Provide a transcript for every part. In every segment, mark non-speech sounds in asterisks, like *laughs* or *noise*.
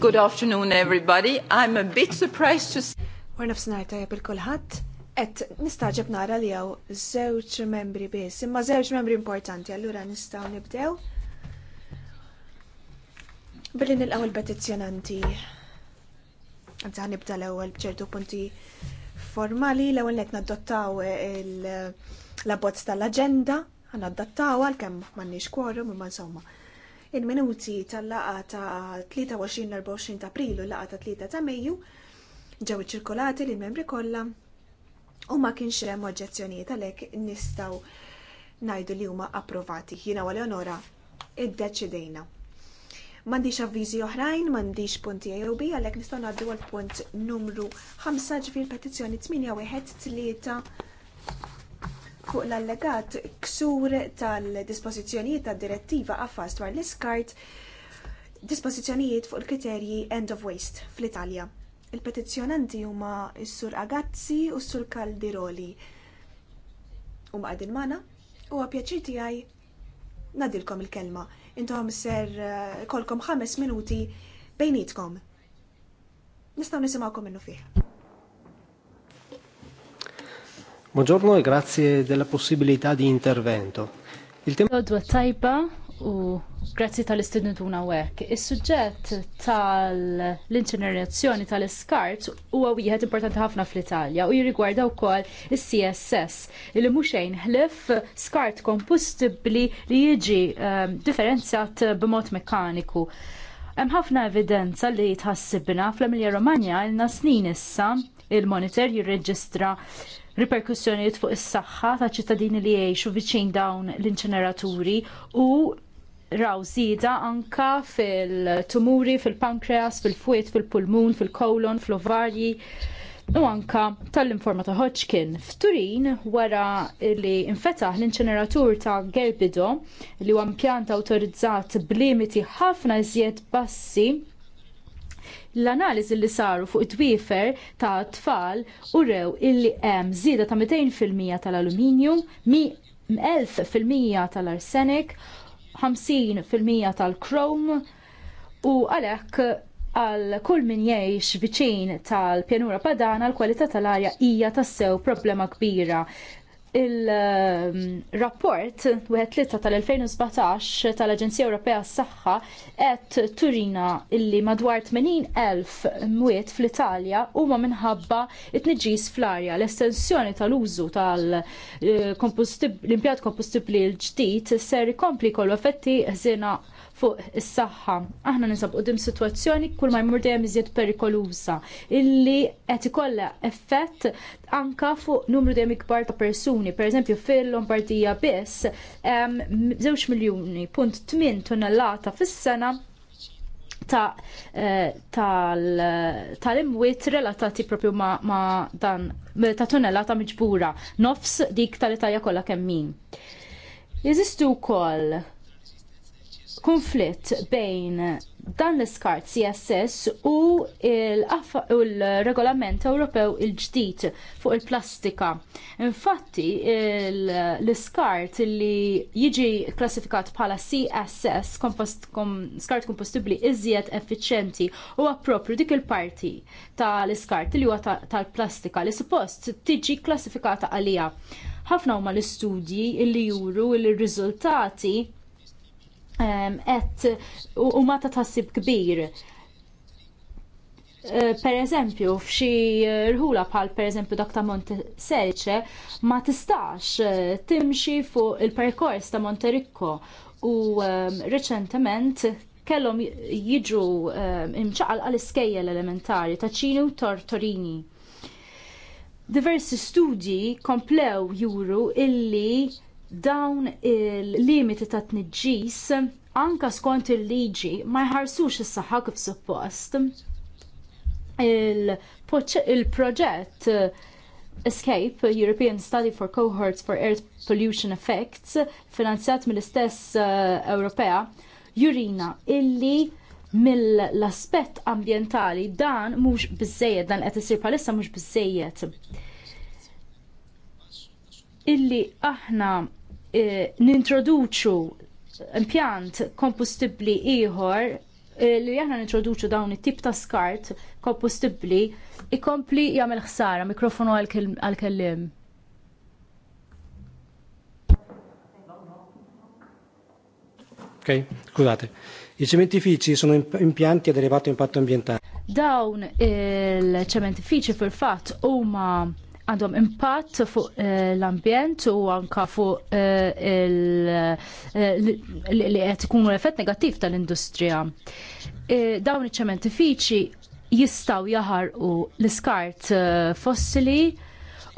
Good afternoon, everybody. I'm a bit surprised to see... War nafsinajt tajab il-kolħat, et nistaġab nara li għaw zewċ membri bis, imma zewċ membri importanti, allura nistaw nibdew. Billi nil-għaw il-petizjonanti, għanza nibda l-għaw bċertu punti formali, l-għaw l naddottaw il-labbozz tal-agenda, għanna d-dattawa kem mannix kworum, imma insomma. Il-minuti tal-laqa ta' 23-24 ta' aprilu laqa ta' 3 ta' Mejju ġew ċirkolati lill membri kollha u ma kienx hemm oġġezzjonijiet għalhekk nistgħu ngħidu li huma approvati. Jiena wara onora iddeċidejna. M'għandix avviżi oħrajn, m'għandix punti AOB, għalhekk nistgħu ngħaddu għal punt numru 5 ġifier petizzjoni 3 fuq l-allegat ksur tal-dispożizzjonijiet tad-direttiva għaffas dwar l-iskart dispożizzjonijiet fuq il-kriterji end of waste fl-Italja. Il-petizzjonanti huma s-sur Agazzi u s-sur Caldiroli. U maqdin mana u għapjaċir għaj nadilkom il-kelma. Intom ser kolkom ħames minuti bejnietkom. Nistaw nisimawkom minnu fiħ. Buongiorno e grazie della possibilità di intervento. Il tema Dodwa tajba u grazzi tal u nawek. Is-suġġett tal-inċenerazzjoni tal-iskart huwa wieħed importanti ħafna fl-Italja u jirrigwarda wkoll is-CSS li muxejn xejn ħlif skart kompostibbli li jiġi ehm, differenzjat b'mod mekkaniku. Hemm ħafna evidenza li tħassibna fl-Emilia Romagna ilna snin issa il-monitor jirreġistra riperkussjonijiet fuq is-saħħa ta' ċittadini li jgħixu viċin dawn l-inċeneraturi u raw zida anka fil-tumuri, fil-pankreas, fil-fwiet, fil-pulmun, fil-kolon, fil-ovarji u anka tal-informa ta' Hodgkin. F'Turin wara li infetaħ l-inċeneratur ta' Gerbido li huwa impjant awtorizzat b'limiti ħafna iżjed bassi L-analiżi li saru fuq it-twiefer ta' tfal urew illi hemm żieda ta' 200% tal aluminju 1000% tal-arsenik, 50% tal-krom u għalhekk għal kull min jgħix viċin tal-pjanura padana l-kwalità tal-arja hija tassew problema kbira il-rapport 13 tal-2017 tal-Aġenzija Ewropea s-Saħħa qed turina illi madwar 80,000 mwiet fl-Italja huma minħabba it-tniġis fl-arja. L-estensjoni tal-użu tal-impjat eh, kompostibbli l-ġdid ser ikompli kollu effetti ħżina fuq is-saħħa. Aħna nisab qudiem sitwazzjoni kull ma jmur dejjem iżjed perikoluża illi qed ikollha effett anka fuq numru dejjem ikbar ta' persuni. Pereżempju fil-Lombardija biss żewġ miljuni punt tmien tonnellata fis-sena eh, tal-imwiet ta relatati propju ma, ma dan ta' tunnella ta' miġbura nofs dik tal-Italja kollha kemm min. Jeżistu wkoll konflitt bejn dan l-iskart CSS u l-regolament Ewropew il-ġdid fuq il-plastika. Infatti, l-iskart li jiġi klassifikat bħala CSS, skart kompostibli iżjed effiċenti u appropju dik il-parti tal-iskart li huwa tal-plastika li suppost tiġi klassifikata għalija. Ħafna huma l-istudji li juru l-riżultati U ma ta' tħassib kbir. E, per eżempju, f'xi rħula bħal per eżempju dak ta' Monte Selce, ma tistax e, timxi fuq il-perkors ta' Montericco u reċentement kellhom jiġu imċaqal għal iskejjel elementari ta' ċini u Tortorini. Diversi studji komplew juru illi dawn il-limiti ta' tniġġis anka skont il-liġi ma jħarsux is-saħħa kif suppost. Il-proġett uh, Escape, European Study for Cohorts for Air Pollution Effects, finanzjat mill-istess uh, Ewropea, jurina illi mill-aspett ambjentali dan mhux biżżejjed, dan qed isir bħalissa mhux biżżejjed. Illi aħna Eh, nintroduċu impjant kompostibbli ieħor eh, li aħna nintroduċu dawn it-tip ta' skart kompostibbli ikompli jagħmel ħsara mikrofonu għal kelliem. Ok, scusate. I cementifici sono impianti ad elevato impatto ambientale. Dawn eh, il ċementifiċi fil-fatt huma għandhom impatt fuq eh, l-ambjent u anka fuq eh, eh, li qed ikunu effett negattiv tal-industrija. Dawn iċ-ċementifiċi jistaw jaħarqu l-iskart fossili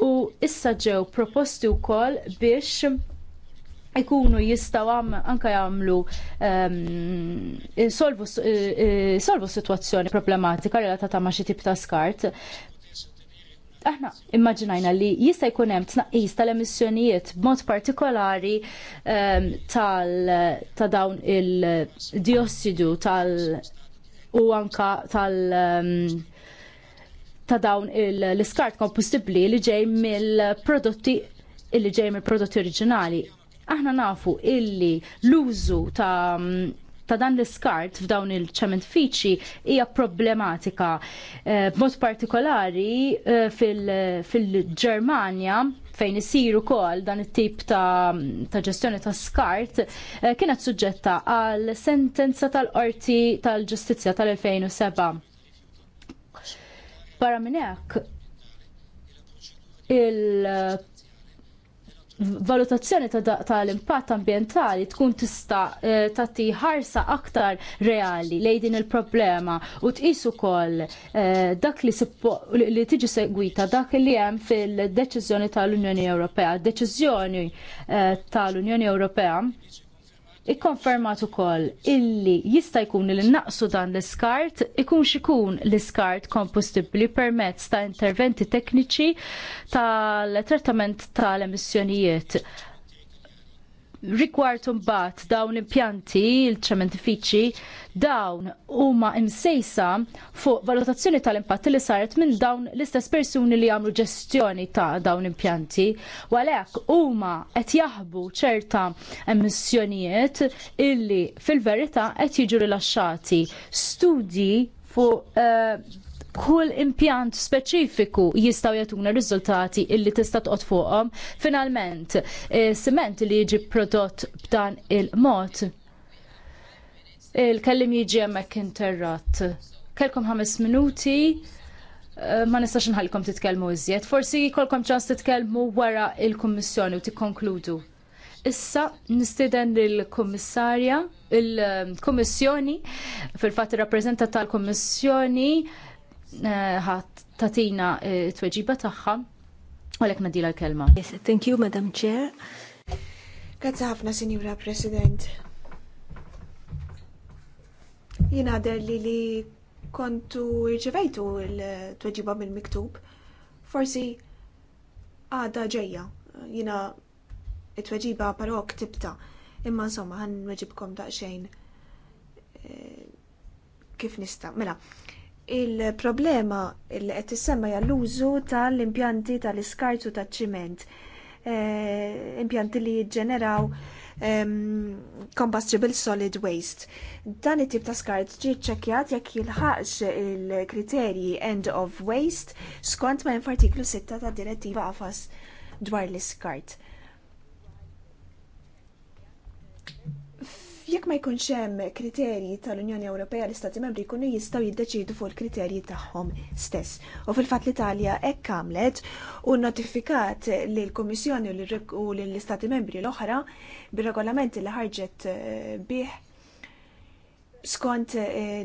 u issa ġew proposti wkoll biex ikunu jistaw anka jagħmlu ehm, solvu, solvu situazzjoni problematika relatata ma' xi tip ta' skart aħna immaġinajna li jista' jkun hemm tnaqqis tal-emissjonijiet b'mod partikolari ehm, tal ta' dawn il-diossidu tal u anka tal ehm, ta' dawn l-iskart kompostibbli li ġej mill-prodotti li ġej mill-prodotti oriġinali. Aħna nafu illi l-użu ta' ta' dan l-iskart f'dawn il-ċementifiċi hija problematika. Eh, b'mod partikolari eh, fil-Ġermanja fejn isiru kol dan it-tip ta' ġestjoni ta' skart eh, kienet suġġetta għal sentenza tal-qorti tal-ġustizzja tal-2007. Barra minn hekk il valutazzjoni tal-impatt ambjentali tkun tista eh, tagħti ħarsa aktar reali lejn din il-problema u tqis ukoll eh, dak li li tiġi segwita dak li hemm fil-deċiżjoni tal-Unjoni Ewropea. Deċiżjoni eh, tal-Unjoni Ewropea ikkonfermat ukoll illi jista' jkun li naqsu dan l-iskart ikun xikun l-iskart kompostibbli permezz ta' interventi tekniċi tal-trattament tal-emissjonijiet rigward bat dawn impjanti il-ċementifiċi dawn huma imsejsa fuq valutazzjoni tal-impatt li saret minn dawn l-istess persuni li għamlu ġestjoni ta' dawn impjanti u għalhekk huma qed jaħbu ċerta emissjonijiet illi fil-verità qed jiġu rilaxxati studji fuq uh, kull impjant speċifiku jistgħu jagħtuna riżultati illi tista' toqgħod fuqhom. Finalment, e, siment li jiġi prodott b'dan il-mod il-kellim jiġi hemmhekk interrat. Kelkom ħames minuti e, ma nistax nħallkom titkellmu iżjed. Forsi kolkom ċans titkellmu wara il-Kummissjoni u tikkonkludu. Issa nistieden il-Kummissarja, il-Kummissjoni, fil-fatt ir rappreżentant tal-Kummissjoni Eh, ħat tatina t-tweġiba eh, tagħha għalhekk nadila l-kelma. Yes, thank you, Madam Chair. Grazie ħafna, Sinjura President. Jina għader li li kontu irċevejtu l-tweġiba mill-miktub. Forsi għada ġeja, jina it-tweġiba parok tibta. Imma insomma, għan weġibkom daqxejn eh, kif nista. Mela, Il-problema li qed issemma hija l-użu tal-impjanti tal u taċ-ċiment. Eh, impjanti li jiġġeneraw ehm, combustible solid waste. Dan it-tip ta' skart ġi ċekjat jekk jilħaqx il-kriterji end of waste skont ma' artiklu 6 ta' direttiva għafas dwar l-iskart. Jekk ma jkunx hemm kriterji tal-Unjoni Ewropea l-Istati Membri jkunu jistgħu jiddeċidu fuq il-kriterji tagħhom stess. U fil-fatt l-Italja hekk għamlet u notifikat lill kummissjoni u lill-Istati Membri l-oħra bir regolament li ħarġet eh, bih skont eh,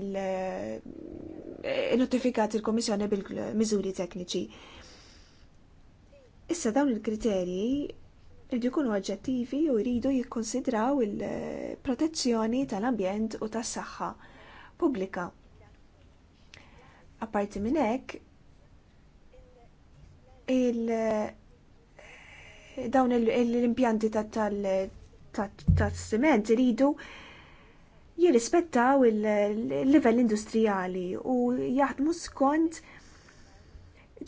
il-notifikat eh, il-Komissjoni bil-miżuri tekniċi. Issa dawn il-kriterji rridu jkunu oġġettivi u jridu jikkonsidraw il-protezzjoni tal-ambjent u tas-saħħa pubblika. Apparti minn hekk, dawn l-impjanti tal-siment iridu jirrispettaw il-livell industrijali u jaħdmu skont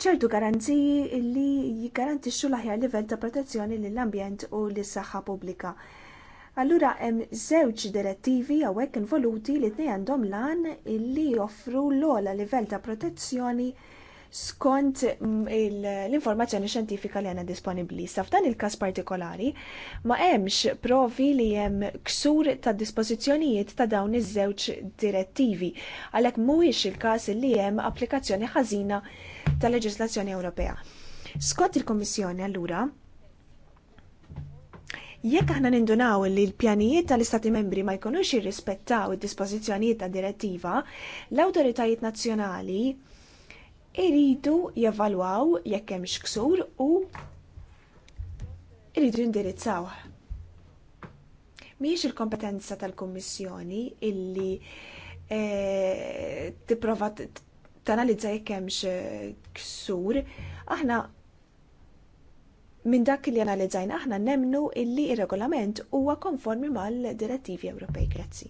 ċertu garanziji li jiggarantixxu l-aħjar livell ta' protezzjoni lill-ambjent u lis-saħħa pubblika. Allura hemm żewġ direttivi hawnhekk involuti li tnej għandhom lan illi joffru l-ogħla livell ta' protezzjoni skont mm, l-informazzjoni xjentifika li għandna disponibbli. Sa f'dan il-każ partikolari ma hemmx provi li hemm ksur ta' dispożizzjonijiet ta' dawn iż-żewġ direttivi għalhekk mhuwiex il-każ li hemm applikazzjoni ħażina tal-leġislazzjoni Ewropea. Skont il-Kommissjoni allura, jekk aħna nindunaw li l-pjanijiet tal-Istati membri ma jkunux jirrispettaw id-dispożizzjonijiet ta' direttiva, l-awtoritajiet nazzjonali iridu jevalwaw jekk hemm ksur u iridu indirizzaw. Mhijiex il-kompetenza tal-Kummissjoni illi eh, tipprova tanalizza jekk hemmx ksur, aħna minn dak li analizzajna aħna nemnu illi ir-regolament huwa konformi mal-direttivi Ewropej. Grazzi.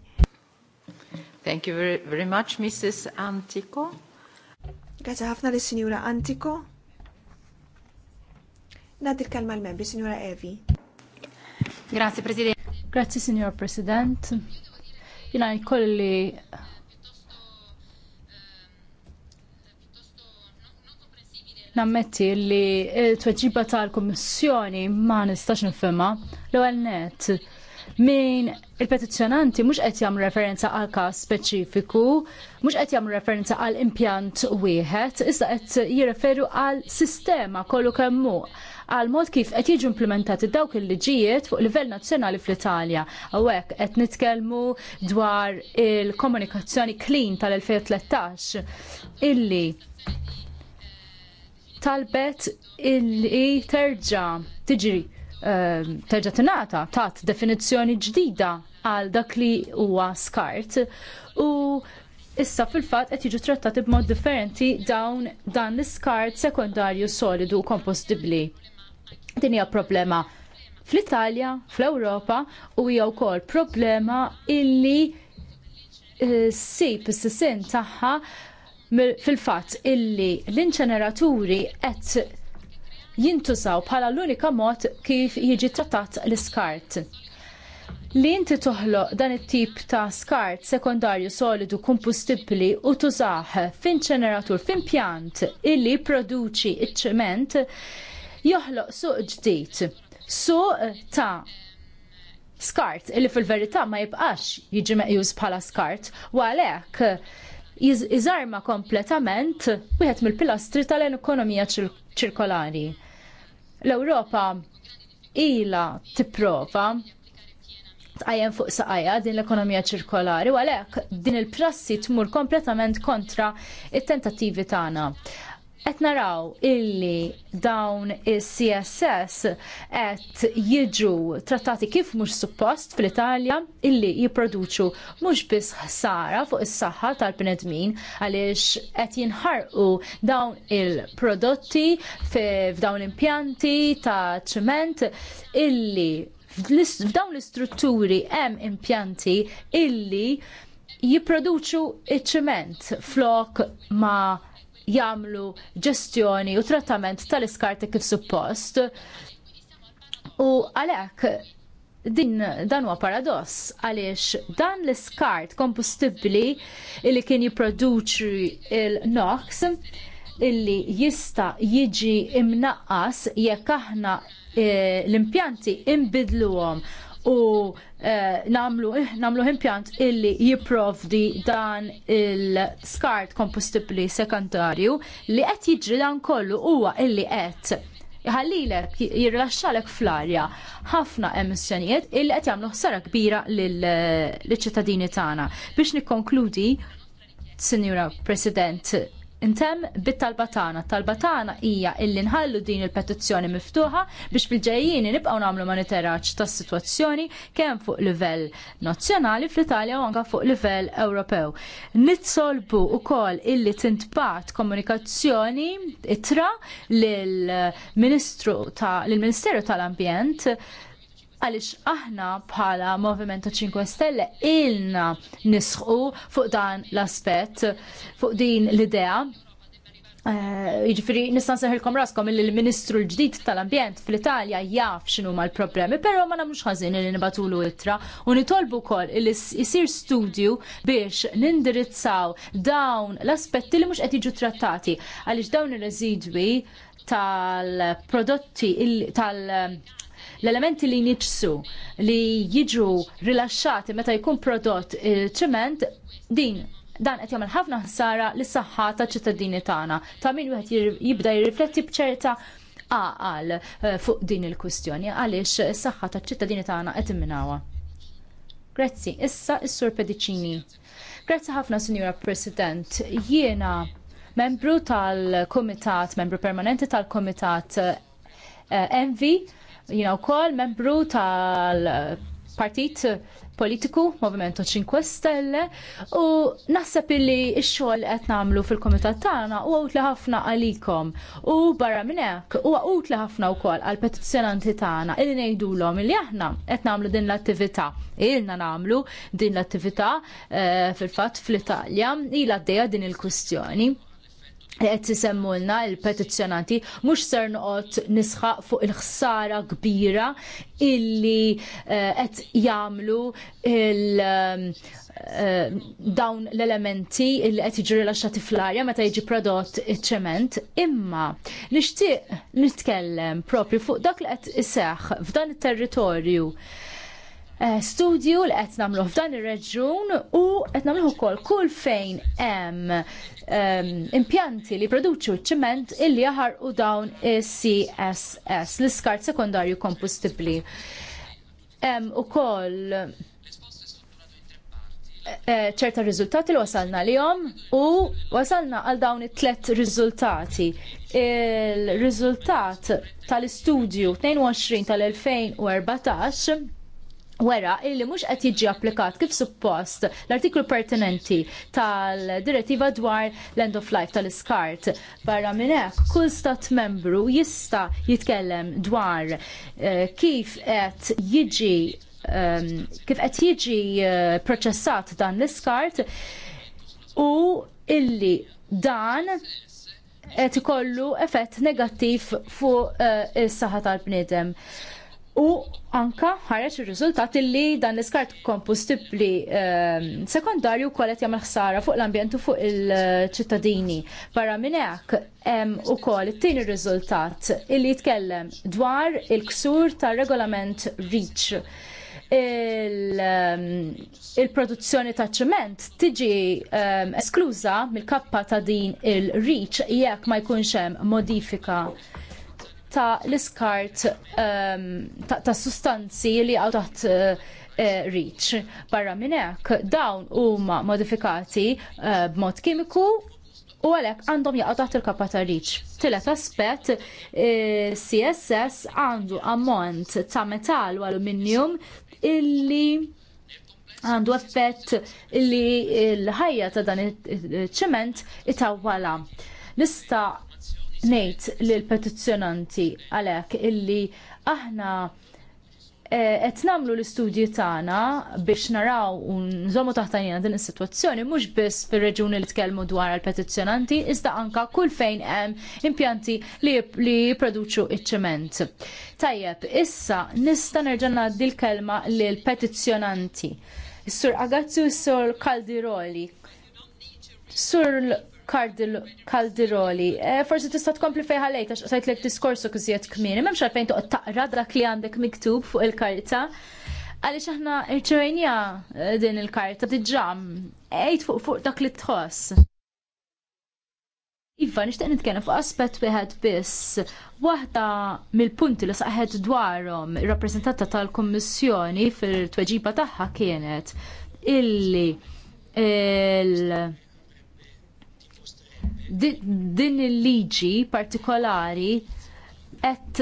Thank you very, very much, Mrs. Antico. Grazzi ħafna li signora Antico. Nadi l kalma l-membri, Signora Evi. Grazie, President. Grazie, Signor President. Jina jkolli nammetti li t-tweġiba eh, tal kummissjoni ma nistax nifhimha l-ewwel net min il-petizzjonanti mhux qed jagħmlu referenza għal każ speċifiku, mhux qed jagħmlu referenza għal impjant wieħed, iżda qed jirreferu għal sistema kollu kemm hu għal mod kif qed jiġu implementati dawk il-liġijiet fuq livell nazzjonali fl-Italja. Hawnhekk qed nitkellmu dwar il-komunikazzjoni clean tal-2013 illi talbet illi terġa tiġri ehm, terġa tingħata tat definizzjoni ġdida għal dak li huwa skart u issa fil-fatt qed jiġu trattati b'mod differenti dawn dan l-iskart sekondarju solidu u kompostibbli. Din hija problema fl-Italja, fl-Ewropa u hija wkoll problema illi eh, ssib is-sisin tagħha fil-fatt illi l-inċeneraturi qed jintużaw bħala l-unika mod kif jiġi trattat l-iskart. Li inti toħloq dan it-tip ta' skart sekondarju solidu kompostibbli u tużaħ f'inċeneratur f'impjant illi produċi iċ-ċement joħloq suq ġdid. Suq ta' skart illi fil-verità ma jibqax jiġi meqjus bħala skart u għalhekk jiżarma kompletament wieħed mill-pilastri tal-ekonomija ċirkolari. L-Ewropa ila tipprova tqajjem fuq saqajja din l-ekonomija ċirkolari u għalhekk din il-prassi tmur kompletament kontra it-tentattivi tagħna qed naraw illi dawn is-CSS qed jiġu trattati kif mhux suppost fl-Italja illi jipproduċu mhux biss ħsara fuq is-saħħa tal-bnedmin għaliex qed jinħarqu dawn il-prodotti f'dawn l-impjanti ta' ċement illi f'dawn l-istrutturi hemm impjanti illi jipproduċu iċ-ċement flok ma' jagħmlu ġestjoni u trattament tal-iskarti kif suppost. U għalhekk din dan huwa paradoss għaliex dan l-iskart kompostibbli li kien jipproduċi il-nox illi jista jiġi imnaqqas jekk aħna eh, l-impjanti imbidluhom u eh, namlu, eh, namlu impjant illi jiprovdi dan il-skart kompostibli sekundarju li qed jiġri dan kollu huwa illi qed jħallilek jirrilaxxalek fl-arja ħafna emissjonijiet illi qed jagħmlu ħsara kbira lill-ċittadini tagħna. Biex nikkonkludi, Sinjura President, intemm bit-talba tagħna. Talba tagħna hija illi nħallu din il-petizzjoni miftuħa biex fil-ġejjin nibqgħu nagħmlu monitoraġġ tas-sitwazzjoni kemm fuq livell nazzjonali fl-Italja u anke fuq livell Ewropew. Nitsolbu wkoll illi tintbat komunikazzjoni itra lill-Ministeru tal-Ambjent għalix aħna bħala Movimento 5 Stelle ilna nisħu fuq dan l-aspet, fuq din l-idea. Eh, Iġifiri, nistan seħilkom raskom il ministru l-ġdid tal-ambjent fl-Italja jaf xinu ma l-problemi, pero ma namlux ħazin li nibatulu itra u nitolbu kol il jisir studju biex nindirizzaw dawn l-aspetti li mux qed jiġu trattati għalix dawn ir-residwi tal-prodotti tal-prodotti l-elementi li niċsu li jiġu rilaxxati meta jkun prodott ċement din dan qed jagħmel ħafna ħsara lis saħħa taċ ċittadini tagħna. Ta' min wieħed jibda jirrifletti bċerta għal eh, fuq din il-kwistjoni għaliex is-saħħa taċ ċittadini tagħna qed imminawha. Grazzi, issa is-Sur Pedicini. Grazzi ħafna, Sinjura President. Jiena membru tal kumitat membru permanenti tal kumitat uh, eh, Envi you know, kol membru tal-partit eh, politiku, Movimento 5 Stelle, u naħseb illi x-xogħol qed nagħmlu fil-komitat tagħna u għut ħafna għalikom. U barra minn hekk huwa għut ħafna wkoll għal petizzjonanti tagħna illi ngħidulhom illi aħna qed nagħmlu din l-attività. Ilna nagħmlu din l-attività eh, fil-fatt fl-Italja ilha għaddejja din il-kwistjoni qed isemmulna il-petizzjonanti mhux ser noqgħod nisħaq fuq il-ħsara kbira illi eh, qed jagħmlu il- eh, dawn l-elementi illi qed jiġu rilaxxati fl-arja meta jiġi prodott iċ-ċement, imma nixtieq nitkellem propri fuq dak li qed iseħħ f'dan it-territorju Eh, studju li qed nagħmlu f'dan ir-reġjun u qed nagħmluh ukoll kull fejn hemm ehm, impjanti li produċu ċiment illi jaħarqu dawn is-CSS, l-iskart sekondarju kompostibbli. Hemm ukoll eh, ċerta riżultati li wasalna li jom u wasalna għal dawn it-tlet riżultati. Il-riżultat tal-istudju 22 tal-2014 wera illi mhux qed jiġi applikat kif suppost l-artiklu pertinenti tal-direttiva dwar l-end of life tal-iskart. Barra minn hekk kull stat membru jista' jitkellem dwar eh, kif qed jiġi um, kif qed jiġi uh, proċessat dan l-iskart u illi dan qed ikollu effett negattiv fuq uh, is-saħħa tal-bniedem. U anka ħareġ ir-riżultat li dan l-iskart kompostibbli eh, sekondarju kolet jagħmel ħsara fuq l-ambjent u fuq il-ċittadini. Barra minn hekk hemm ukoll it-tieni riżultat illi jitkellem dwar il-ksur tar-regolament REACH ehm, il-produzzjoni il ta' ċement tiġi um, eskluża mill-kappa ta' din il-reach jekk ma jkunx hemm modifika ta' l-iskart um, ta', ta sustanzi li għaw taħt uh, reach. Barra minn hekk dawn huma modifikati uh, b'mod kimiku u għalhekk għandhom jaqgħu taħt il-kapa ta' reach. Tielet aspett CSS għandu ammont ta' metall u aluminium illi għandu effett illi l-ħajja ta' dan iċ-ċement it itawwala. Nista' ngħid lill petizzjonanti għalhekk illi aħna eh, qed nagħmlu l-istudji tagħna biex naraw un zomu taħtajnina din is-sitwazzjoni mhux biss fir-reġuni li tkellmu dwar il-petizzjonanti iżda anka kull fejn hemm impjanti li jipproduċu iċ-ċement. Tajjeb, issa nista' nerġa' ngħaddi l-kelma lil petizzjonanti. Is-Sur Agazzu Sur Caldiroli. Sur Kaldiroli. E, forsi tista' tkompli fejn ħalejt għax qsajt lek diskorsu kizziet kmieni, m'hemmx għalfejn toqgħod taqra dak li għandek miktub fuq il-karta. Għaliex aħna irċevejnija e, din il-karta diġà ejt fuq fuq dak li tħoss. Iva, nixtieq nitkellem fuq aspet wieħed biss. Waħda mill-punti li saħet dwarhom ir-rappreżentanta tal-Kummissjoni fil-tweġiba tagħha kienet illi il- din il-liġi partikolari qed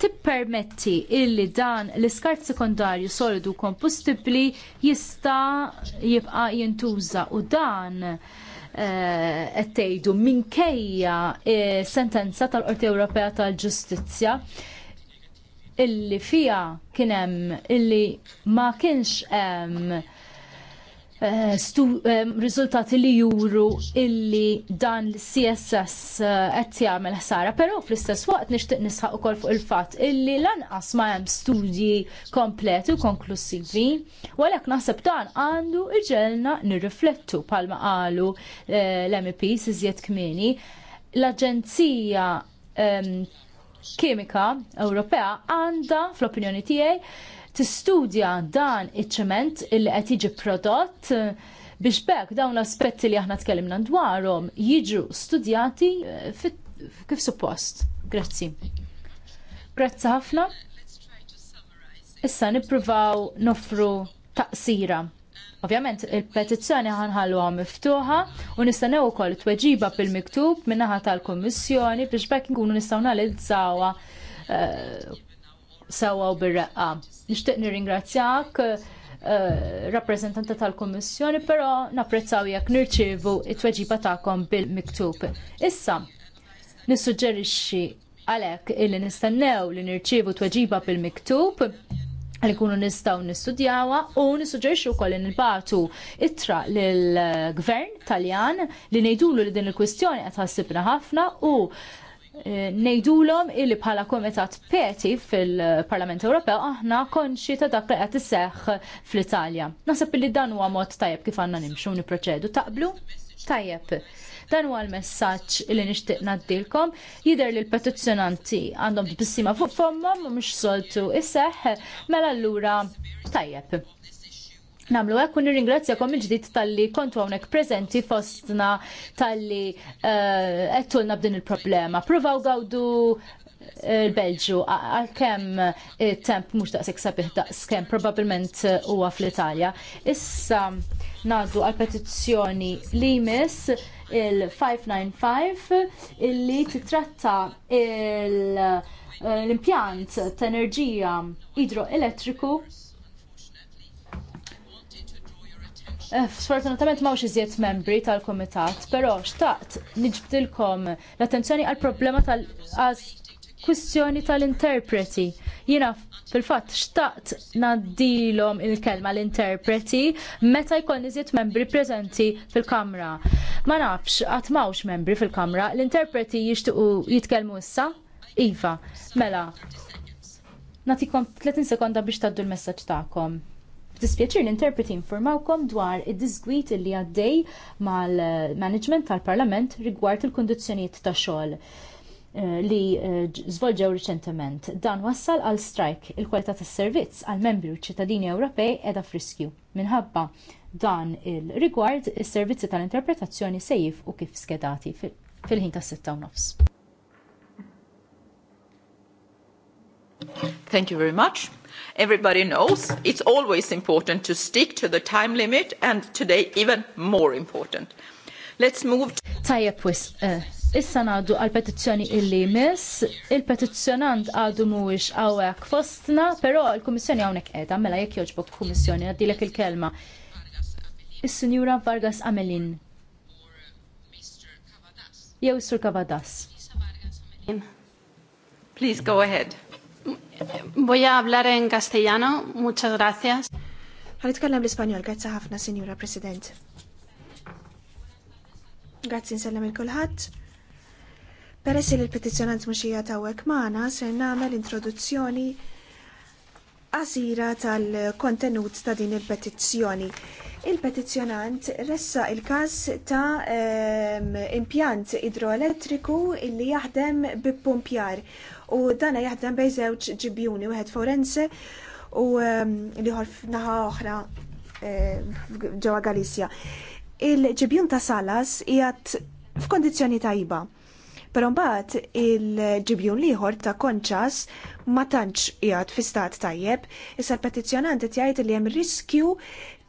tippermetti illi dan l-iskart sekondarju solidu kompostibbli jista' jibqa' jintuża u dan eh, qed tgħidu minkejja eh, sentenza tal-Qorti Ewropea tal-Ġustizzja illi fiha kien hemm illi ma kienx hemm Eh, eh, riżultati li juru illi dan l-CSS eh, qed jagħmel ħsara, però fl-istess waqt nixtieq nisħaq ukoll fuq il-fatt illi lanqas ma hemm studji kompleti u konklusivi, u għalhekk naħseb dan għandu iġelna nirriflettu palma qalu l-MP iżjed kmieni l-Aġenzija ehm, Kimika Ewropea għandha fl-opinjoni tiegħi tistudja dan iċ-ċement illi qed jiġi prodott eh, biex bekk dawn l-aspetti li aħna tkellimna dwarhom jiġu studjati eh, kif suppost. Grazzi. Grazzi ħafna. Issa nippruvaw nofru taqsira. Ovvjament, il-petizzjoni ħanħalluha miftuħa u nistennew ukoll tweġiba bil-miktub min-naħa tal kummissjoni biex bekk nkunu nistgħu nalizzawha eh, sewa u bir-reqqa. Nixtieq nirringrazzjak eh, rappreżentanta tal-Kummissjoni, però napprezzaw jekk nirċievu t tweġiba tagħkom bil-miktub. Issa, nissuġġerixxi għalhekk illi nistennew li nirċievu tweġiba bil-miktub li kunu nistaw nistudjawa u nissuġġerixxu wkoll nibatu ittra lill gvern Taljan li ngħidulu li din il-kwistjoni qed ħassibna ħafna u Eh, nejdulom illi bħala komitat peti fil-Parlament Ewropew aħna konxi ta' dak li qed isseħħ fl-Italja. Naħseb illi dan huwa mod tajjeb kif għandna nimxu niproċedu. Taqblu? Tajjeb. Dan huwa l-messaġġ li nixtieq ngħaddilkom. Jidher li l-petizzjonanti għandhom tbissima fuq fommhom mhux soltu isseħħ mela allura tajjeb namlu għek un nirringrazzjakom il-ġdid tal-li kontu għonek prezenti fostna tal-li għettulna eh, b'din il-problema. Provaw għawdu il-Belġu, eh, għal-kem temp mux daqsik sabiħ daqskem, probabilment huwa fl-Italja. Issa naddu għal-petizzjoni li jmiss il-595 illi titratta eh, l-impjant ta' enerġija idroelettriku Eh, sfortunatament ma' iżjed membri tal-komitat, però xtaqt niġbdilkom l-attenzjoni għal problema tal kwistjoni tal-interpreti. Jina fil-fatt xtaqt naddilom il-kelma l-interpreti meta jkun iżjed membri preżenti fil-kamra. Ma nafx, għat mawx membri fil-kamra, l-interpreti jixtiqu jitkellmu issa? Iva, mela, natikom 30 sekonda biex taddu l-messagġ ta'kom. Dispjaċir l-interpreti informawkom dwar id-disgwit li għaddej mal-management tal-Parlament rigward il kondizjoniet ta' xogħol eh, li eh, zvolġew riċentement. Dan wassal għal strike il-kwalità tas-servizz għal membri u ċittadini Ewropej qiegħda friskju minħabba dan il-rigward is-servizzi tal-interpretazzjoni sejjif u kif skedati fil-ħin tas-sitta nofs. Thank you very much everybody knows it's always important to stick to the time limit and today even more important. Let's move to... Tajjeb wis, eh, issa ngħaddu għal petizjoni illi miss, il petizjonant għadu mhuwiex għawek fostna, pero l-Kummissjoni hawnhekk edha, mela jekk jogħġbok Kummissjoni għaddilek il-kelma. Is-Sinjura Vargas Amelin. Jew sur Kavadas. Please go ahead. Voy a hablar en castellano. Muchas gracias. Għanitkellem l-Ispanjol, għazza ħafna, Signora President. Grazzi insellem il-kulħadd. Peress li l-petizzjonant mhux hija tawek magħna, ser nagħmel introduzzjoni għazira tal-kontenut ta' din il-petizzjoni. Il-petizzjonant ressa il-każ ta' ehm, impjant idroelettriku illi jaħdem bi pumpjar u dana jaħdem bej żewġ ġibjuni, wieħed forense u ehm, liħor f'naħa oħra ehm, ġewwa Galizja. Il-ġibjun ta' Salas jgħat f'kondizjoni tajba. Pero mbagħad il-ġibjun liħor ta' konċas ma tantx jgħat fi stat tajjeb, issa l-petizzjonanti tgħid li hemm riskju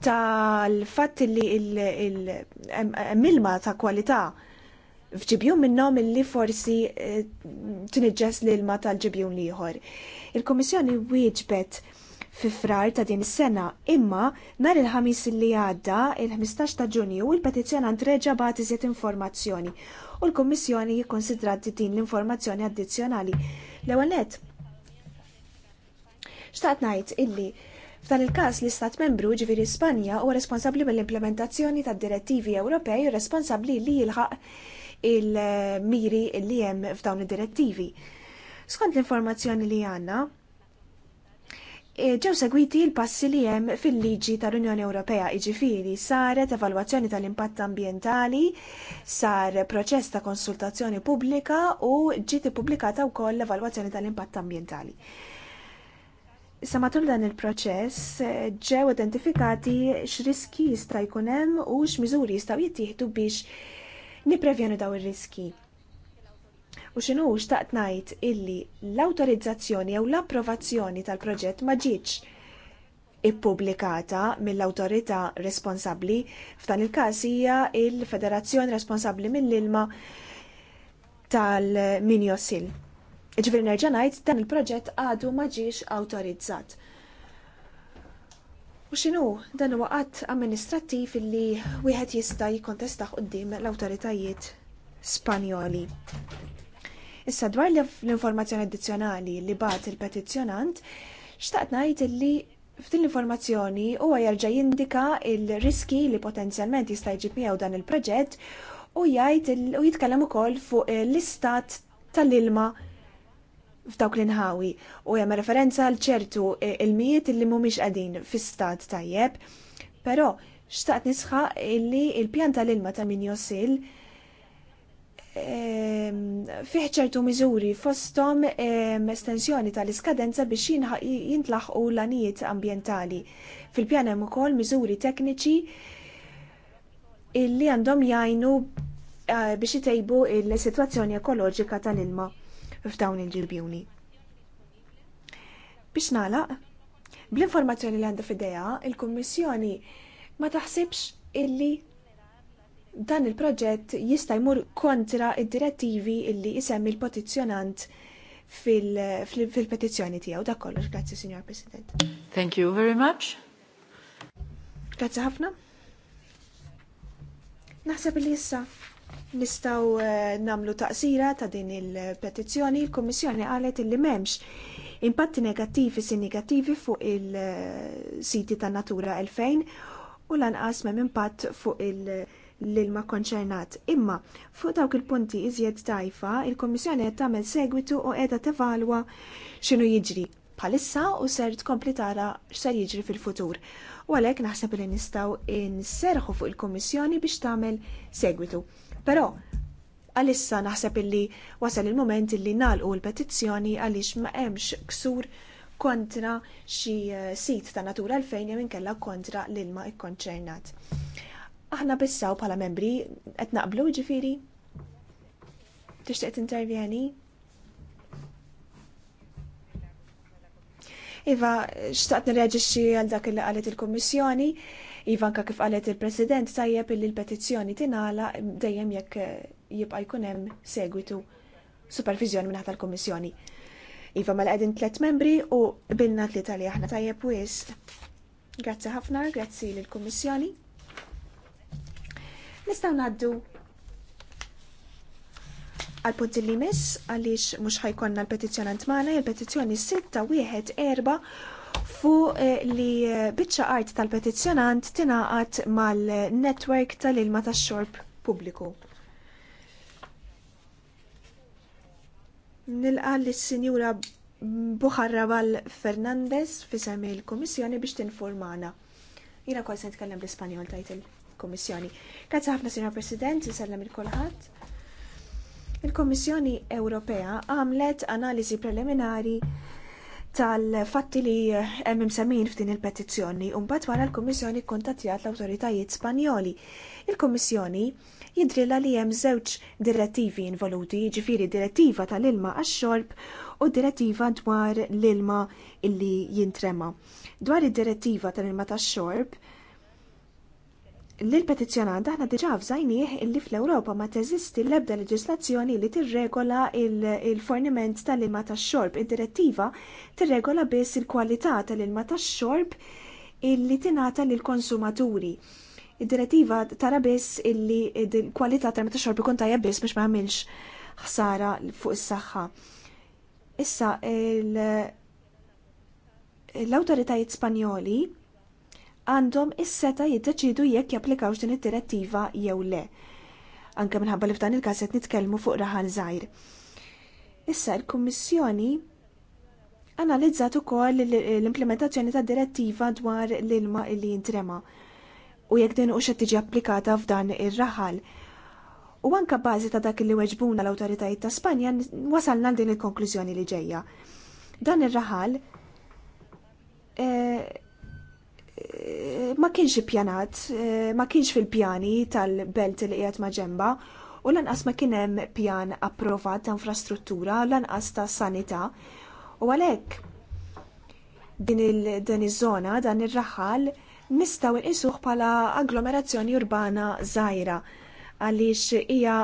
tal-fatt li l-milma ta' kwalità F'ġibjum minnom illi forsi li eh, l-ilma tal-ġibjun liħor. Il-Komissjoni wieġbet fi frar ta' din is-sena imma nar il-ħamis li għadda il-15 ta' ġunju il għand reġa' bat iżjed informazzjoni u l-Kummissjoni jikkonsidrat din l-informazzjoni addizzjonali. L-ewwel nett. Xtaqt ngħid illi F'dan il-każ l-Istat membru ġifieri Spanja huwa responsabbli mill-implementazzjoni tad-direttivi Ewropej responsabbli li jilħaq il-miri li hemm f'dawn id-direttivi. Skont l-informazzjoni li għanna, e, ġew segwiti l-passi li hemm fil-liġi tal-Unjoni Ewropea iġifiri saret evalwazzjoni tal-impatt ambjentali, sar proċess ta' konsultazzjoni pubblika u ġiet ippubblikata wkoll l-evalwazzjoni tal-impatt ambjentali. Issa matul dan il-proċess e, ġew identifikati x'riski jista' jkun hemm u x'miżuri jistgħu jittieħdu biex niprevjenu daw ir-riski. U xinu xtaqt taqtnajt illi l-autorizzazzjoni jew l-approvazzjoni tal-proġett ma ġietx ippubblikata mill-awtorità responsabbli f'dan il-każ hija l-Federazzjoni responsabbli mill-ilma tal-Minjosil. Ġifieri nerġa' ngħid dan il-proġett għadu ma ġiex awtorizzat. U xinu dan huwa qatt amministrattiv illi wieħed jista' jikkontesta quddiem l-awtoritajiet Spanjoli. Issa dwar l-informazzjoni addizzjonali li bat il-petizzjonant, xtaqt ngħid li f'din l-informazzjoni huwa jerġa' jindika il-riski li potenzjalment jista' jġib miegħu dan il-proġett u jgħid u jitkellem ukoll fuq l-istat tal-ilma f'dawk l-inħawi u jemma referenza għal ċertu e, il-mijiet li mumiex għadin fi-stat tajjeb, pero xtaqt nisħa illi il-pjan tal-ilma ta' min josil fih ċertu miżuri fostom estensjoni tal-iskadenza biex jintlaħqu l-anijiet ambientali. Fil-pjan hemm ukoll miżuri tekniċi illi għandhom jgħinu eh, biex jtejbu il-situazzjoni ekoloġika tal-ilma f'dawn il-ġirbjuni. Biex nalaq, bl-informazzjoni li għanda fideja, il-Kummissjoni ma taħsibx illi dan il-proġett jista' jmur kontra id-direttivi illi isemmi l-petizzjonant fil-petizzjoni tiegħu. Dak kollox, grazzi Signor President. Thank you very much. Grazzi ħafna. Naħseb li issa Nistaw eh, namlu taqsira ta' din il-petizzjoni, il-Kommissjoni qalet illi memx impatti negattivi si negattivi fuq il-siti ta' Natura 2000 u lanqas mem impatt fuq il- l-ilma konċernat. Imma, fuq dawk il-punti iżjed tajfa, il-Kommissjoni qed tagħmel segwitu u qiegħda tevalwa x'inhu jiġri bħalissa u ser tkompli tara x'ser jiġri fil-futur. U għalhekk naħseb li nistgħu nserħu fuq il-Kommissjoni biex tagħmel segwitu. Però għalissa naħseb illi wasal il-moment illi nalqu l-petizzjoni għaliex ma hemmx ksur kontra xi eh, sit ta' natura għalfejn jew inkella kontra l-ilma ikkonċernat. Aħna bissaw bħala membri qed naqblu jiġifieri Tixtieq tintervjeni? Iva, xtaqt nirreġixxi għal dak qalet il-Kummissjoni. il il kummissjoni Ivanka kif qalet il-President tajjeb li l-petizzjoni tinala dejjem jekk eh, jibqa' jkun hemm segwitu supervizjoni minn tal kummissjoni Iva mal mela qegħdin tliet membri u bilna tliet li aħna tajjeb wis. Grazzi ħafna, grazzi lill kummissjoni Nistgħu ngħaddu għal punt li miss għaliex mhux ħajkonna l-petizzjonant magħna, il-petizzjoni sitta wieħed erba' fuq eh, li eh, biċċa art tal-petizzjonant tingħaqad mal-netwerk tal-ilma tax-xorb pubbliku. Nilqa lis-Sinjura Buħarrabal Fernandez fisem il-Kummissjoni biex tinformana. Jiena kważi se nitkellem bl-Ispanjol tajt il-Kummissjoni. Grazzi ħafna Sinjor President, isellem il-kulħadd. il kummissjoni Ewropea għamlet analiżi preliminari tal-fatti li hemm semmin f'din il-petizzjoni u mbagħad wara l-Kummissjoni kkuntattjat l-awtoritajiet Spanjoli. Il-Kummissjoni jidrilla li hemm żewġ direttivi involuti, ġifiri direttiva tal-ilma għax-xorb u direttiva dwar l-ilma illi jintrema. Dwar id-direttiva tal-ilma tax-xorb, Lil-petizjonant aħna diġà fżajnieh illi fl-Ewropa ma teżisti l-ebda leġislazzjoni li tirregola il-forniment tal-ilma tax-xorb. Id-direttiva tirregola biss il-kwalità tal-ilma tax-xorb illi tingħata lill-konsumaturi. Id-direttiva tara biss illi il-kwalità tal-ilma tax-xorb ikun tajjeb biss biex ma jagħmilx ħsara fuq is-saħħa. Issa l-awtoritajiet Spanjoli għandhom is-seta jiddeċidu jekk japplikawx din id-direttiva jew le. Anke minħabba li f'dan il-każ qed nitkellmu fuq raħal żgħir. Issa l-Kummissjoni analizzat ukoll l-implementazzjoni tad direttiva dwar l-ilma li jintrema u jekk din qed tiġi applikata f'dan ir-raħal. U anka bażi ta' dak li weġbuna l-awtoritajiet ta' Spanja wasalna din il-konklużjoni li ġejja. Dan ir-raħal eh, ma kienx pjanat, eh, ma kienx fil-pjani tal-belt li qiegħed ma' ġemba u lanqas ma kien hemm pjan approvat ta' infrastruttura, lanqas ta' sanità. U għalhekk din il-dan iż-żona, din ir-raħal nistgħu nqisuh bħala agglomerazzjoni urbana żgħira għaliex hija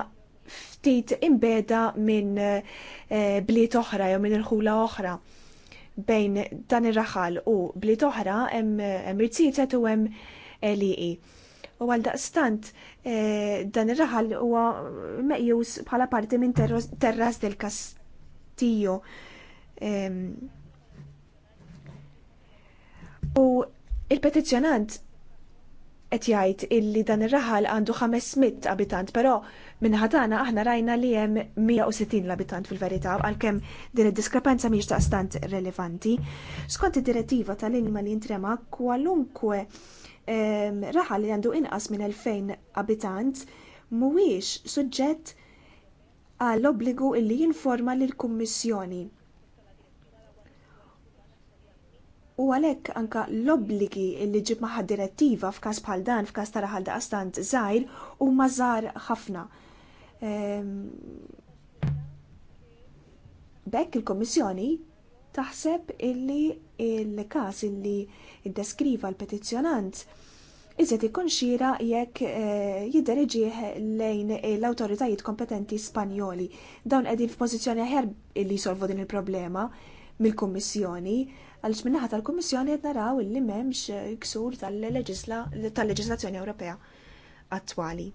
ftit imbeda minn eh, bliet oħra jew minn irħula oħra bejn dan ir-raħal u bliet oħra hemm irtietet u hemm liqi. E e. U għal daqstant eh, dan ir-raħal huwa meqjus bħala parti minn terras del Castillo. U il-petizzjonant qed jgħid illi dan ir-raħal għandu 500 abitant, però minħatana aħna rajna li hemm 160 abitant fil-verità għalkemm din id-diskrepanza mhijiex taqstant relevanti. Skont id-direttiva tal-ilma li jintrema kwalunkwe ehm, raħal li għandu inqas minn 2000 abitant mhuwiex suġġett għall obbligu illi jinforma lill kummissjoni U għalhekk anka l-obbligi li ġib maħad direttiva f'każ bħal dan f'każ ta' raħal daqstant żgħir huma żgħar ħafna. Ehm, bekk il komissjoni taħseb illi il-każ illi iddeskriva l-petizzjonant iżet ikun xira jekk eh, jiddereġieħ lejn l-autoritajiet kompetenti Spanjoli. Dawn qegħdin f'pożizzjoni ħerb illi jsolvu din il-problema mill-Kummissjoni għaliex minnaħa tal-Kummissjoni qed naraw illi m'hemmx eh, ksur tal-leġislazzjoni Ewropea attwali.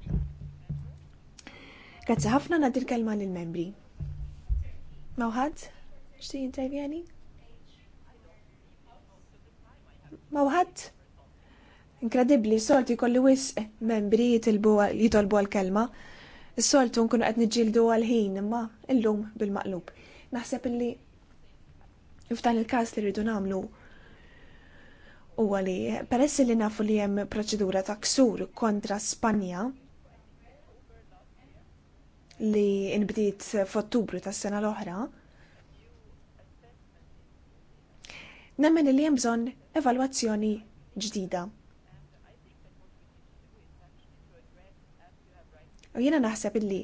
Grazzi ħafna nagħti l-kelma lill-membri. Mawħad, xti jintervjeni? Mawħad? Inkredibbli, solti kolli wisq membri jitolbu għal-kelma. Is-soltu nkunu qed niġġieldu għal-ħin imma illum bil-maqlub. Naħseb illi F'dan il-każ li rridu nagħmlu u għali, peress li nafu li hemm proċedura ta' ksur kontra Spanja li nbdiet f'Ottubru tas-sena l-oħra, nemmen li hemm bżonn evalwazzjoni ġdida. U jiena naħseb illi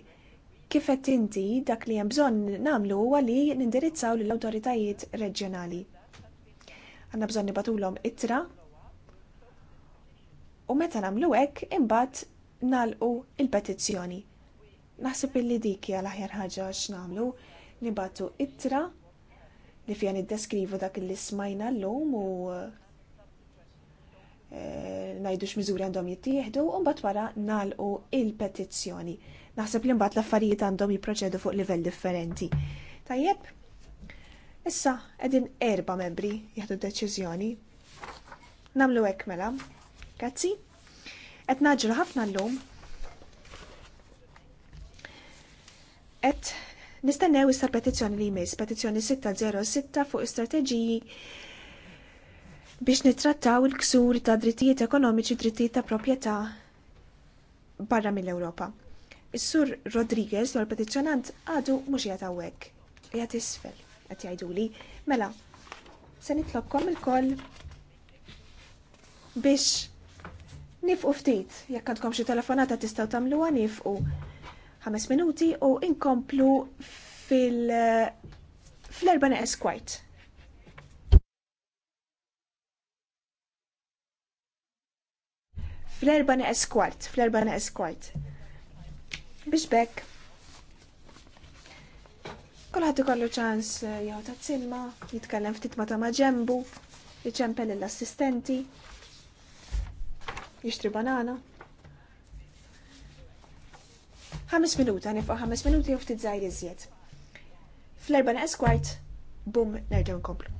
Kif qed inti dak li hemm bżonn nagħmlu huwa li nindirizzaw lill awtoritajiet reġjonali. Għandna bżonn nibatulhom ittra u meta nagħmlu hekk imbagħad nagħlqu il-petizzjoni. Naħseb illi dik hija l-aħjar ħaġa nagħmlu, nibatu ittra li fija niddeskrivu dak li smajna l-lum u eh, najdux miżuri għandhom jittieħdu u mbagħad wara nalqu il-petizzjoni. Naħseb li mbagħad l-affarijiet għandhom jipproċedu fuq livell differenti. Tajjeb, issa qegħdin erba' membri jieħdu deċiżjoni. Namlu hekk mela. Grazzi. Qed naġru ħafna llum. Qed nistennew issa petizzjoni li jmiss, petizzjoni 606 fuq istrateġiji biex nittrattaw il-ksur ta' drittijiet ekonomiċi, drittijiet ta' proprjetà barra mill-Ewropa. Is-sur Rodriguez, l petizzjonant għadu mhux jgħat hawnhekk. Jgħat isfel, qed jgħiduli. Mela, se nitlobkom il biex nifqu ftit, jekk għandkom xi telefonata tistgħu tagħmluha nifqu ħames minuti u inkomplu fil fl-erba neqes kwajt. Fl-erba neqes fl biex bekk Kulħadd ikollu ċans eh, jew ta' tsilma, jitkellem ftit ma ta' maġembu, jċempel l-assistenti, jishtri banana. Ħames minuta, nifqa ħames minuti jew ftit zaħir iżjed. Fl-erba' naqas kwart, bum nerġaw nkomplu.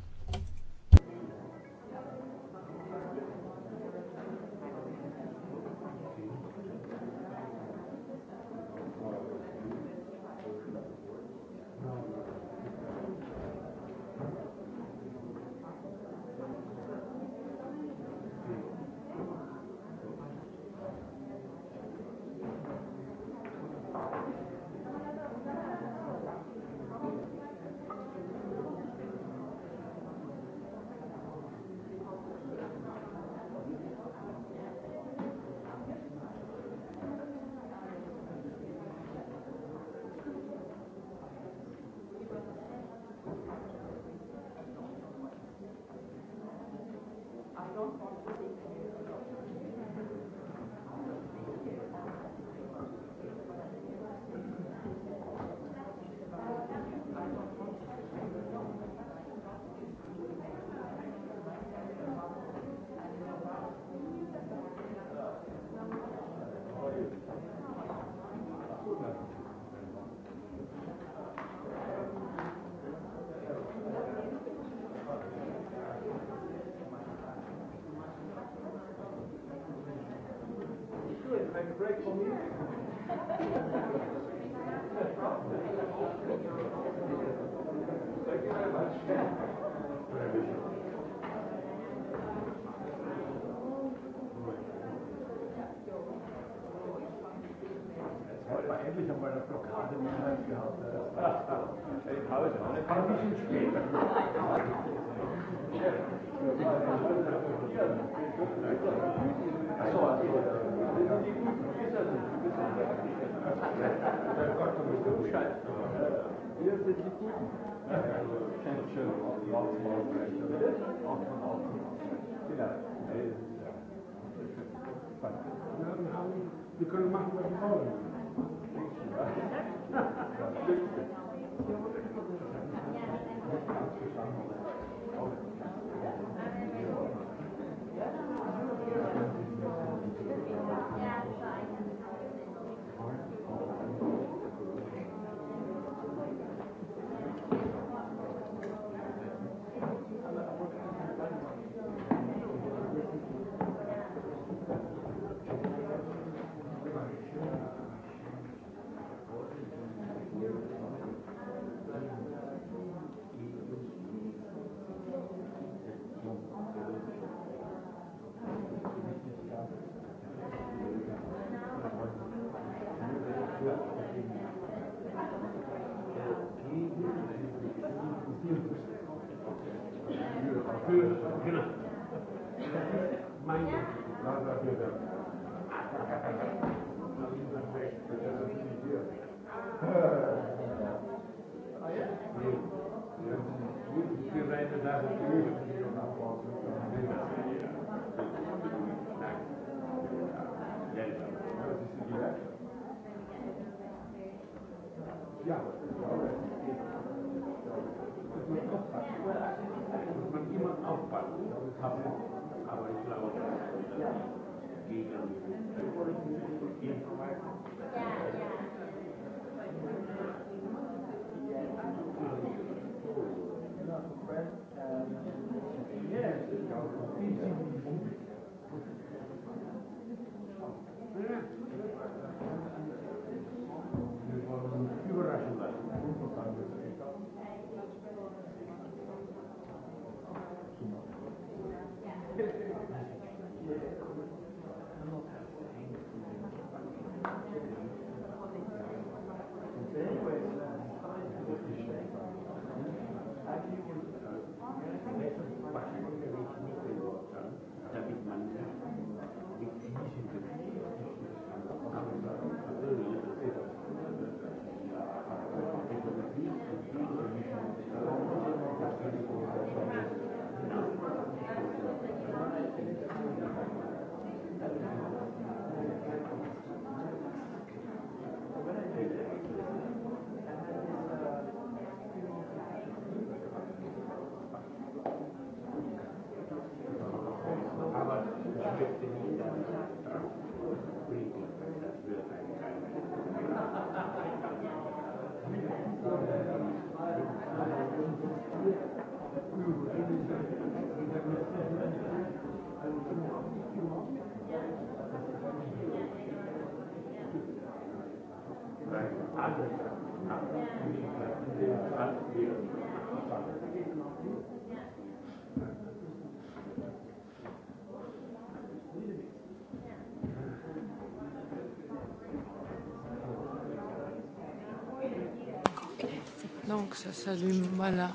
Donc ça s'allume, voilà.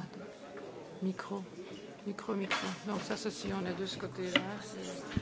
Micro, micro, micro. Donc ça, ça si on est de ce côté-là. C'est...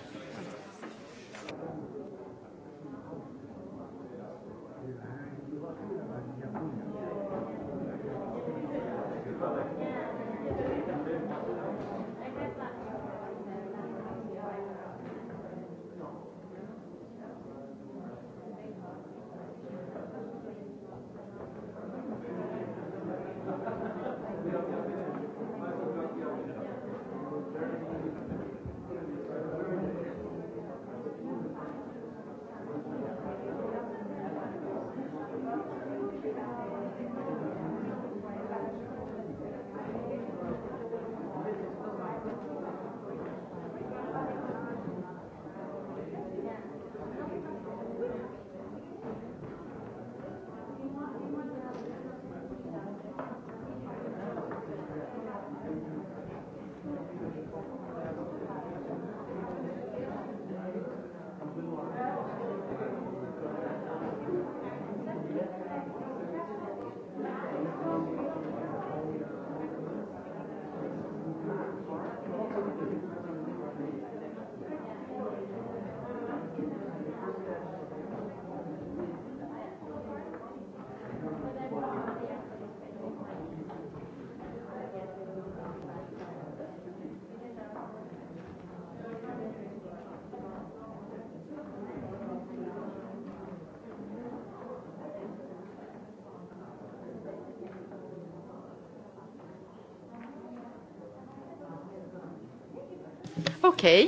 Okay,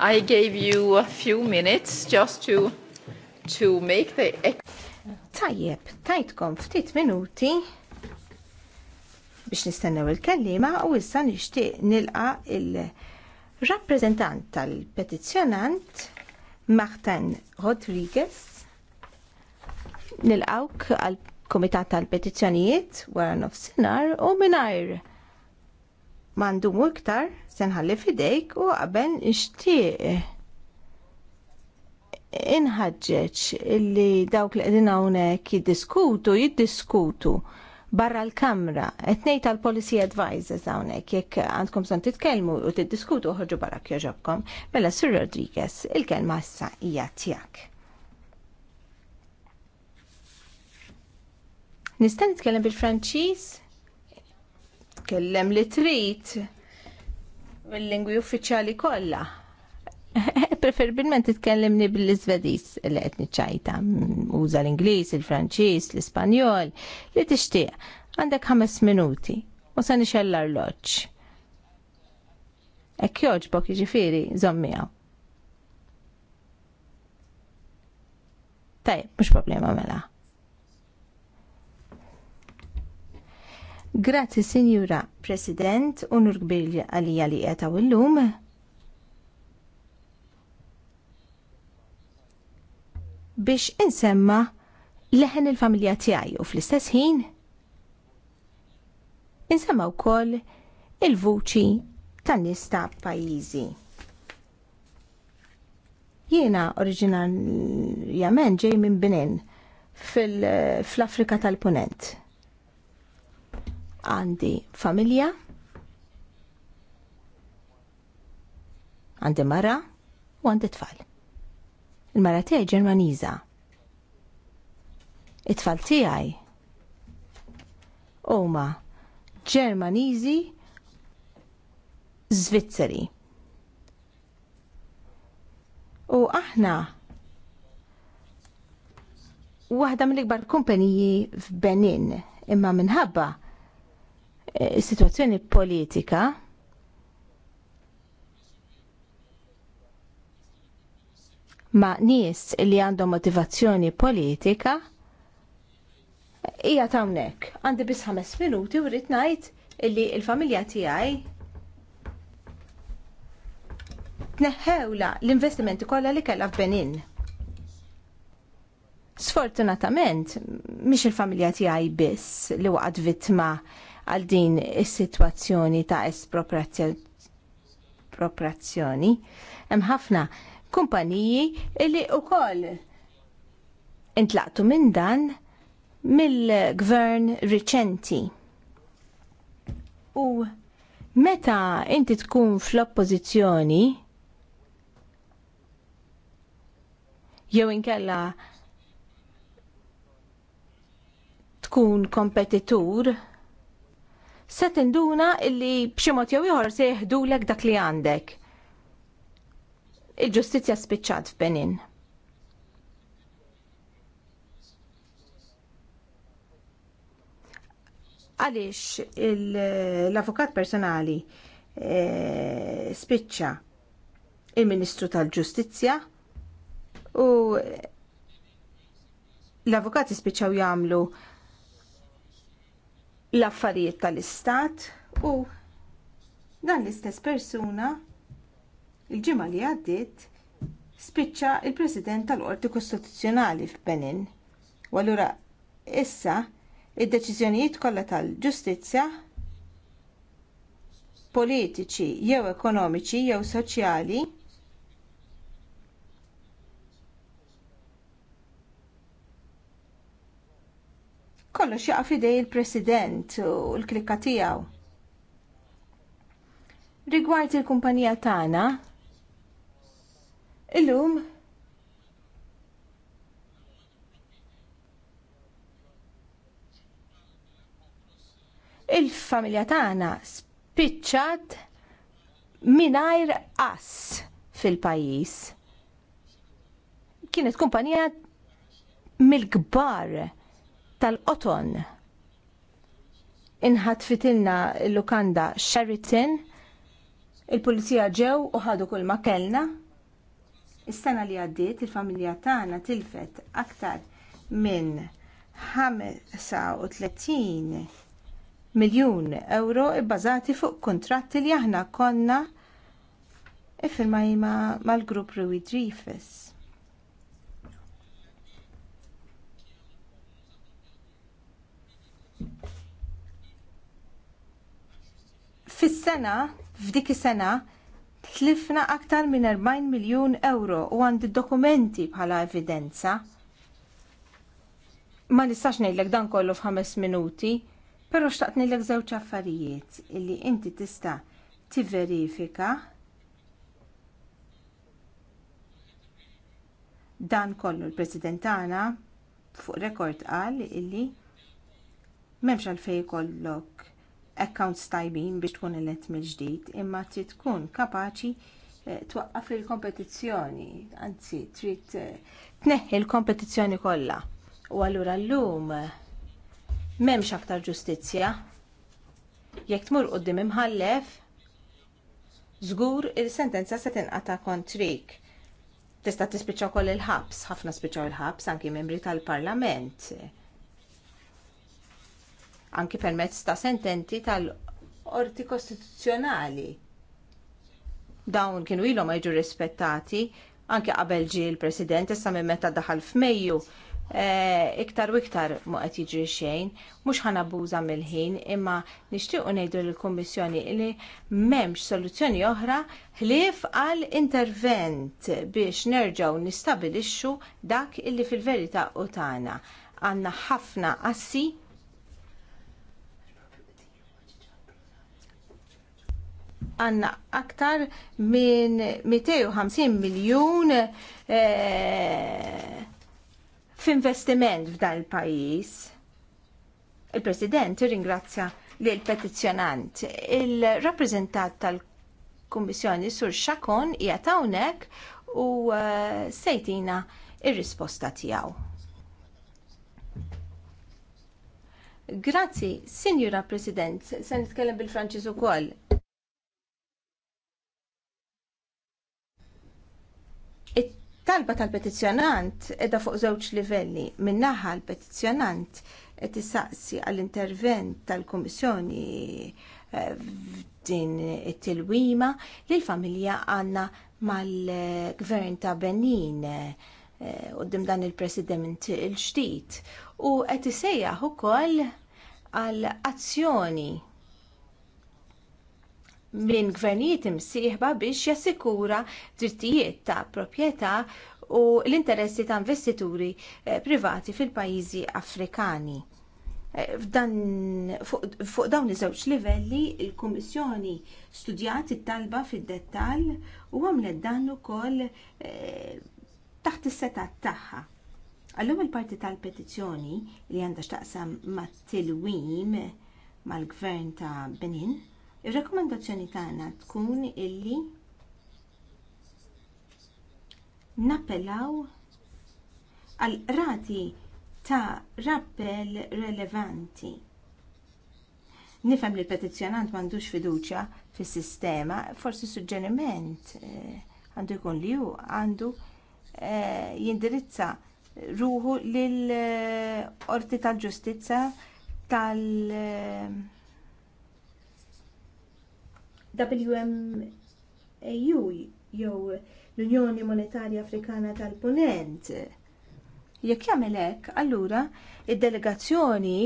I gave you a few minutes just to to make the Tajjeb, tajtkom ftit minuti biex nistennew il-kellima u issa nixtieq nilqa il-rappreżentant tal-petizzjonant Martin Rodriguez nilqawk għal Komitat tal-Petizzjonijiet wara nofsinhar u mingħajr mandumu iktar senħalli fidejk u qabel nixtieq inħaġġeġ illi dawk li qegħdin hawnhekk jiddiskutu jiddiskutu barra l-kamra qed ngħid tal policy advisors hawnhekk jekk għandkom son titkellmu u tiddiskutu uħħġu barra jogħġobkom. Mela Sir Rodriguez, il-kelma issa hija tiegħek. Nistan nitkellem bil-Franċiż? tkellem li trid bil-lingwi uffiċjali kollha. *laughs* Preferibilment titkellimni bil-Iżvediż li qed niċċajta. Uża l-Ingliż, il-Franċiż, l-Ispanjol, li tixtieq. Għandek ħames minuti u se nixell l-arloġġ. Hekk jogħġbok jiġifieri żommijaw. Tajjeb, mhux problema mela. Grazzi, Sinjura President, unur kbir għalija li għetaw illum. Biex insemma leħen il-familja tiegħi u fl-istess ħin insemma wkoll il-vuċi tan-nies ta' pajjiżi. Jiena oriġinarjament ġej minn Benin fil-Afrika tal-Punent għandi familja, għandi mara u għandi tfal. Il-mara tiegħi Ġermaniża. It-tfal tiegħi huma Ġermaniżi Zvizzeri. U aħna waħda mill-ikbar kumpaniji f'Benin imma minħabba Eh, situazzjoni politika ma' nies li għandhom motivazzjoni politika hija hawnhekk. Għandi biss ħames minuti u rrid ngħid illi l-familja tijaj tiegħi tneħħewla l-investimenti kollha li kellha f'Benin. Sfortunatament, mhix il-familja tiegħi biss li waqad vittma għal din is-sitwazzjoni ta' espropriazzjoni. Hemm ħafna kumpaniji li wkoll intlaqtu minn dan mill-gvern riċenti. U meta inti tkun fl-oppożizzjoni jew inkella tkun kompetitur se tinduna illi b'xi mod jew ieħor se jeħdulek dak li għandek. Il-ġustizzja spiċċat f'Benin. Għaliex l-avukat personali e, spiċċa il-Ministru tal-Ġustizzja u l-avukati spiċċaw jagħmlu l-affarijiet tal-istat u dan l-istess persuna il-ġimgħa li għaddiet spiċċa l president tal-Qorti Kostituzzjonali f'Benin. U allura issa id-deċiżjonijiet kollha tal-ġustizzja politiċi jew ekonomiċi jew soċjali kollox jaqaf fidej il-President u l-klikka tiegħu. Rigward il-kumpanija tagħna, illum il-familja tagħna spiċċat mingħajr as fil-pajjiż. Kienet kumpanija mill-kbar tal-qoton. Inħat fitilna l-lukanda Sheraton, il-pulizija ġew u ħadu kull ma kellna. Is-sena li għaddiet il-familja tagħna tilfet aktar minn 35 miljun euro bbażati fuq kuntratti li aħna konna iffirmajma mal-grupp Rui Dreyfus. Fis-sena, f'dik is-sena, tlifna aktar minn 40 miljun euro u għandi dokumenti bħala evidenza. Ma nistax ngħidlek dan kollu f'ħames minuti, però xtaqt ngħidlek żewġ affarijiet illi inti tista' tiverifika dan kollu l-President tagħna fuq rekord qal illi m'hemmx għalfejn kollok accounts tajbin biex tkun elett mill-ġdid, imma trid tkun kapaċi eh, twaqqaf il-kompetizzjoni, anzi trid eh, tneħħi l-kompetizzjoni kollha. U allura llum eh, m'hemmx aktar ġustizzja. Jekk tmur qudiem imħallef, żgur il-sentenza se tinqata' kontrik. Tista' tispiċċaw koll il-ħabs, ħafna spiċċaw il-ħabs anki membri tal-Parlament anki permezz ta' sententi tal-orti kostituzzjonali. Dawn kienu ilhom ma jiġu rispettati anke qabel ġie l-President issa minn meta daħal f'Mejju e, iktar u iktar ma qed jiġri xejn, mhux ħanabbuża mill-ħin, imma nixtiequ ngħidu lill-Kummissjoni li m'hemmx soluzzjoni oħra ħlief għal intervent biex nerġgħu nistabilixxu dak illi fil-verità u tagħna. Għandna ħafna assi għanna aktar minn 250 miljon eh, f'investiment f'dan il-pajis. Il-President ringrazzja li l-petizjonant. Il-rappresentant tal-Kommissjoni Sur Xakon jgħatawnek u eh, sejtina il risposta tijaw. Grazzi, Signora President, se nitkellem bil-Franċiż ukoll. Talba tal-petizzjonant edha fuq żewġ livelli. Min-naħa l-petizzjonant qed issaqsi għall-intervent tal-Kummissjoni eh, f'din it-tilwima li l-familja għandna mal-gvern ta' Benin eh, qudiem dan il-President il-ġdid u qed isejjaħ ukoll għal azzjoni minn gvernijiet imsieħba biex jassikura drittijiet ta' proprjetà u l-interessi ta' investituri eh, privati fil-pajjiżi Afrikani. Eh, fuq, dawn iż-żewġ livelli, il-Kummissjoni studjat it-talba fid-dettall u għamlet dan ukoll eh, taħt is-setat tagħha. Allum il-parti tal-petizzjoni li għandha x'taqsam mat-tilwim mal-gvern ta' Benin Ir-rakkomandazzjoni tagħna tkun illi nappellaw għal rati ta' rappell relevanti. Nifhem li l-petizzjonant m'għandux fiduċja fis-sistema, forsi suġġeriment eh, għandu jkun li hu għandu eh, jindirizza ruħu lill qorti eh, tal-ġustizza tal-, -ġustizza, tal WMAU jew l-Unjoni Monetarja Afrikana tal-Punent. Jekk jagħmel hekk, allura id-delegazzjoni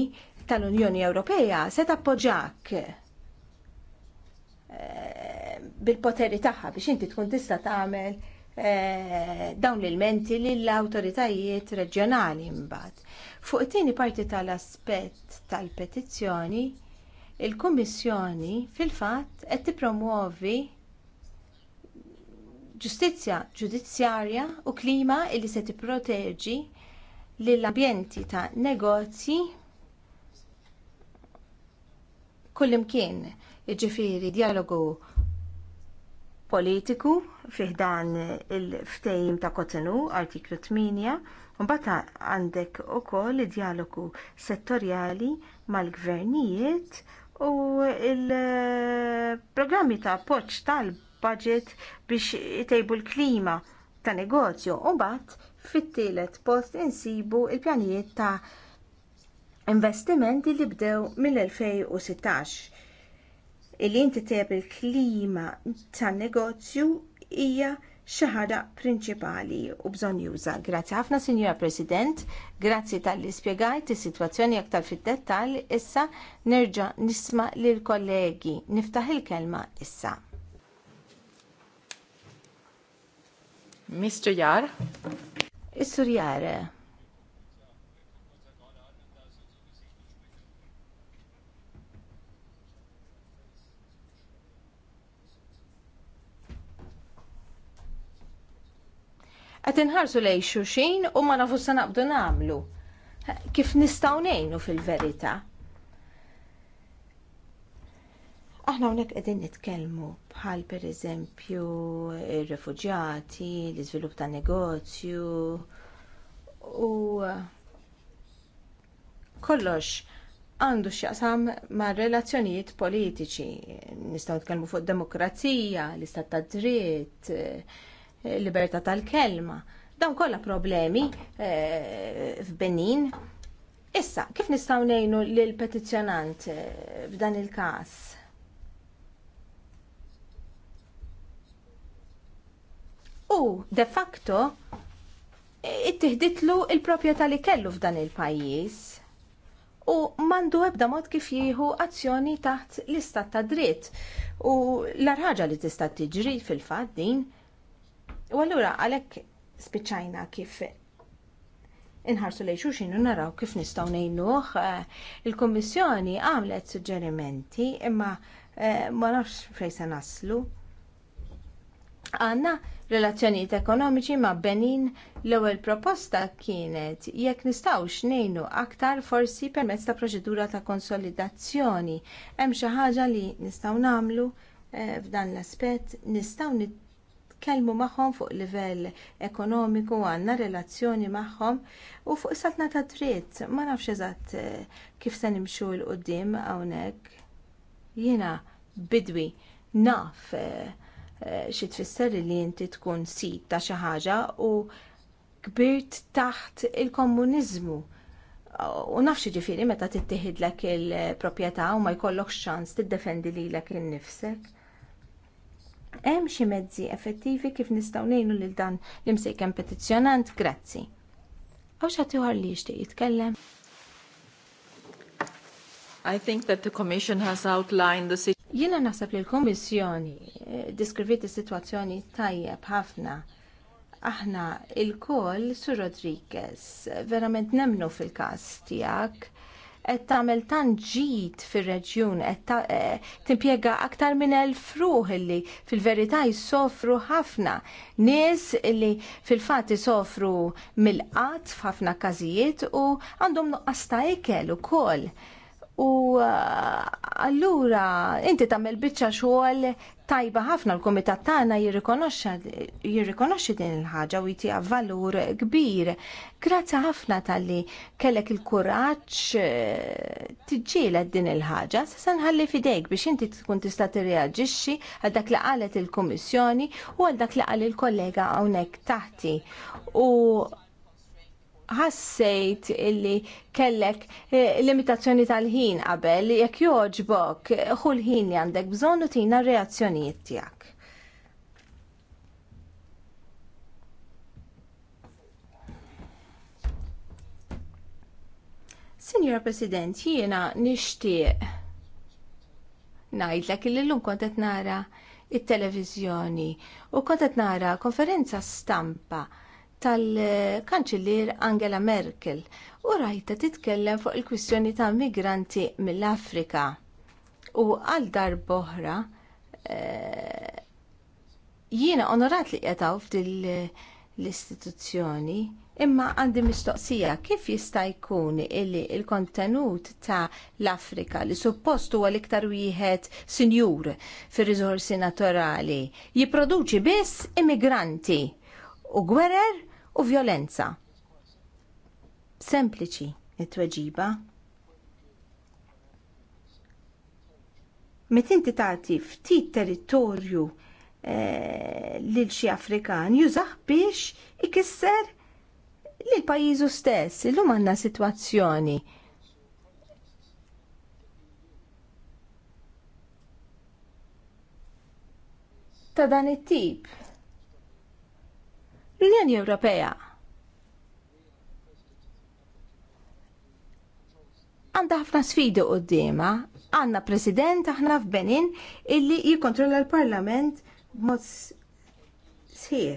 tal-Unjoni Ewropea se tappoġġjak eh, bil-poteri tagħha biex inti tkun tista' tagħmel eh, dawn l ilmenti lill-awtoritajiet reġjonali mbagħad. Fuq it-tieni parti tal-aspett tal-petizzjoni il-Kummissjoni fil-fatt qed tippromuovi ġustizzja ġudizzjarja u klima li se tipproteġi lill-ambjenti ta' negozji kullimkien jiġifieri dijalogu politiku fih dan il-ftejim ta' Kotonu, artiklu 8, mbagħad għandek ukoll id-dialogu settorjali mal-gvernijiet u il-programmi ta' poċ tal-budget biex itejbu l-klima ta' negozju u bat fit-tielet post insibu l pjanijiet ta' investimenti li bdew mill-2016. Illi inti tejb il-klima tan negozju hija xi ħaġa prinċipali u bżonn juża. Grazzi ħafna Sinjora President, grazzi tal-li spjegajt is-sitwazzjoni aktar fid-dettall, issa nerġa' nisma' lil kollegi. Niftaħ il-kelma issa. Mr. Jar. Is-Sur Jar. qed inħarsu lejn xuxin u ma nafux se naqbdu nagħmlu. Kif nistgħu ngħinu fil-verità? Aħna hawnhekk qegħdin nitkellmu bħal pereżempju il-refugġati, l-iżvilupp ta' negozju u kollox għandu x'jaqsam mar relazzjonijiet politiċi. Nistgħu nitkellmu fuq demokrazija, l-istat ta' dritt, libertà tal-kelma. Dawn kollha problemi eh, f'Benin. Issa, kif nistgħu ngħinu lill petizzjonant eh, f'dan il-każ? U de facto it-tihditlu il-proprjetà li kellu f'dan il-pajjiż u mandu ebda mod kif jieħu azzjoni taħt l-istat ta' dritt. U l-arħaġa li tista' tiġri fil-fatt din U allura għalhekk spiċċajna kif inħarsu lejn xulxin naraw kif nistgħu nejnuħ, eh, Il-Kummissjoni għamlet suġġerimenti imma eh, ma nafx fejn se naslu. Għanna relazzjonijiet ekonomiċi ma' Benin l-ewwel proposta kienet jekk nistgħux ngħinu aktar forsi permezz ta' proċedura ta' konsolidazzjoni. Hemm xi ħaġa li nistgħu nagħmlu eh, f'dan l-aspett nistgħu nitkellmu magħhom fuq livell ekonomiku, għandna relazzjoni magħhom u fuq satna ta' dritt. Ma nafx eżatt eh, kif se nimxu l qudiem hawnhekk. Jiena bidwi naf eh, eh, xi tfisser li inti tkun sit ta' xi ħaġa u kbirt taħt il-komuniżmu. U nafx ġifiri meta tittieħidlek il-proprjetà u ma jkollokx ċans tiddefendi lilek innifsek. Hemm xi mezzi effettivi kif nistgħu ngħinu lil dan li imsejken petizzjonant? Grazzi. Għaw xagħti li jixtieq jitkellem? I think that the Commission has outlined the situation. Jiena naħseb li l-Kommissjoni eh, diskrivit is-sitwazzjoni tajjeb ħafna. Aħna il-koll Sur Rodriguez verament nemnu fil-każ tiegħek qed tagħmel tant ġid fir-reġjun qed eh, timpjega aktar minn elf ruħ illi fil-verità jsofru ħafna nies illi fil-fatt isofru mill-qatt f'ħafna każijiet u għandhom nuqqas ta' ikel ukoll. U eh, allura inti tagħmel biċċa xogħol tajba ħafna l-kumitat tagħna jirrikonoxxi din il-ħaġa u jtiha valur kbir. Grazzi ħafna talli kellek il-kuraġġ eh, tiġġieled din il-ħaġa, se nħalli fidejk biex inti tkun tista' tirreaġixxi għal dak li qalet il-Kummissjoni u għal dak li qal il-kollega hawnhekk taħti. U ħassejt illi kellek eh, limitazzjoni tal-ħin qabel jekk joġbok ħul ħin li għandek bżonn tina reazzjonijiet tiegħek. Signor President, jiena nixtieq ngħidlek illi l kont qed nara il televiżjoni u kont qed nara konferenza stampa tal-kanċillier Angela Merkel u rajta titkellem fuq il-kwistjoni ta' migranti mill-Afrika. U għal dar boħra eh, jiena onorat li jgħataw f'dil l-istituzzjoni imma għandi mistoqsija kif jista' jkun illi l il kontenut ta' l-Afrika li suppost huwa l-iktar wieħed sinjur fir-riżorsi naturali jipproduċi biss immigranti u gwerer u vjolenza. Sempliċi it-tweġiba. Met inti tagħti ftit territorju eh, lil xi Afrikan jużah biex ikisser lil pajjiżu stess. Illum għandna sitwazzjoni ta' dan it-tip. L-Unjoni Ewropea għandha ħafna sfidi qudiema, għandna president aħna f'Benin illi jikkontrolla l-Parlament mod sħiħ.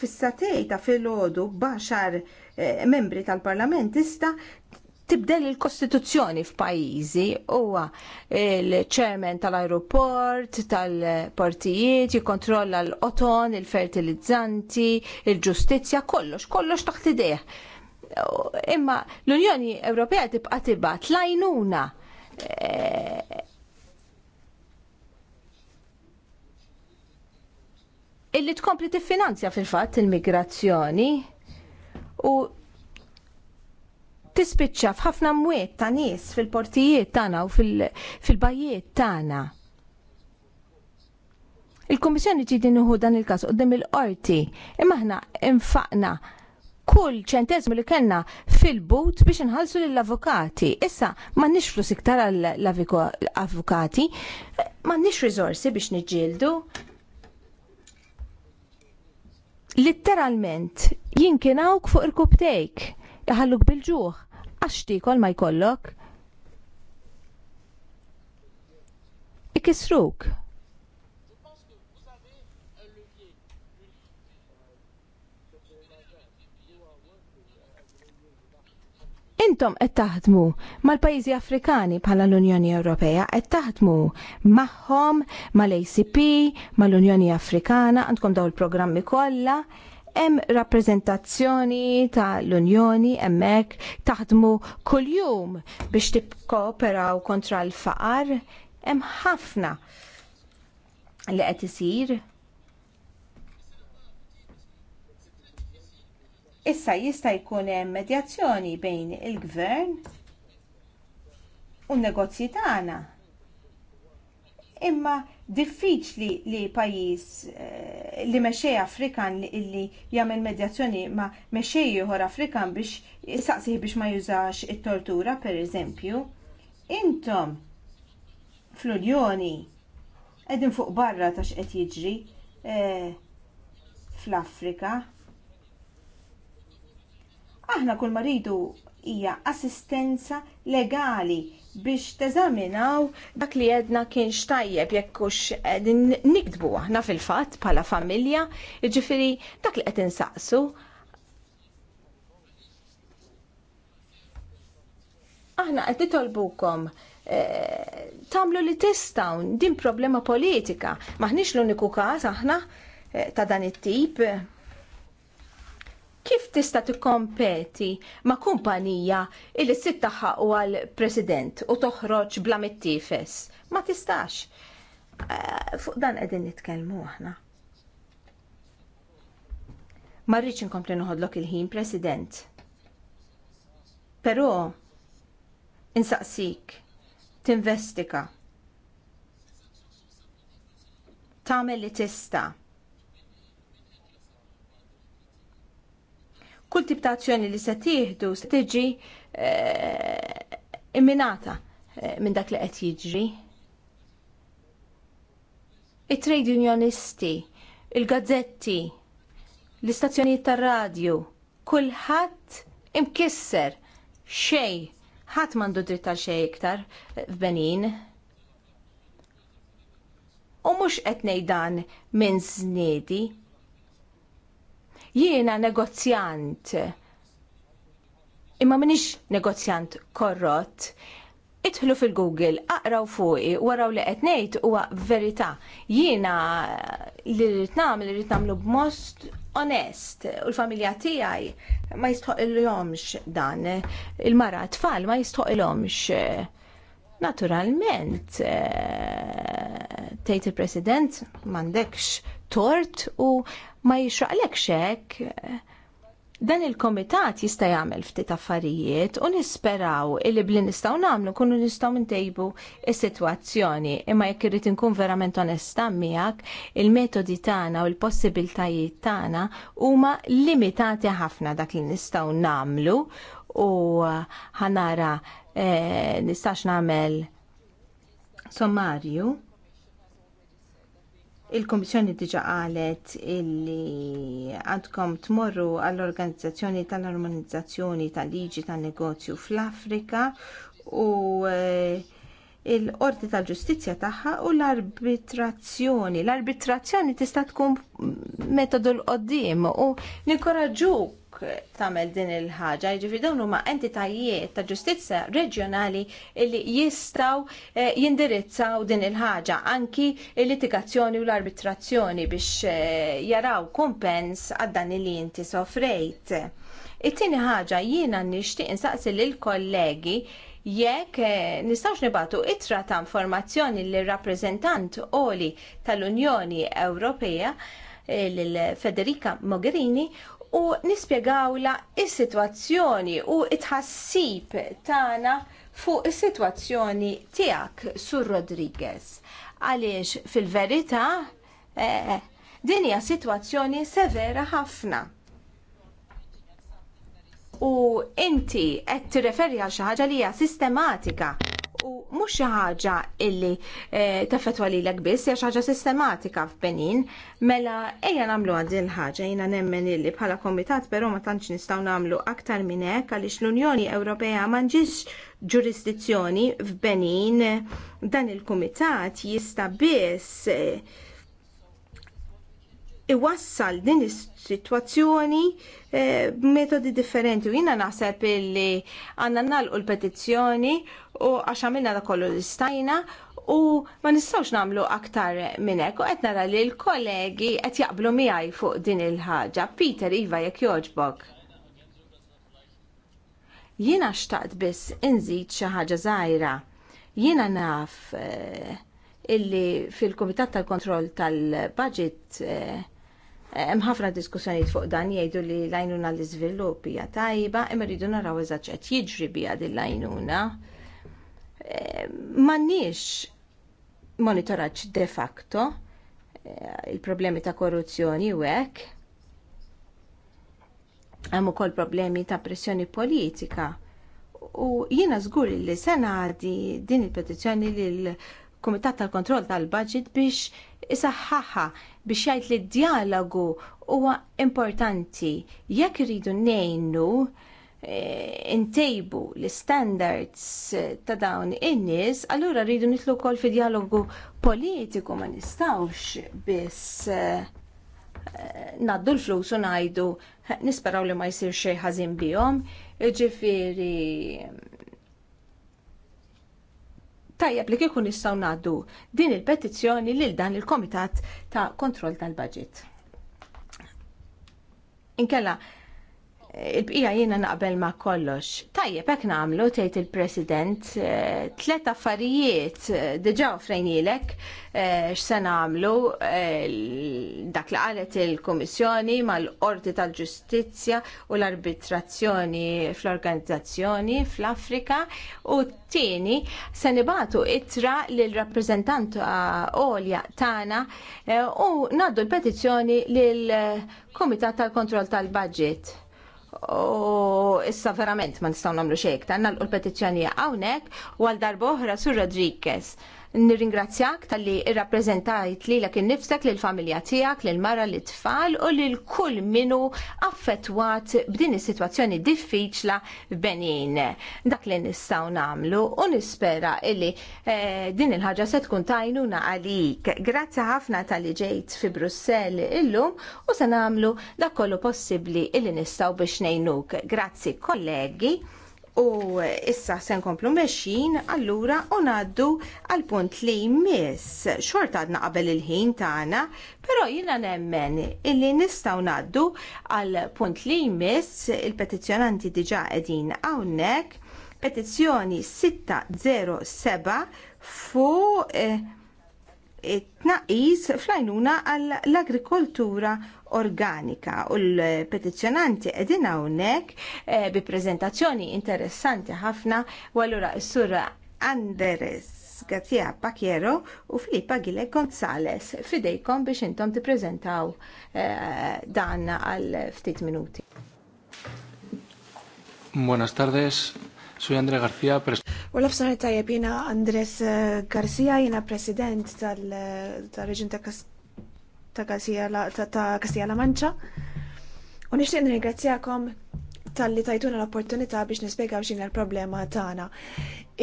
Fis-satej ta' filgħodu baxar eh, membri tal-Parlament tista' tibdel il-kostituzzjoni f'pajjiżi huwa il-chairman tal-aeroport, tal-portijiet, jikkontrolla l-qoton, il-fertilizzanti, il-ġustizzja, kollox, kollox taħt idejh. Imma l-Unjoni Ewropea tibqa' tibat lajnuna eh, illi tkompli tiffinanzja fil-fatt il-migrazzjoni u tispiċċa f'ħafna mwiet ta' nies fil-portijiet tagħna u fil-bajjiet tagħna. Il-Kummissjoni ġiedi nieħu dan il-każ qudiem il-qorti imma aħna infaqna kull ċentesmu li kellna fil-but biex inħallsu lill-avukati. Issa m'għandniex flus iktar għall-avukati, m'għandniex riżorsi biex niġġieldu. Litteralment jinkinaw fuq il-kuptejk iħalluk bil-ġuħ, għax kol ma jkollok. Ikisruk. Intom qed taħdmu mal-pajjiżi Afrikani bħala l-Unjoni Ewropea qed taħdmu magħhom mal-ACP, mal-Unjoni Afrikana, għandkom daw il-programmi kollha hemm rappreżentazzjoni tal-Unjoni hemmhekk taħdmu kuljum biex tikkooperaw kontra l-faqar hemm ħafna li qed isir. Issa jista' jkun hemm medjazzjoni bejn il-gvern u n-negozji tagħna. Imma diffiċli li pajjiż eh, li mexej Afrikan li jagħmel medjazzjoni ma mexej ieħor Afrikan biex saqsih biex ma jużax it-tortura pereżempju. Intom fl-Unjoni qegħdin fuq barra ta' x'qed jiġri eh, fl-Afrika. Aħna kull ma rridu hija assistenza legali biex teżaminaw dak li jedna kien xtajjeb jekkux nikdbu aħna fil-fat pala familja, ġifiri dak li qed insaqsu. Aħna qed nitolbukom eh, tamlu li tistaw din problema politika, maħniex l-uniku każ aħna eh, ta' dan it-tip kif tista' tikkompeti ma' kumpanija illi sit tagħha u għall-President u toħroġ bla mittifes? Ma tistax. Eh, fuq dan qegħdin nitkellmu aħna. Ma rridx inkompli noħodlok il-ħin, President. Però insaqsik, tinvestika. Tagħmel li tista' kull tip ta' azzjoni li se tieħdu se tiġi eh, imminata eh, minn dak li qed jiġri. It-trade unionisti, il-gazzetti, l-istazzjonijiet tar-radju, kulħadd imkisser xej, ħadd m'għandu dritt għal xej iktar f'Benin. U mhux qed ngħid dan minn żniedi, Jiena negozjant, imma minix negozjant korrott. Idħlu fil-Google, aqraw fuqi, waraw li qed ngħid huwa verità. Jiena li rrid nagħmel li nagħmlu b'most onest u l-familja tiegħi ma jistħoqilhomx dan. Il-mara tfal ma jistħoqilhomx. Naturalment, eh, tgħid il-President m'għandekx tort u ma jixraqlek xek dan il-komitat jista' jagħmel ftit affarijiet u nisperaw li bli nistgħu nagħmlu kunu nistgħu ntejbu is-sitwazzjoni imma jekk irrid inkun verament onesta miegħek il-metodi tagħna u l-possibiltajiet tagħna huma limitati ħafna dak li nistgħu nagħmlu u ħanara eh, nistax nagħmel sommarju Il-Komissjoni diġa qalet illi għandkom tmorru għall-Organizzazzjoni tal-Armonizzazzjoni tal-Liġi tan-Negozju fl-Afrika u eh, il-Qorti tal-Ġustizzja tagħha u l-arbitrazzjoni. L-arbitrazzjoni tista' tkun metodu l-qoddim u ninkoragġuk. Tamel din il-ħaġa. Jiġifieri dawn huma entitajiet ta' ġustizzja reġjonali li jistgħu eh, jindirizzaw din il-ħaġa anki l-litigazzjoni u l-arbitrazzjoni biex eh, jaraw kumpens għad-dan li inti sofrejt. It-tieni ħaġa jiena nixtieq insaqsi lil kollegi jekk eh, nistgħux nibatu itra ta' informazzjoni lir-rappreżentant oli tal-Unjoni Ewropea lil Federica Mogherini u nispjegawla is-sitwazzjoni u it-ħassib tagħna fuq is-sitwazzjoni tiegħek sur Rodriguez. Għaliex fil-verità eh, din hija sitwazzjoni severa ħafna. U inti qed tirreferi għal xi ħaġa li hija sistematika U mhux xi ħaġa illi eh, tafetwa lilek biss, hija xi ħaġa sistematika f'Benin, mela ejja nagħmlu għandi ħaġa jiena nemmen illi bħala komitat però ma tantx nistgħu nagħmlu aktar minn hekk għaliex l-Unjoni Ewropea m'għandix ġurisdizzjoni f'Benin dan il-kumitat jista' biss eh, iwassal din is-sitwazzjoni eh, b'metodi differenti u jiena naħseb illi għandna nagħlqu l-petizzjoni u għax għamilna da kollu l-istajna u ma nistgħux nagħmlu aktar minn hekk u qed nara li l-kollegi qed jaqblu miegħi fuq din il-ħaġa. Peter Iva jekk jogħġbok. Jiena xtaqt biss inżid xi ħaġa żgħira. Jiena naf eh, illi fil-Kumitat tal-Kontroll tal-Budget eh, Hemm ħafna diskussjonijiet fuq dan jgħidu li l-għajnuna l-iżvilupp hija tajba, imma rridu naraw eżatt qed jiġri biha din l-għajnuna. Ehm, m'għandniex monitoraġġ de facto eh, il-problemi ta' korruzzjoni u hekk. Hemm ukoll problemi ta' pressjoni politika. U jiena żgur li se ngħaddi din il-petizzjoni lil Kumitat tal-Kontroll tal-Budget biex isaħħaħa biex jgħid li d-dialogu huwa importanti. Jekk iridu ngħinu eh, intejbu l istandards eh, ta' dawn in-nies, allura rridu nitlu wkoll fi dialogu politiku ma nistawx biss eh, naddu l-flus u ngħidu nisperaw li ma jsir xejn ħażin bihom, ġifieri tajjeb li kikun nistgħu ngħaddu din il-petizzjoni lil dan il-Komitat ta' Kontroll tal budget Inkella il-bqija jiena naqbel ma' kollox. Tajjeb, hekk nagħmlu tgħid il-President, eh, tliet affarijiet eh, diġà frejnilek eh, x'se nagħmlu dak li qalet il-Kummissjoni mal-Qorti tal-Ġustizzja u l-arbitrazzjoni fl-organizzazzjoni fl-Afrika u tieni se nibatu itra lil rappreżentant Olja tagħna u ngħaddu l-petizzjoni lil Kumitat tal-Kontroll tal-Budget u issa verament ma nistgħu nagħmlu xejn. Tanna l-petizzjoni hawnhekk u għal darba oħra sur Rodriguez. Nirringrazzjak tal-li irrappreżentajt li l-ek nifsek li l-familja tijak, li l-mara li tfal u li l-kull minu affettwat b'din is-situazzjoni diffiċla benin. Dak li nistaw namlu u nispera illi eh, din il-ħagġa se tkun tajnuna għalik. Grazzi ħafna tal-li ġejt fi Brussell illum u se namlu dak kollu possibli illi nistaw biex nejnuk. Grazzi kollegi. U issa se nkomplu meċin, allura u ngħaddu għal punt li jmiss xort għadna qabel il-ħin tagħna, però jiena nemmen illi nistgħu ngħaddu għal punt li jmiss il-petizzjonanti diġà qegħdin hawnhekk, petizzjoni 607 fuq it naqis fl-għajnuna għall-agrikoltura organika u l-petizjonanti edin hawnhekk eh, bi prezentazzjoni interessanti ħafna u allura s-sura Anderes Gazia Pacchiero u Filippa Gile Gonzales fidejkom biex intom tippreżentaw eh, dan għal ftit minuti. Buenas tardes, Soy Andre Garcia, pres... U l-afsonetta Andres eh, Garcia, jina president tal-reġin eh, ta' ta' Kastija La Manċa. U nixtieq nirringrazzjakom tal-li tajtuna l-opportunità biex nispjegaw x'inha l-problema tagħna.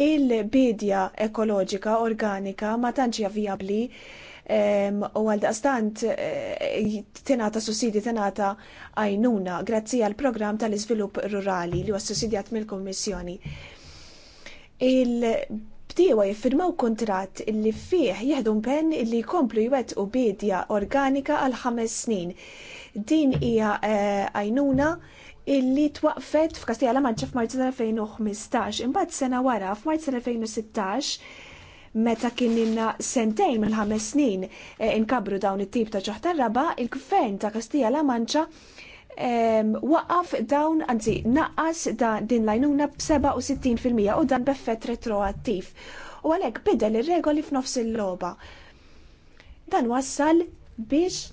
Il-bidja ekoloġika organika ma tantx hija vijabbli ehm, u għaldaqstant daqstant eh, tingħata sussidi tingħata għajnuna grazzi għal programm tal-iżvilupp rurali li huwa sussidjat mill-Kummissjoni. il l jiffirmaw kontrat illi fih jieħdu pen illi jkomplu jwettqu bidja organika għal ħames snin. Din hija eh, għajnuna illi twaqfet f'Kastija la Manċa f'Marzu 2015, imbagħad sena wara f'Marzu 2016 meta kien inna sentejn mill ħames snin eh, inkabru dawn it-tip ta' ċoħta raba, il-gvern ta' Kastija la Manċa waqaf dawn, anzi, naqqas din lajnuna b-67% u dan b'effett retroattiv. U għalhekk bidel ir-regoli f'nofs il-logħba. Dan wassal biex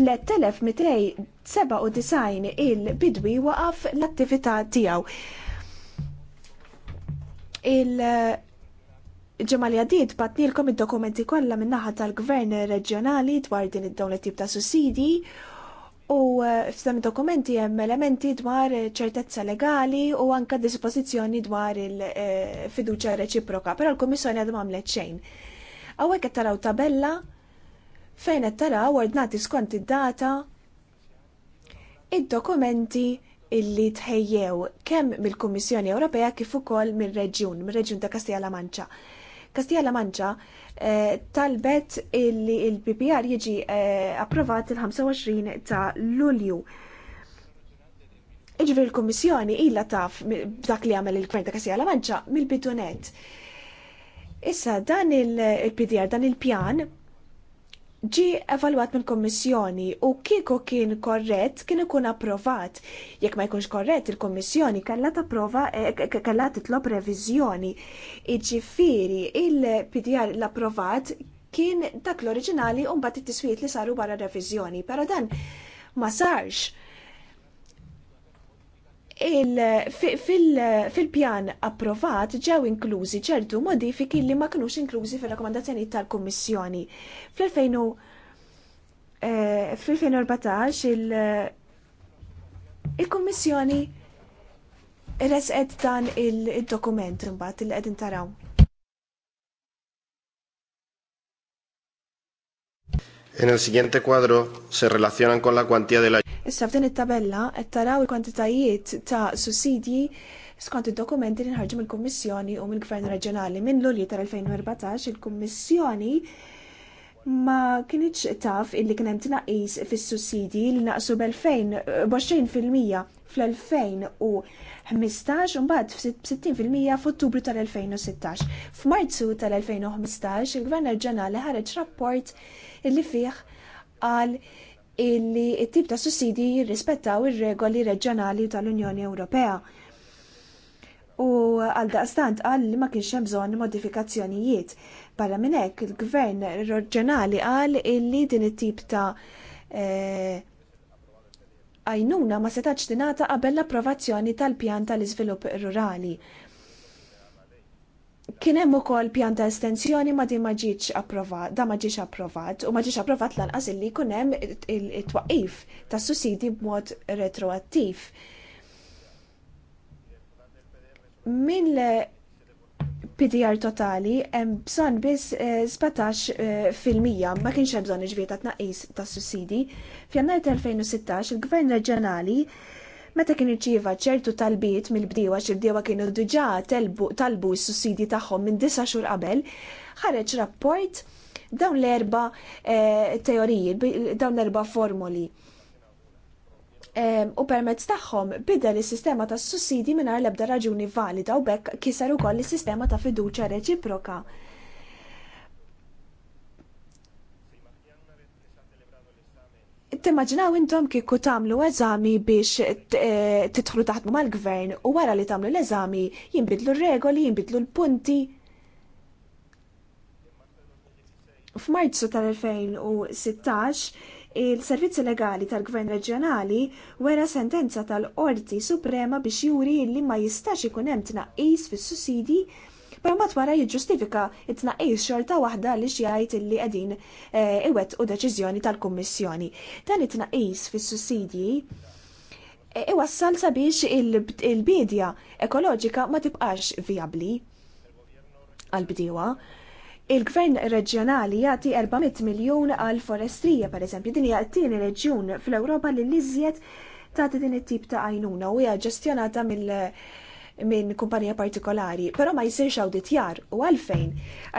3297 il-bidwi waqaf l-attività tiegħu. Il- ġemma li id-dokumenti kollha min-naħa tal-gvern reġjonali dwar din id-dawn it-tip ta' sussidi U eh, id dokumenti hemm elementi dwar ċertezza legali u anka dispożizzjoni dwar il-fiduċja eh, reċiproka, però l-Kummissjoni għadhom għamlet xejn. Hawnhekk qed taraw tabella fejn qed taraw ordnati skont id-data id-dokumenti illi tħejjew kemm mill-Kummissjoni Ewropea kif ukoll mir-Reġjun, mir-Reġjun ta' Kastilla La Manċa. Kastija la Manġa eh, talbet li il-PPR jiġi eh, approvat il-25 ta' Lulju. Iġveri l-Kommissjoni illa taf dak li għamel il-Gvern ta' Kastija la Manġa mill-bidunet. Issa dan il-PDR, dan il-pjan, ġi evalwat mill kommissjoni u kieku kien korrett kien ikun approvat. Jekk ma jkunx korrett il-kommissjoni kellha tapprova eh, kellha titlob reviżjoni. Iġifieri il-PDR l-approvat kien dak l-oriġinali u mbagħad it-tiswiet li saru wara reviżjoni, però dan ma sarx fil-pjan approvat ġew inklużi ċertu modifiki li ma kinux inklużi fil-rakkomandazzjoni tal-Kummissjoni. Fl-2014 eh, il-Kummissjoni resqed dan il-dokument imbagħad il qegħdin taraw. En el siguiente cuadro se relacionan con la cuantía de la Issa f'din it-tabella qed taraw il-kwantitajiet ta' sussidji skont id-dokumenti li nħarġu mill-Kummissjoni u mill-Gvern Reġjonali minn Lulju tal-2014 il-Kummissjoni ma kienx taf illi kien hemm tnaqqis fis-sussidji li naqsu b'2000 fil-mija fl-2015 u mbagħad fil-mija f'Ottubru tal-2016. F'Marzu tal-2015 il-Gvern Reġjonali ħareġ rapport illi fih qal illi it-tip ta' sussidi jirrispettaw ir-regoli reġjonali tal-Unjoni Ewropea. U għal daqstant għal li ma kienx hemm bżonn modifikazzjonijiet. Barra minn hekk il-gvern reġjonali qal illi din it-tip ta' eh, għajnuna ma setax tingħata qabel l-approvazzjoni tal-pjan tal-iżvilupp rurali. Kien hemm ukoll pjan ta' estensjoni ma din ma ġietx approvat, da ma ġietx approvat u ma ġietx approvat lanqas illi jkun hemm it-twaqif ta' sussidi b'mod retroattiv. Min PDR totali hemm bżonn biss 17 eh, eh, fil-mija ma kienx hemm bżonn iġbiet ta' tnaqqis ta' sussidi. F'jannar 2016 il-Gvern Reġjonali Meta kien irċieva ċertu talbiet mill-bdiewa x'il-bdiewa kienu diġà talbu s-sussidji tagħhom minn disa xhur qabel, ħareġ rapport dawn l-erba eh, teoriji, dawn l-erba formoli. Ehm, u permezz tagħhom bidda is-sistema tas-sussidji mingħajr l-ebda raġuni valida u bekk kisar ukoll is-sistema ta' fiduċja reċiproka Timmaġinaw intom kieku tagħmlu eżami biex eh, titħlu taħdmu mal-gvern u wara li tagħmlu l-eżami jinbidlu r-regoli, jinbidlu l-punti. F'Marzu tal-2016 il-servizzi legali tal-Gvern Reġjonali wera sentenza tal-Qorti Suprema biex juri li ma jistax ikun hemm tnaqqis fis-sussidi pero mat wara jiġġustifika it-tnaqqis xorta waħda li xjajt illi qegħdin eh, iwet u deċiżjoni tal-Kummissjoni. Dan it-tnaqqis fis-sussidji eh, iwassal sabiex il-bidja ekoloġika ma tibqax viabli għal-bdiewa. Il-gvern reġjonali jagħti 400 miljun għal forestrija pereżempju din hija t-tieni reġjun fl-Ewropa li l-iżjed tagħti din it-tip ta' għajnuna u hija ġestjonata mill- minn kumpanija partikolari, però ma jsirx awditjar u għalfejn.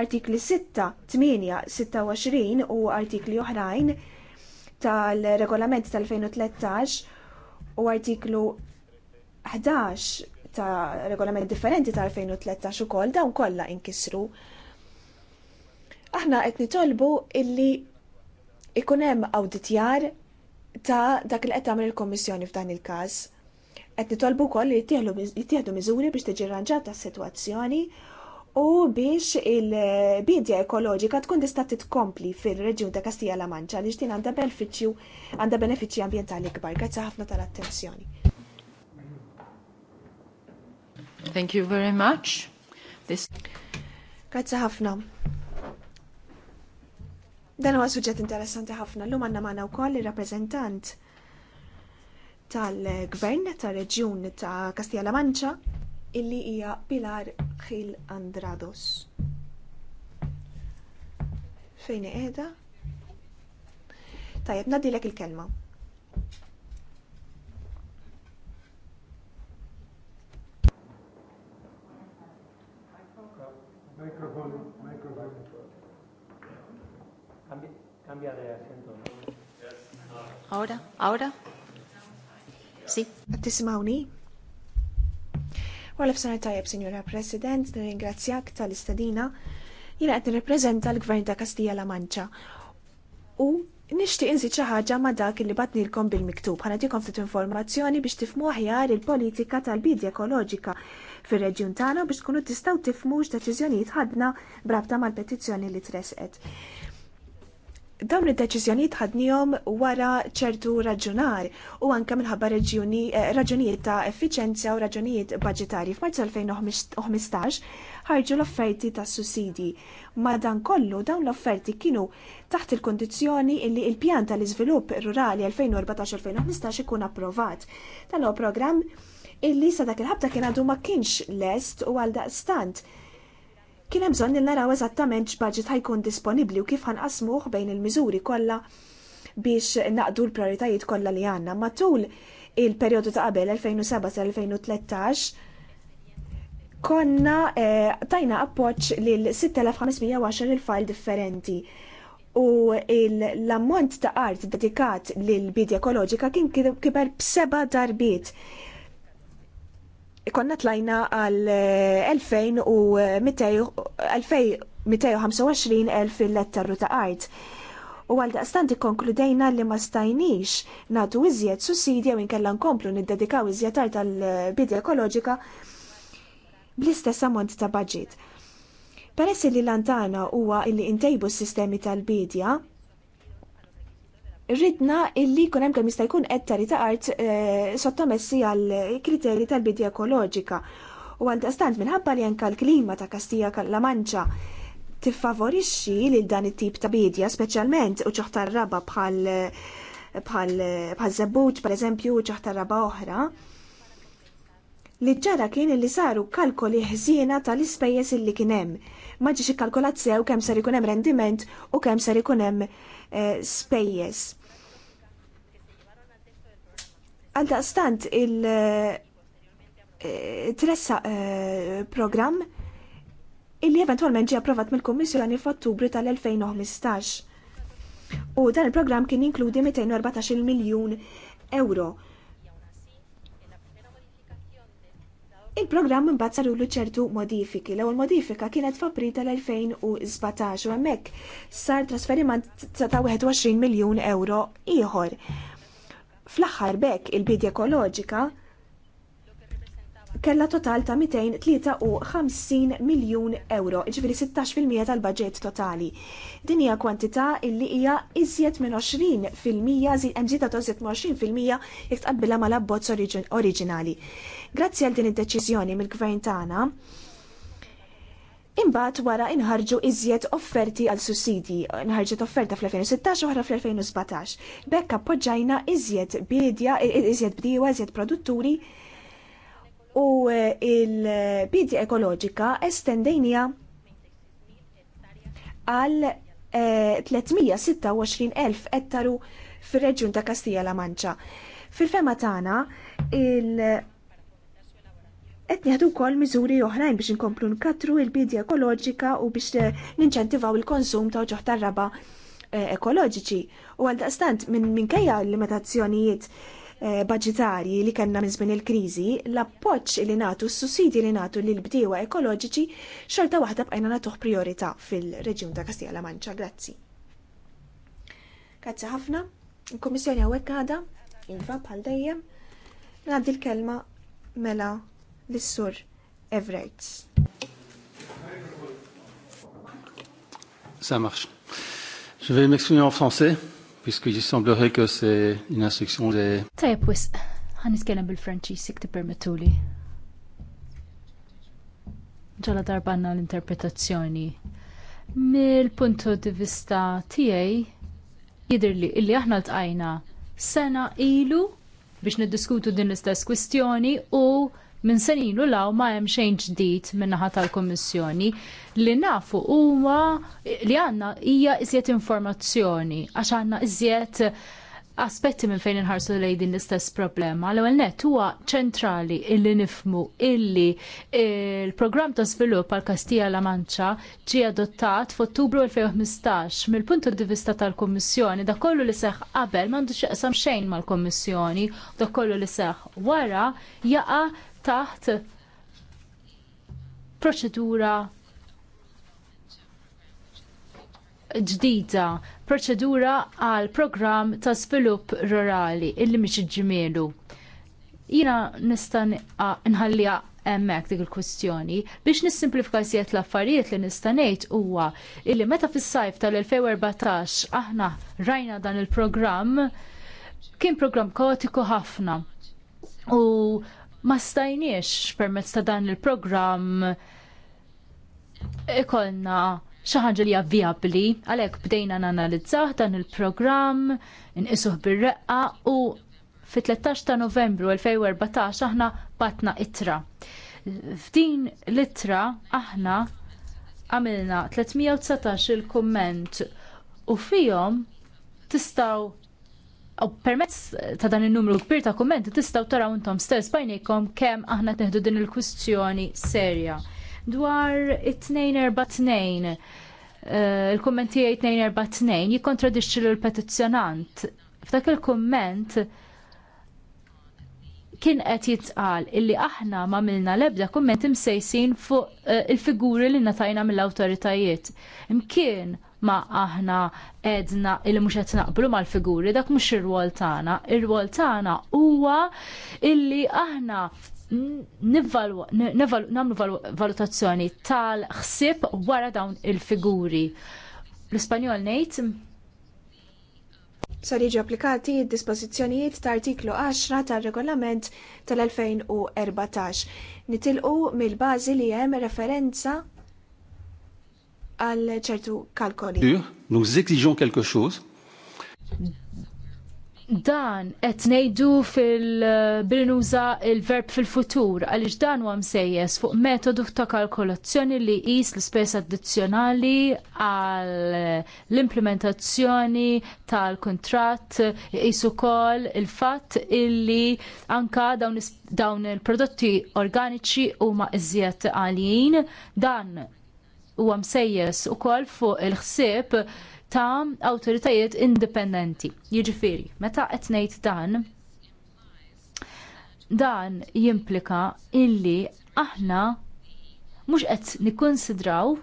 Artikli 6, 8, 26 u artikli oħrajn tal-regolament tal-2013 u artiklu 11 ta' regolament differenti tal-2013 u koll dawn kollha inkisru. Aħna qed nitolbu illi ikun hemm awditjar ta' dak li qed tagħmel il-Kommissjoni f'dan il-każ qed nitolbu wkoll li jittieħdu miżuri biex tiġi rranġata s-sitwazzjoni u biex il-bidja ekoloġika tkun tista' titkompli fir-reġjun ta' Kastija La Manċa li xtin għandha benefiċċju għandha benefiċċji ambjentali kbar. Grazzi ħafna tal-attenzjoni. Thank you very much. This... Grazzi ħafna. Dan huwa suġġett interessanti ħafna. Llum għandna magħna wkoll ir-rappreżentant tal-gvern tar reġjun ta' Kastilla-La Mancha illi hija Pilar Gil Andrados. Fejn qiegħda? Tajjeb nadilek il-kelma. Ahora, ahora. Si. Tismawni? Għalef sanar tajab, Signora President, ringrazzjak tal-istadina. Jina għed nir-reprezenta l-Gvern ta' Kastija La Manċa. U nishti inżi xi ħaġa ma' dak li l-kom bil-miktub. Ħanatikom ftit informazzjoni biex tifmu aħjar il-politika tal-bidja ekoloġika fir-reġjun tagħna biex tkunu tistgħu tifmu x'deċiżjonijiet ħadna brabta mal-petizzjoni li tresqet. Dawn id-deċiżjonijiet ħadniehom wara ċertu raġunar u anke minħabba eh, raġunijiet ta' effiċenza u raġunijiet budġetarji. F'Marzu 2015 ħarġu l-offerti ta' sussidi. Madankollu dawn l-offerti kienu taħt il kondizjoni illi il-pjan tal-iżvilupp rurali 2014-2015 ikun approvat. Dan program illi sa dak il-ħabta kien għadu ma kienx lest u għal daqstant. stant Kien hemm bżonn naraw eżattament x'budget ħajkun disponibbli u kif ħanqasmuh bejn il-miżuri kollha biex naqdu l-prioritajiet kollha li għandna. Matul il-perjodu ta' qabel 2007-2013 konna eh, tajna appoċ lil 6510 il-file differenti u l-ammont ta' art dedikat lil bidja ekoloġika kien kiber b'seba darbiet ikonna tlajna għal 2225 fil-letteru ta' art. U għal daqstant konkludejna li ma stajnix natu iżjed sussidja u inkella nkomplu niddedikaw iżjed art tal-bidja eh, ekoloġika bl-istess ammont ta' budget. Peress li lantana huwa illi intejbu s-sistemi tal-bidja, ridna illi jkun hemm kemm jista' jkun ettari ta' art eh, sottomessi għal kriterji tal-bidja ekoloġika. U għal stant minħabba li anke l-klima ta' Kastija la Manċa tiffavorixxi lil dan it-tip ta' bidja speċjalment u ċoħtar raba bħal bħal bħal zebbut pereżempju u ċoħtar raba oħra li ġara kien li saru kalkoli ħsiena tal-ispejjeż illi kien hemm. Ma ġiex ikkalkulat sew kemm ser ikun hemm rendiment u kemm ser ikun hemm Eh, spejjeż. Għadda stant il-tressa eh, eh, program illi eventualment ġie approvat mill-Kummissjoni f'Ottubru tal-2015. U dan il-programm kien jinkludi 214 miljun euro Il-programm imbagħad sarulu ċertu modifiki. L-ewwel modifika kienet f'April tal-2017 u hemmhekk sar trasferiment ta' 21 miljun euro ieħor. Fl-aħħar bekk il-bidja ekoloġika kella total ta' 253 miljun euro, ġifieri 16% tal budget totali. Din hija kwantità illi hija iżjed minn 20% hemm żieda ta' 20% jekk tqabbilha mal-abbozz oriġinali. Grazzi għal din id-deċiżjoni mill-gvern tagħna, Imbagħad wara inħarġu iżjed offerti għal sussidji, inħarġet offerta fl-2016 u fl-2017. Bekk appoġġajna iżjed bidja, iżjed bdiewa, iżjed produtturi u eh, il-bidja ekoloġika estendejnija għal 326.000 eh, ettaru fir-reġjun ta' Kastija-La Manċa. Fil-fema tagħna il- qed nieħdu wkoll miżuri oħrajn biex inkomplu nkatru il-bidja ekoloġika u biex eh, ninċentivaw il-konsum ta' oġoħ tar-raba eh, ekoloġiċi. U għal daqstant minn minkejja l-limitazzjonijiet eh, budġetarji li kellna minn żmien il-kriżi, l-appoġġ li nagħtu s-sussidji li nagħtu lil bdiewa ekoloġiċi xorta waħda bqajna nagħtuh priorità fil-Reġjun ta' Kastilla-La Manċa. Grazzi. Grazzi ħafna. Il-Kummissjoni hawnhekk għada, iva bħal dejjem. Ngħaddi l-kelma mela l-Sur Everett. Ça marche. Je vais m'exprimer en français, il semblerait que c'est une instruction des... Tajab wis, għaniskellem bil-Franċis, jek ti permettuli. Ġala darbanna l-interpretazzjoni. Mill-puntu di vista tijaj, jidirli illi aħna l-tqajna sena ilu biex niddiskutu din l-istess kwistjoni u minn senilu law ma hemm xejn ġdid min-naħa tal-Kummissjoni li nafu huwa li għandna hija iżjed informazzjoni għax għandna iżjed aspetti minn fejn inħarsu lejn din l-istess problema. L-ewwel nett huwa ċentrali illi nifmu illi il-programm ta' żvilupp għal Kastija La Manċa ġie adottat f'Ottubru 2015 mill-punt di vista tal-Kummissjoni dak kollu li seħħ qabel m'għandux jaqsam xejn mal-Kummissjoni, dak kollu li seħħ wara jaqa' taħt proċedura ġdida, proċedura għal programm ta' svilupp rurali illi miex ġimielu. Jina nista' nħallija hemmhekk dik il kwestjoni biex nissimplifika siet l-affarijiet li nista' ngħid huwa illi meta fis-sajf tal-2014 aħna rajna dan il-programm kien programm kotiku ħafna. U ma stajniex permezz ta' dan il-programm ikolna xi ħaġa li viabli, għalhekk bdejna nanalizzah dan il-programm, inqisuh bir-reqqa u fit-13 ta' Novembru 2014 aħna batna itra. F'din l-itra aħna għamilna 319 il-komment u fihom tistaw U permezz ta' dan il-numru kbir ta' kummenti tistgħu taraw intom stess bajnejkom kemm aħna teħdu din il-kwistjoni serja. Dwar it-242, eh, il-kummenti 242 jikkontradixxi l-petizzjonant. F'dak il-kumment kien qed jitqal illi aħna ma milna l-ebda kumment imsejsin fuq eh, il-figuri li natajna mill-awtoritajiet. Imkien ma aħna edna il mhux qed naqblu mal-figuri dak mhux ir-rwol tagħna. Ir-rwol tagħna huwa illi aħna nagħmlu valutazzjoni tal-ħsieb wara dawn il-figuri. L-Ispanjol ngħid sar jiġu applikati d-dispożizzjonijiet ta' artiklu 10 tar-regolament tal-2014. Nitilqu mill-bażi li hemm referenza għal ċertu kalkoli. Nous exigeons quelque chose. Dan qed ngħidu fil-bilnuża il-verb fil-futur għaliex dan huwa msejjes fuq metodu ta' kalkolazzjoni li jqis l-ispejs addizzjonali għal l-implementazzjoni tal-kuntratt jqis ukoll il-fatt illi anka dawn, dawn il-prodotti organiċi huma iżjed għaljin dan huwa msejjes ukoll fuq il-ħsieb ta' awtoritajiet indipendenti. Jiġifieri, meta qed ngħid dan, dan jimplika illi aħna mhux qed nikkonsidraw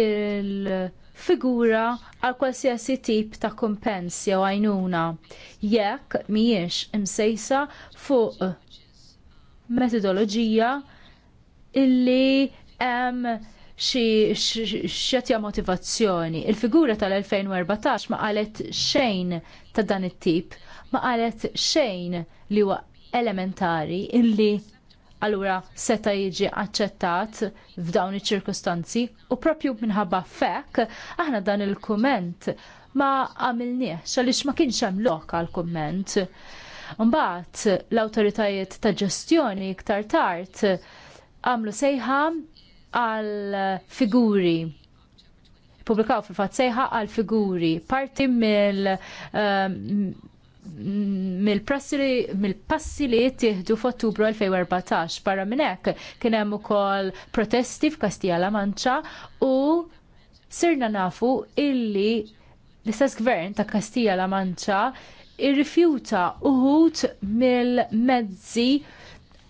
il-figura għal qualsiasi tip ta' kumpens jew għajnuna jekk mhijiex imsejsa fuq metodoloġija illi um, xetja motivazzjoni. Il-figura tal-2014 ma qalet xejn ta' dan it-tip, ma qalet xejn li huwa elementari illi allura seta jiġi aċċettat f'dawn iċ-ċirkostanzi u propju minħabba fek aħna dan il-kumment ma għamilniex għaliex ma kienx hemm lok għal kumment. Mbagħad l-awtoritajiet ta' ġestjoni iktar tard għamlu sejħa għal figuri publikaw fil fatt sejħa għal figuri parti mill ehm, mill-passi li jittieħdu f'Ottubru 2014. Barra minn hekk kien hemm ukoll protesti f'Kastija La Manċa u sirna nafu illi l-istess gvern ta' Kastija La Manċa irrifjuta uħut mill-mezzi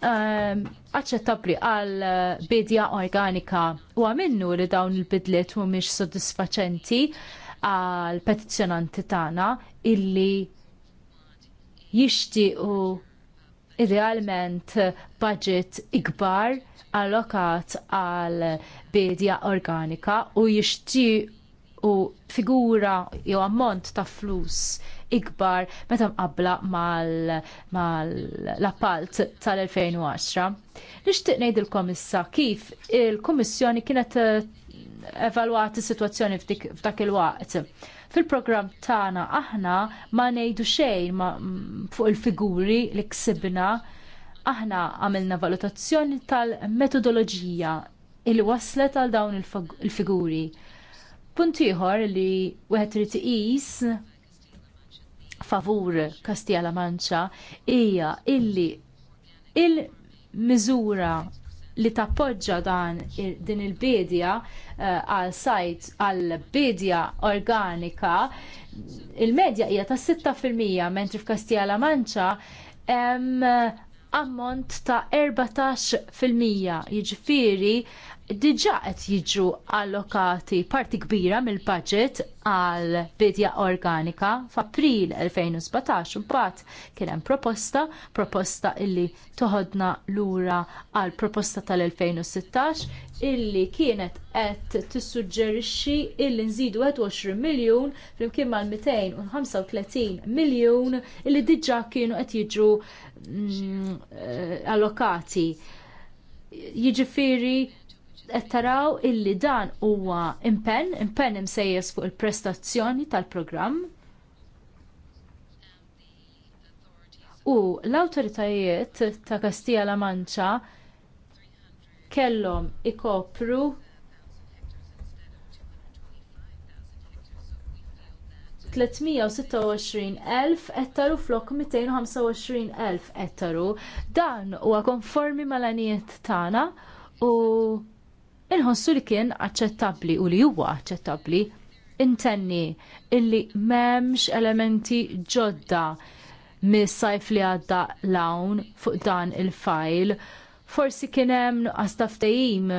Ehm, aċċettabbli għal eh, bidja organika u għamennu li dawn il-bidliet mhumiex sodisfaċenti għal petizzjonanti tagħna illi jixtiequ idealment budget ikbar allokat għal bidja organika u jishti u figura jew ammont ta' flus ikbar meta mqabbla mal-appalt mal, appalt tal 2010 Nixtieq ngħidilkom issa kif il-Kummissjoni kienet eh, evalwat is-sitwazzjoni f'dak il-waqt. Fil-programm tagħna aħna ma ngħidu xejn mm, fuq il-figuri li ksibna aħna għamilna valutazzjoni tal-metodoloġija il waslet għal dawn il-figuri. il figuri Punt ieħor li wieħed irid iqis favur Kastija La Manċa hija illi il-miżura li tappoġġa dan din il-bedja eh, għal sajt għal bedja organika il-medja hija ta' 6% mentri f'Kastija La Manċa hemm ammont ta' 14% jiġifieri diġa qed jiġu allokati parti kbira mill-budget għal bidja organika f'April 2017 u mbagħad kien hemm proposta, proposta illi toħodna lura għal proposta tal-2016 illi kienet qed tissuġġerixxi illi nżidu 21 miljun flimkien mal-235 miljun illi diġa kienu qed jiġu mm, eh, allokati. Jiġifieri qed taraw illi dan huwa impenn, impenn imsejjes fuq il-prestazzjoni tal-programm. U l-awtoritajiet ta' Kastija La Manċa kellhom ikopru 326.000 ettaru flok 225.000 ettaru. Dan huwa konformi mal-anijiet tagħna u Il-ħossu li kien aċċettabbli u li huwa aċċettabbli intenni illi m'hemmx elementi ġodda mis-sajf li għadda lawn fuq dan il-fajl. Forsi kien hemm nuqqas taftajim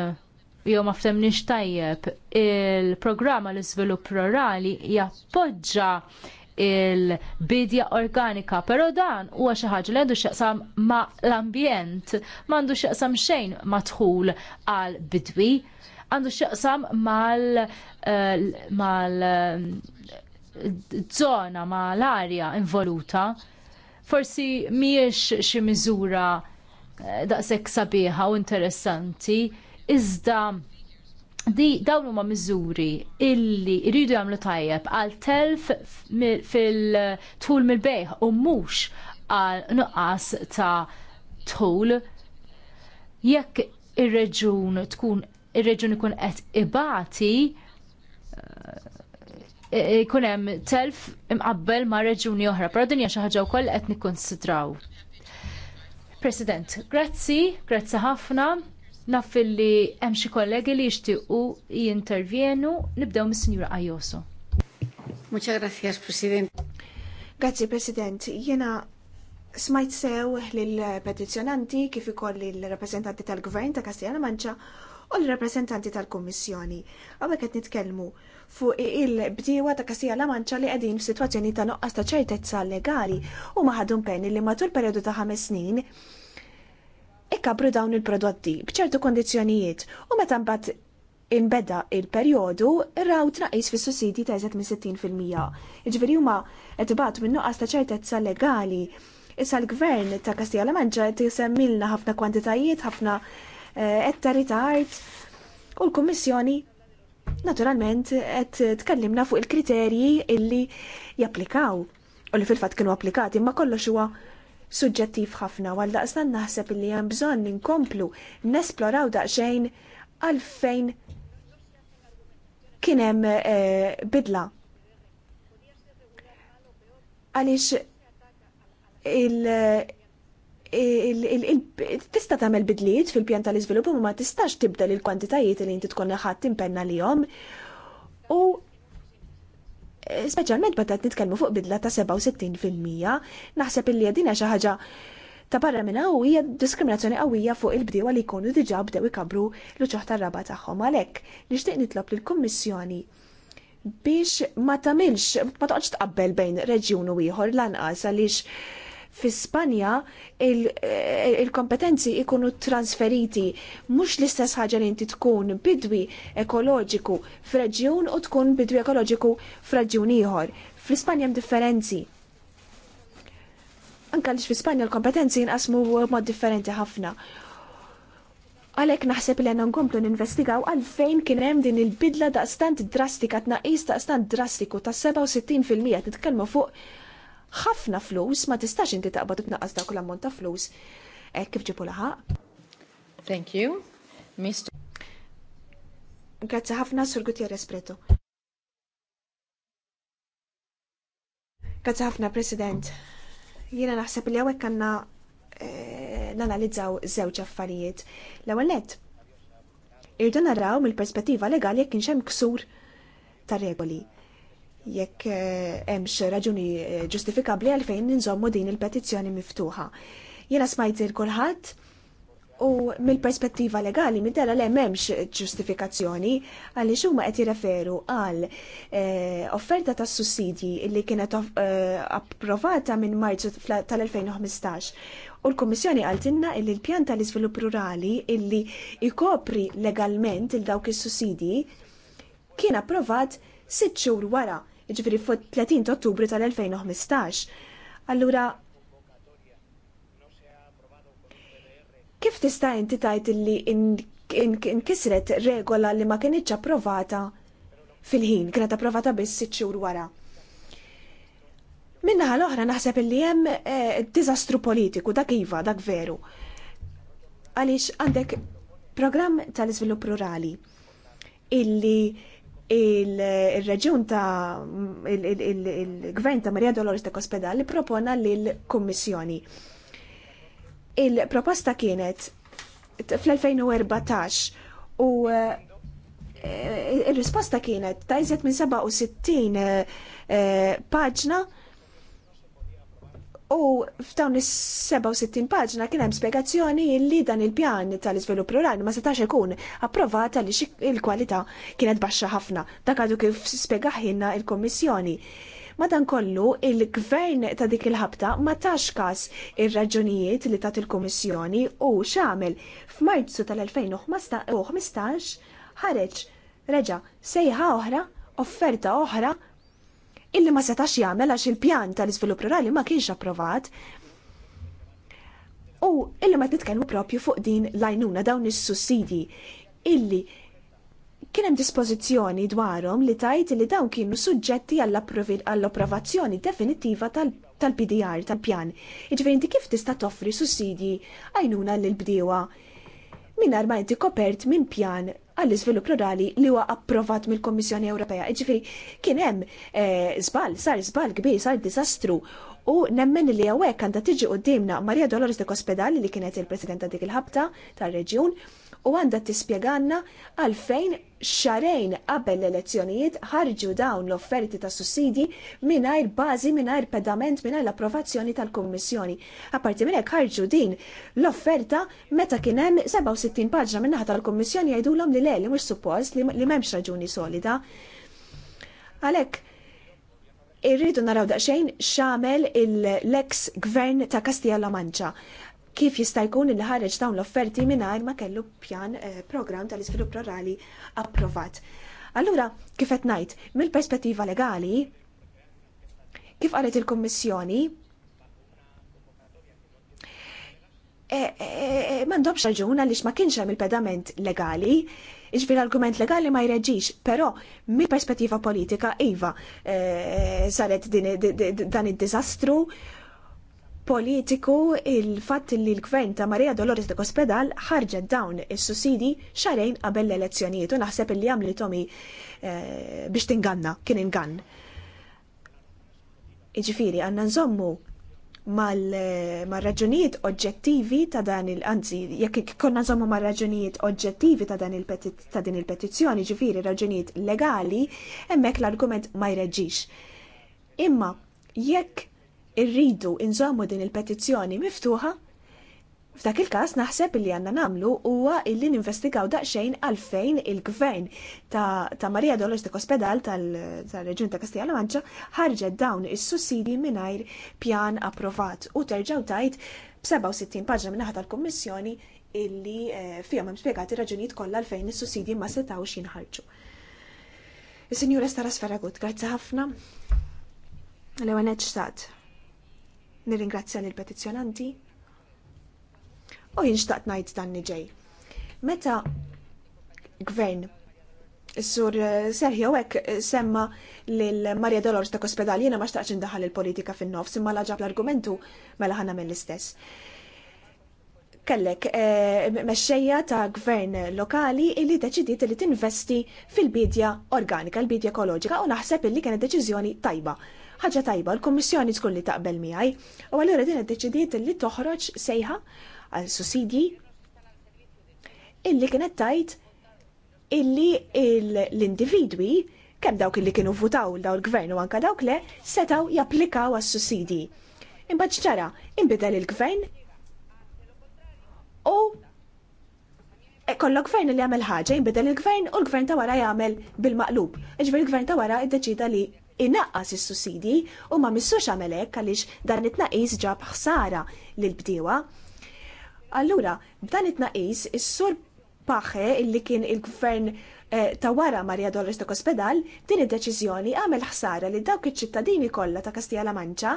jew ma ftemniex tajjeb il-programma l-iżvilupp rurali jappoġġa il-bidja organika, pero dan huwa xi ħaġa li għandu x'jaqsam ma' l-ambjent, m'għandu xaqsam xejn madħul għal bidwi, għandu x'jaqsam mal eh, mal eh, zona ma' l-arja involuta. Forsi mhijiex xi miżura eh, daqshekk sabiħa u interessanti, iżda di dawn huma miżuri illi jridu jagħmlu tajjeb għal telf fil-tul mill-bejħ u mhux għal nuqqas ta' tul jekk ir-reġun tkun ir-reġun ikun qed ibati eh, eh, ikun hemm telf imqabbel ma' reġuni oħra, però din hija xi ħaġa wkoll qed nikkonsidraw. President, grazzi, grazzi ħafna. Naf li hemm xi kollegi li jixtiequ jintervjenu, nibdew mis-Sinjura Ajoso. Muchas grazzjas, President. Grazzi President. Jena smajt sew lill-petizzjonanti kif ukoll il-rappreżentanti tal-Gvern ta' Kastijana Manċa u l-rappreżentanti tal-Kummissjoni. Għawek qed nitkellmu fuq il-bdiewa ta' Kasija La Manċa li qegħdin f'sitwazzjoni ta' noqqas ta' ċertezza legali u maħadun ħadhom penni li matul perjodu ta' ħames snin ikkabru dawn il-prodotti bċertu kondizjonijiet u meta mbagħad inbeda il-perjodu raw tnaqis fis sussidi ta' eżatt minn 60%. Iġifieri huma qed ibatu minn nuqqas ta' ċertezza legali. Issa l-gvern ta' Kastija la Manġa qed isemmilna ħafna kwantitajiet, ħafna eh, ettari ta' art u l-Kummissjoni naturalment qed tkellimna fuq il-kriterji illi japplikaw u li fil-fatt kienu applikati, imma kollox huwa suġġettiv ħafna għal daqsan naħseb li hemm bżonn inkomplu nesploraw daqsxejn għalfejn kien hemm eh, bidla. Għaliex tista tagħmel bidliet fil-pjan tal-iżvilupp ma tistax tibda lil kwantitajiet li inti tkun ħadd impenna lihom u Speċjalment meta nitkellmu fuq bidla ta' 67%, naħseb illi għadina xi ħaġa ta' barra minn u hija diskriminazzjoni qawwija fuq il-bdiewa li jkunu diġà bdew ikabru l-uċoħ tar-raba tagħhom għalhekk nixtieq nitlob lill-Kummissjoni biex ma tamilx, ma toqgħodx tqabbel bejn reġjun u ieħor lanqas għaliex fi Spanja il-kompetenzi il eh, ikunu trasferiti mhux l-istess ħaġa li inti tkun bidwi ekoloġiku f'reġjun u tkun bidwi ekoloġiku f'reġjun ieħor. Fl-Ispanja hemm differenzi. Anke għaliex fi Spanja l-kompetenzi jinqasmu mod differenti ħafna. Għalhekk naħseb li għandna nkomplu ninvestigaw għalfejn kien hemm din il-bidla daqstant drastika tnaqis daqstant drastiku ta' 67% titkellmu fuq ħafna flus, ma tistax inti taqbad tnaqqas dak l-ammont ta' flus. Hekk eh, kif ġibu laħaq. Thank you. Mr. Grazzi ħafna Sur Gutierrez Preto. Grazzi ħafna President. Jiena naħseb li hawnhekk għandna eh, nanalizzaw żewġ affarijiet. L-ewwel nett, irdu naraw mill-perspettiva legali jekk kienx hemm ksur ta' regoli jekk eh, hemmx raġuni eh, ġustifikabbli għalfejn ninżommu din il-petizzjoni miftuħa. Jiena smajt il kulħadd u mill-perspettiva legali mitela le m'hemmx ġustifikazzjoni għaliex huma qed jirreferu għal eh, offerta ta' sussidji li kienet approvata minn Marzu tal-2015 u l-Kommissjoni għaltinna illi l-pjan tal izvilup rurali illi ikopri legalment il dawk is-sussidji kien approvat sitt xhur wara ġifiri fu 30 ottubru tal-2015. Allura, kif tista' inti tajt li inkisret regola li ma kienitx approvata fil-ħin, kienet approvata biss sitt xhur wara. Minnaħa l-oħra naħseb li hemm eh, diżastru politiku dak iva, dak veru. Għaliex għandek programm tal-iżvilupp rurali illi il-reġun ta' il-gvern ta' Maria Dolores de Cospedal li propona l-Kommissjoni. Il-proposta kienet fl-2014 u eh, il-risposta kienet ta' iżjed minn 67 eh, eh, paġna U f'dawn is-67 paġna kien hemm spjegazzjoni li dan il-pjan tal-iżvilupp rurali ma setax ikun approvat għaliex il-kwalità kienet baxxa ħafna. Dak għadu kif spjegaħilna il-Kommissjoni. Madankollu, il-gvern ta' dik il-ħabta ma tax kas ir-raġunijiet li ta' il-Kommissjoni u xamel f'Marzu tal-2015 ħareġ reġa' sejħa oħra, offerta oħra illi ma setax jagħmel għax il-pjan tal-iżvilupp rurali ma kienx approvat. U illi ma titkellmu propju fuq din lajnuna dawn is-sussidji illi kien hemm dispożizzjoni dwarhom li tajt li dawn kienu suġġetti għall-approvazzjoni definittiva tal-PDR tal-pjan. Iġveri inti kif tista' toffri sussidji għajnuna lil bdiewa mingħajr ma inti kopert minn pjan għall-iżvilupp rurali li huwa approvat mill-Kommissjoni Ewropea. Iġifieri kien hemm eh, żball, sar żball kbir, sar disastru u nemmen li hawnhekk għandha tiġi quddiemna Maria Dolores de Kospedali li kienet il-Presidenta dik il-ħabta tar-reġjun u għandha tispjeganna għalfejn xarejn qabel l-elezzjonijiet ħarġu dawn l-offerti ta' sussidi mingħajr bażi mingħajr pedament mingħajr l-approvazzjoni tal-Kummissjoni. Apparti minn hekk ħarġu din l-offerta meta kien hemm 67 paġna min-naħa tal-Kummissjoni jgħidulhom li le li mhux suppost li m'hemmx raġuni solida. Għalhekk irridu naraw daqsxejn xamel l-ex gvern ta' Kastija La Manċa kif jista' jkun li ħareġ dawn l-offerti mingħajr ma kellu pjan eh, program programm tal-iżvilupp rurali approvat. Allura, kif qed ngħid, mill-perspettiva legali, kif qalet il-Kummissjoni, eh, eh, m'għandhomx raġun għaliex ma kienx hemm il-pedament legali, iġbir argument legali ma jreġix, pero mill perspettiva politika iva saret dan id-dizastru politiku il-fatt li l-gvern ta' Maria Dolores de Cospedal ħarġet dawn is-sussidi xarejn qabel l-elezzjonijiet u naħseb li għamli Tomi eh, biex tinganna, kien ingann. Iġifiri, għanna nżommu mal-raġunijiet eh, oġġettivi ta' dan il- anzi, jekk konna nżommu mal-raġunijiet oġġettivi ta' dan ta' din il-petizzjoni, ġifiri raġunijiet legali, emmek l-argument ma jreġġix. Imma, jekk irridu inżommu din il-petizzjoni miftuħa, f'dak il-każ naħseb li għandna nagħmlu huwa illi ninvestigaw daqsxejn għalfejn il-gvern ta', ta Marija Dolores de Cospedal tal-Reġjun ta' Kastilla Manċa ħarġet dawn is-sussidi mingħajr pjan approvat u terġgħu tajt b'67 paġna minn tal-Kummissjoni illi eh, fihom hemm spjegati raġunijiet kollha għalfejn is sussidi ma setgħux jinħarġu. Is-Sinjura Staras Ferragut, grazzi ħafna. L-ewwel stat. Nirringrazzja lill petizzjonanti u jinxtaqt ngħid dan niġej. Meta gvern Sur Sergio hekk semma lil Maria Dolores ta' Kospedal jiena ma xtaqx indaħal il-politika fin-nofs imma la ġab l-argumentu mela ħana mill-istess. Kellek eh, mexxejja ta' gvern lokali illi deċidiet li tinvesti fil-bidja organika, l-bidja ekoloġika u naħseb illi kienet deċiżjoni tajba ħaġa tajba, l-Kommissjoni tkun li taqbel miegħi. U allura din iddeċidiet li toħroġ sejħa għal sussidji illi kienet tajt illi l-individwi kemm dawk illi kienu votaw daw l-gvern u anka dawk le setaw japplikaw għas sussidji. Imbagħad ċara, inbidel il-gvern u kollo gvern li għamel ħaġa jinbidel il-gvern u l-gvern ta' wara jagħmel bil-maqlub. Iġbir il-gvern ta' wara id-deċida li inaqqas is-sussidi u ma missux għamelek għalix għaliex dan it-tnaqqis ġab ħsara l bdiewa. Allura, b'dan it-tnaqqis is-sur paħe illi kien il-gvern eh, ta' wara Maria Dolores de Cospedal din id-deċiżjoni għamel ħsara li dawk iċ-ċittadini kollha ta' Kastija la Manċa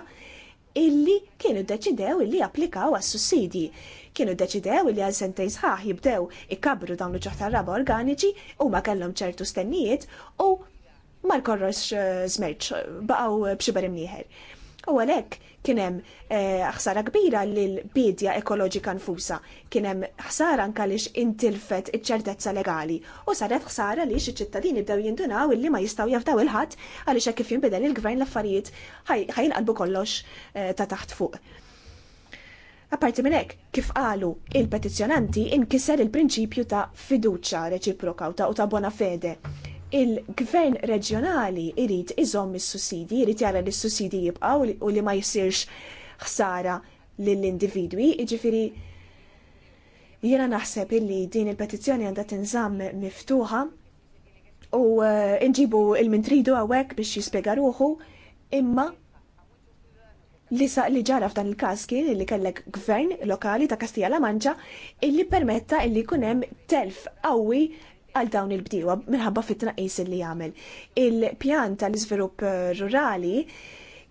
illi kienu deċidew illi applikaw għas sussidi Kienu deċidew illi għal sentejn sħaħ jibdew ikkabru dawn l-ġoħ raba organiċi u ma kellhom ċertu stennijiet u ma jkorrox żmerċ, eh, baqgħu b'xiber imnieħer. U għalhekk kien hemm eh, ħsara kbira l bidja ekoloġika nfusa, kien hemm ħsara anke lix intilfet iċ-ċertezza legali u saret ħsara lix iċ-ċittadini bdew jindunaw illi ma jistgħu jafdaw il-ħadd għaliex hekk kif jinbidel il-gvern l-affarijiet ħajinqalbu kollox eh, ta' taħt fuq. Apparti minn hekk, kif qalu il-petizzjonanti inkiser il-prinċipju ta' fiduċja reċiproka u ta' bona fede il-gvern reġjonali irid iżomm is-sussidi, irid jara li s-sussidi jibqaw u li ma jsirx ħsara lill-individwi, iġifiri jiena naħseb illi din il-petizzjoni għandha tinżam miftuħa u eh, nġibu il-mintridu għawek biex jispiega ruħu imma li sa li ġara f'dan il-każ kien li kellek gvern lokali ta' Kastija La Manċa illi permetta illi kunem telf qawwi għal dawn il-bdiewa minħabba fit-tnaqqis li jagħmel. Il-pjan tal-iżvilupp rurali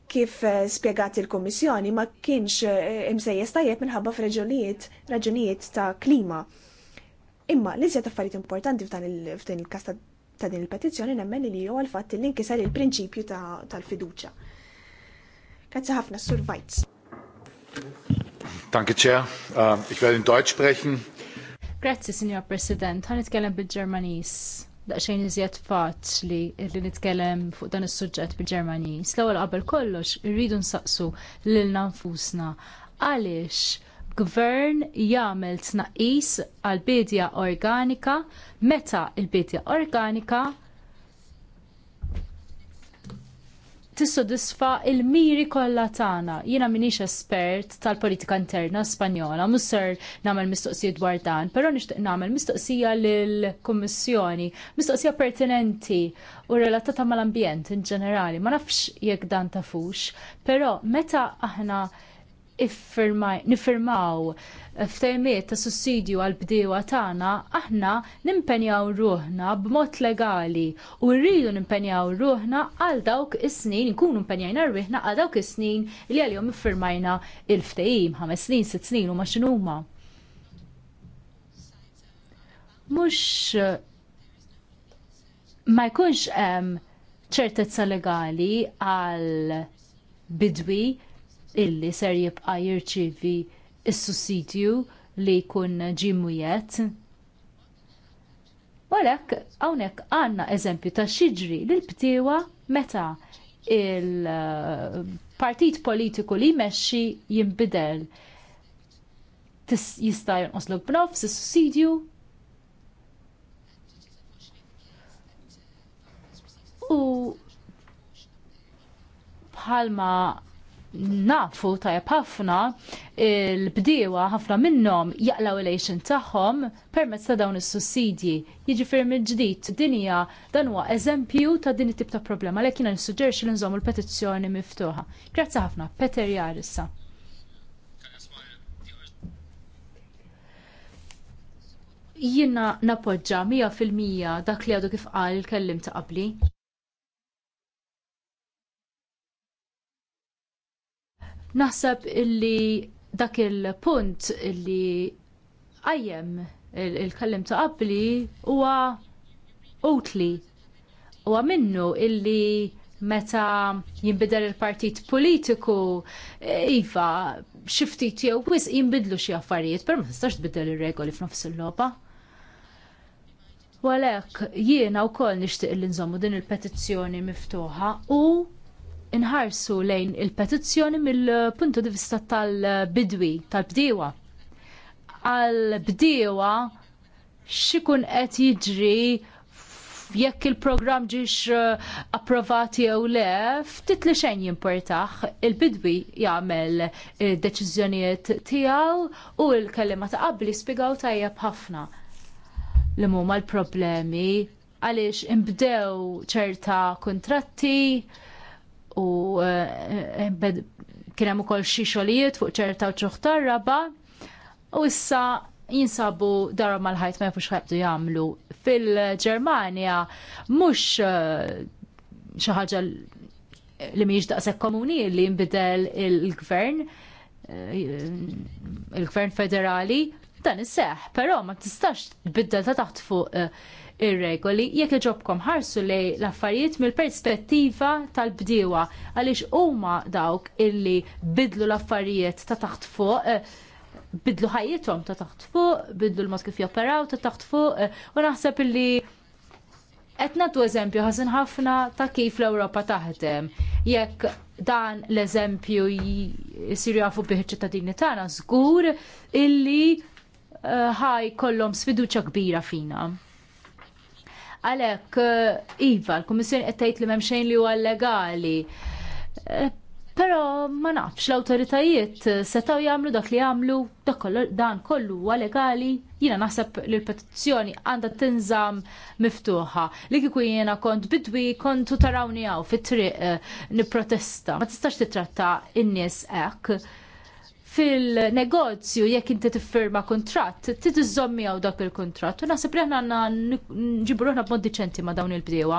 kif eh, spiegat il-Kommissjoni ma kienx eh, imsejjes tajjeb minħabba f'reġunijiet raġunijiet ta' klima. Imma li żjed affarijiet importanti f'dan il-kas ta' din il-petizzjoni nemmen li huwa l fatt li nkisar il-prinċipju tal fiduċja Grazzi ħafna, Sur Vajz. Danke, Chair. Uh, ich werde in Deutsch sprechen. Grazzi, Signor President. Għan nitkellem bil-Ġermanis. Daqxejn iżjed faċli li nitkellem fuq dan is-suġġett bil-Ġermanis. L-ewwel qabel kollox irridu nsaqsu lil nfusna għaliex gvern jagħmel tnaqqis għal bidja organika meta l bidja organika tissodisfa il-miri kollha tagħna. Jiena minix espert tal-politika interna Spanjola, musser ser nagħmel mistoqsija dwar dan, però nixtieq nagħmel mistoqsija lill-Kummissjoni, mistoqsija pertinenti u relatata mal-ambjent in ġenerali. Ma nafx jekk dan tafux, però meta aħna nifirmaw ftejmiet ta' sussidju għal bdiewa tagħna, aħna nimpenjaw ruħna b'mod legali u rridu nimpenjaw ruħna għal dawk is-snin, nkunu impenjajna ruħna għal dawk is-snin li għalihom iffirmajna il-ftehim ħames snin, sitt snin u ma x'inhuma. Mhux ma jkunx hemm ċertezza legali għal bidwi illi ser jibqa jirċievi s-sussidju li jkun ġimwiet. Walek, hawnhekk għandna eżempju ta' xiġri li l-btiewa meta il-partit politiku li jmexxi jinbidel jista' jonqos l s sussidju u bħalma nafu tajab ħafna il-bdiewa ħafna minnhom jaqlaw il-għejxin tagħhom permezz ta' dawn is-sussidji. jiġifier minn ġdid dinja dan huwa eżempju ta' din it-tip ta' problema li jiena nissuġġerixxi li nżommu l-petizzjoni miftuħa. Grazzi ħafna, Peter Jar issa. Jiena napoġġa 100% dak li għadu kif qal kellim ta' qabli. Naħseb illi dak il-punt illi għajjem il-kallim ta' qabli huwa utli. Huwa minnu illi meta jinbidel il-partit politiku, e, iva, xifti jew wis jinbidlu xi affarijiet, per ma tistax tbiddel ir-regoli f'nofs il-logħba. għalhekk jiena wkoll nixtieq li nżommu din il-petizzjoni miftuħa u inħarsu lejn il-petizzjoni mill-puntu di vista tal-bidwi, tal-bdiewa. Għal-bdiewa xikun qed jiġri jekk il-programm ġiex eh, approvati jew le, ftit li xejn jimportax, il-bidwi jagħmel eh, deċiżjonijiet tiegħu u l-kelliema ta' qabli spjegaw tajjeb ħafna li huma l-problemi għaliex imbdew ċerta kuntratti u eh, eh, kienem hemm ukoll xi xogħlijiet fuq ċerta u raba u issa jinsabu darhom mal-ħajt ma jafux ħajtu jagħmlu. fil ġermania mhux eh, xi ħaġa li miġ daqshekk komuni li jinbidel il-gvern il-gvern federali dan is-seħ, però ma tistax tbiddel ta' taħt fuq ir-regoli jekk iġobkom ħarsu lej l-affarijiet mill-perspettiva tal-bdiewa għaliex huma dawk illi bidlu l-affarijiet ta' taħt fuq eh, bidlu ħajjithom ta' taħt fuq, bidlu l-mod kif joperaw ta' taħt fuq, eh, u naħseb illi qed nagħtu eżempju ħażin ħafna ta' kif l-Ewropa taħdem. Jekk dan l-eżempju jisir jafu bih ċittadini tagħna żgur illi eh, ħaj kollhom sfiduċa kbira fina. Għalhekk eh, iva, l-Kummissjoni qed tgħid li m'hemm xejn li huwa legali. Eh, però ma nafx l-awtoritajiet setgħu jagħmlu dak li jagħmlu dan kollu huwa legali. Jiena naħseb li l-petizzjoni għandha tinżamm miftuħa. Li kieku jiena kont bidwi kontu tarawni hawn fit-triq eh, nipprotesta. Ma tistax titratta in-nies hekk fil-negozju jekk inti tiffirma kontratt, ti tiżommi għaw dak il-kontratt. U naħseb li aħna nġibu ruħna b'mod diċenti ma' dawn il-bdiewa.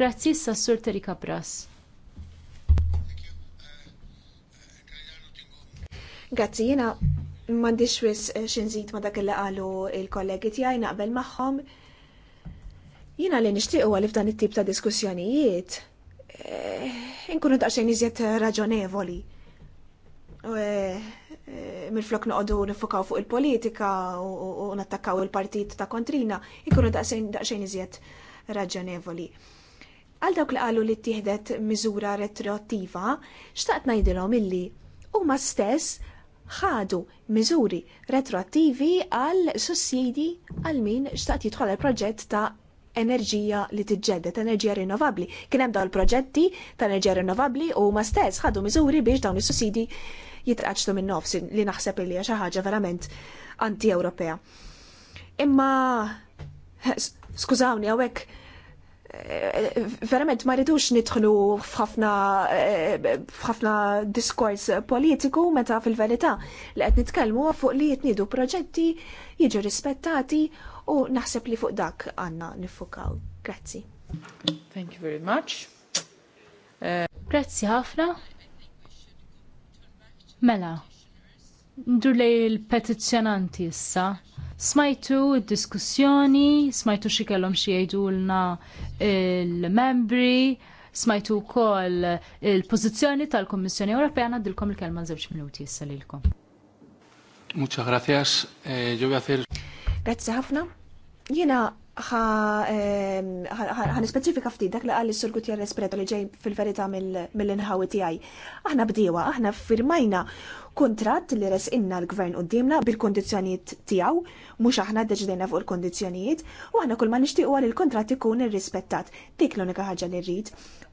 Grazzi s-sur Terika Pras. Grazzi, jena mandiċ wis eh, xinżit ma dak li għalu il-kollegi tijaj naqbel maħħom. Jena li u għalif dan it-tip ta' diskussjonijiet. Eh, inkunu daqxajn iżjed raġonevoli. Eh, eh, mill-flok noqogħdu nifokaw fuq il-politika u nattakkaw il-partit ta' kontrina, ikunu daqsxejn iżjed raġonevoli. Għal dawk li qalu li tieħdet miżura retroattiva, xtaqt ngħidilhom illi huma stess ħadu miżuri retroattivi għal sussidi għal min xtaqt jidħol il-proġett ta' enerġija li tiġġedded, enerġija rinnovabbli. Kien hemm dawn il-proġetti ta' enerġija rinnovabbli u ma stess ħadu miżuri biex dawn is-sussidi jitraċtu minn nofsi li naħseb li xi ħaġa verament anti-Ewropea. Imma skużawni għawek eh, verament ma ridux nidħlu eh, f'ħafna diskors politiku meta fil-verità li qed nitkellmu fuq li jitnidu proġetti jiġu rispettati u naħseb li fuq dak għandna nifukaw. Grazzi. Thank you very much. Eh, Grazzi ħafna. Mela, ndur lej il-petizzjonanti issa. Smajtu d diskussjoni smajtu xi kellhom xi jgħidulna il-membri, smajtu wkoll il-pożizzjoni tal-Kummissjoni Ewropea ngħaddilkom il-kelma żewġ minuti issa lilkom. Muchas gracias. Eh, yo voy a hacer... ħafna. Jiena ħan specifika ftit dak li għalli s-sur Gutierrez Preto li ġej fil-verita mill-inħawi tijaj. Aħna bdiewa, aħna firmajna kontrat li resqinna l-gvern dimna bil-kondizjoniet tijaw, mux aħna deċidejna fuq il-kondizjoniet, u aħna kull ma li l il-kontrat ikun irrispettat. Dik l-unika ħagġa li rrid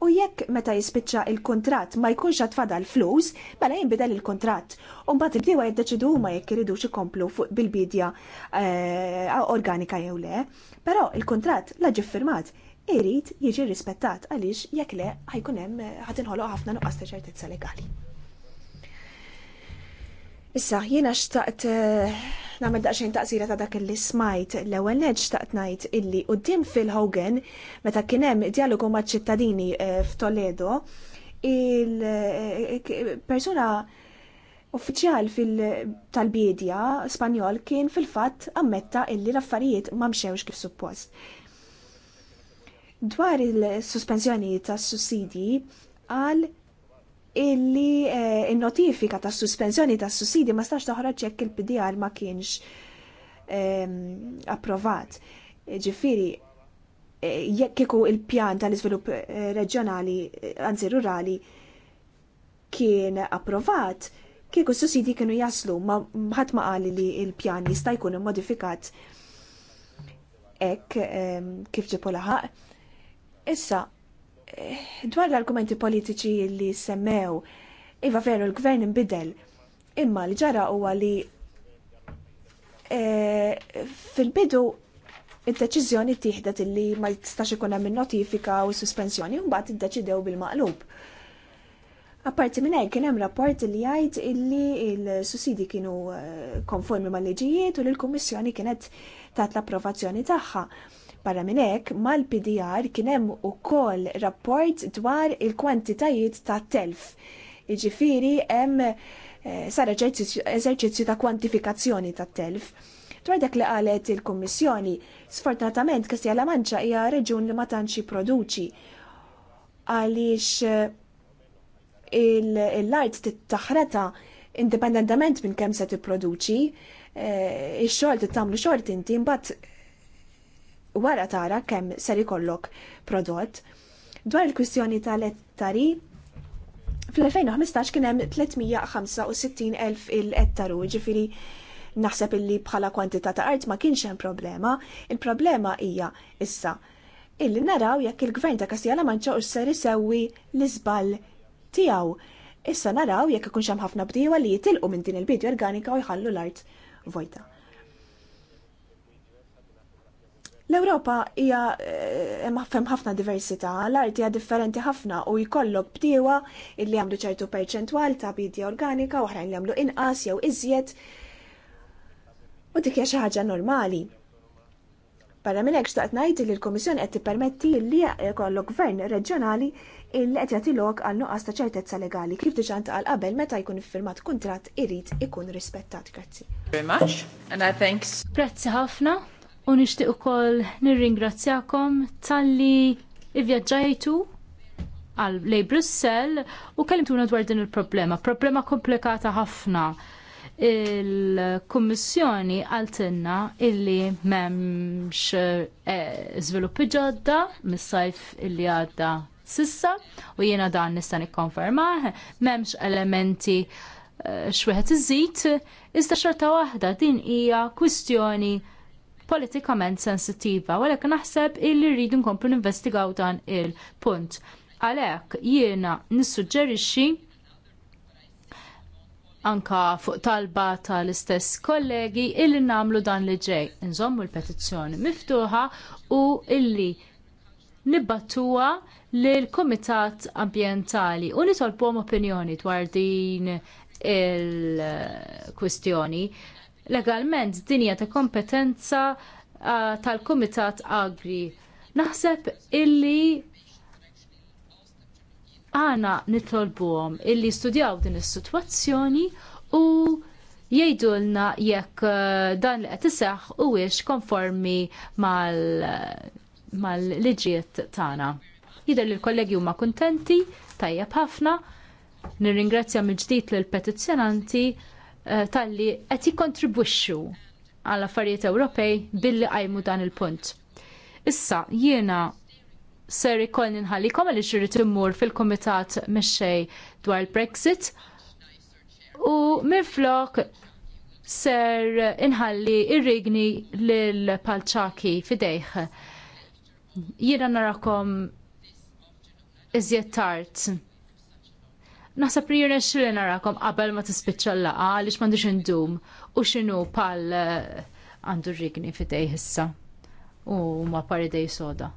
u jekk meta jispiċċa il kontrat ma jkunx fadal flus, mela jinbidel il Un Umbat il-bdiewa jiddeċidu ma jekk iridu ikomplu bil-bidja eh, organika jew le, però il kontrat laġi firmat irid jiġi rispettat għaliex jekk le ħajkun hemm ħatinħoloq ħafna nuqqas ta' ċertezza legali. Issa, jiena xtaqt eh, nagħmel daqsxejn taqsira ta' dak li smajt l-ewwel neġ taqt ngħid illi quddiem fil-Hogan meta kien hemm dialogu maċ-ċittadini eh, f'Toledo il-persuna eh, uffiċjal tal talbiedja Spanjol kien fil-fatt ammetta illi l-affarijiet ma mxewx kif suppost. Dwar il-sospensjoni tas sussidi għal illi eh, il-notifika ta' suspensjoni ta' sussidi ma stax toħroġ jekk il-PDR ma kienx ehm, approvat. Eh, ġifiri, eh, jekk kieku il-pjan tal-iżvilupp reġjonali, anzi rurali, kien approvat, kieku s-sussidi kienu jaslu, ma ħadd ma qali li il-pjan jista' jkun immodifikat hekk ehm, kif ġipu laħaq. Issa, dwar l-argumenti politiċi li semmew, iva veru l-gvern imbidel, imma li ġara huwa li e, fil-bidu id-deċiżjoni tieħdet illi ma jistax ikun hemm notifika u suspensjoni u mbagħad iddeċidew bil-maqlub. Apparti minn hekk kien hemm rapport li jgħid illi l-sussidi kienu e, konformi mal-liġijiet u l-Kummissjoni kienet tat l-approvazzjoni tagħha. Barra minn hekk, mal-PDR kien hemm ukoll rapport dwar il-kwantitajiet ta' telf. Jiġifieri hemm eh, sar eżerċizzju ta' kwantifikazzjoni ta' telf. Dwar dak li qalet il-Kummissjoni, sfortunatament Kastja La Manċa hija reġun li ma tantx jipproduċi għaliex eh, l-art tittaħreta indipendentament minn kemm se tipproduċi, eh, ix-xogħol tittamlu xogħol inti mbagħad wara tara kemm ser ikollok prodott. Dwar il-kwistjoni tal-ettari, fl-2015 kien hemm 365,000 il-ettaru, ġifiri naħseb illi bħala kwantità ta' art ma kienx hemm problema. Il-problema hija issa illi naraw jekk il-gvern ta' Kastjala Manċa u ser isewwi l-iżball tiegħu. Issa naraw jekk ikun hemm ħafna bdiewa li jitilqu minn din il-bidja organika u jħallu l-art vojta. L-Ewropa hija hemm eh, ħafna diversità, l-art hija differenti ħafna u jkollok bdiewa illi għamlu ċertu perċentwal ta' bidja organika u oħrajn li għamlu inqas jew iżjed. U dik hija xi ħaġa normali. Barra minn hekk xtaqt ngħid li l-Kummissjoni qed tippermetti li jkollok gvern reġjonali illi qed jagħtilok għal nuqqas ta' ċertezza legali kif diġà ntaqal qabel meta jkun iffirmat kuntratt irid ikun rispettat. Grazzi. Very much and I thanks. Grazzi ħafna u nixtieq ukoll nirringrazzjakom talli ivjaġġajtu għal lej Brussell u kellimtuna dwar din il-problema. Problema komplikata ħafna. Il-Kummissjoni għaltinna illi memx eh, sviluppi ġodda mis-sajf illi għadda sissa u jiena dan nista' nikkonfermah m'hemmx elementi eh, xwieħed iżid iżda xorta waħda din hija kwistjoni politikament sensittiva, għalek naħseb illi rridu nkomplu ninvestigaw dan il-punt. Għalek jiena nissuġġerixxi anka fuq talba tal-istess kollegi illi namlu dan li ġej. Nżommu l-petizzjoni miftuħa u illi nibbattuha lill-Kumitat Ambjentali u nitolbom opinjoni dwar din il-kwistjoni legalment dinja ta' kompetenza ah, tal-Kumitat Agri. Naħseb illi għana nitolbuhom illi studjaw din is-sitwazzjoni u jgħidulna jekk ah, dan li qed iseħħ huwiex konformi mal-liġijiet mal tagħna. Jidher li l-kollegi huma kuntenti, tajjeb ħafna, nirringrazzja mill-ġdid lill petizzjonanti Eh, tal-li qed jikkontribwixxu għall affarijiet Ewropej billi qajmu dan il-punt. Issa jiena ser ikoll nħallikom għal xirrit immur fil-Kumitat mexxej dwar il-Brexit u minflok ser inħalli ir-rigni lil palċaki fidejh. Jiena narakom iżjed tard. Naħseb li jirnex li narakom qabel ma tispiċċa l-laqa għaliex xmandu indum u xinu pal eh, għandu rigni fidej issa u ma paridej soda.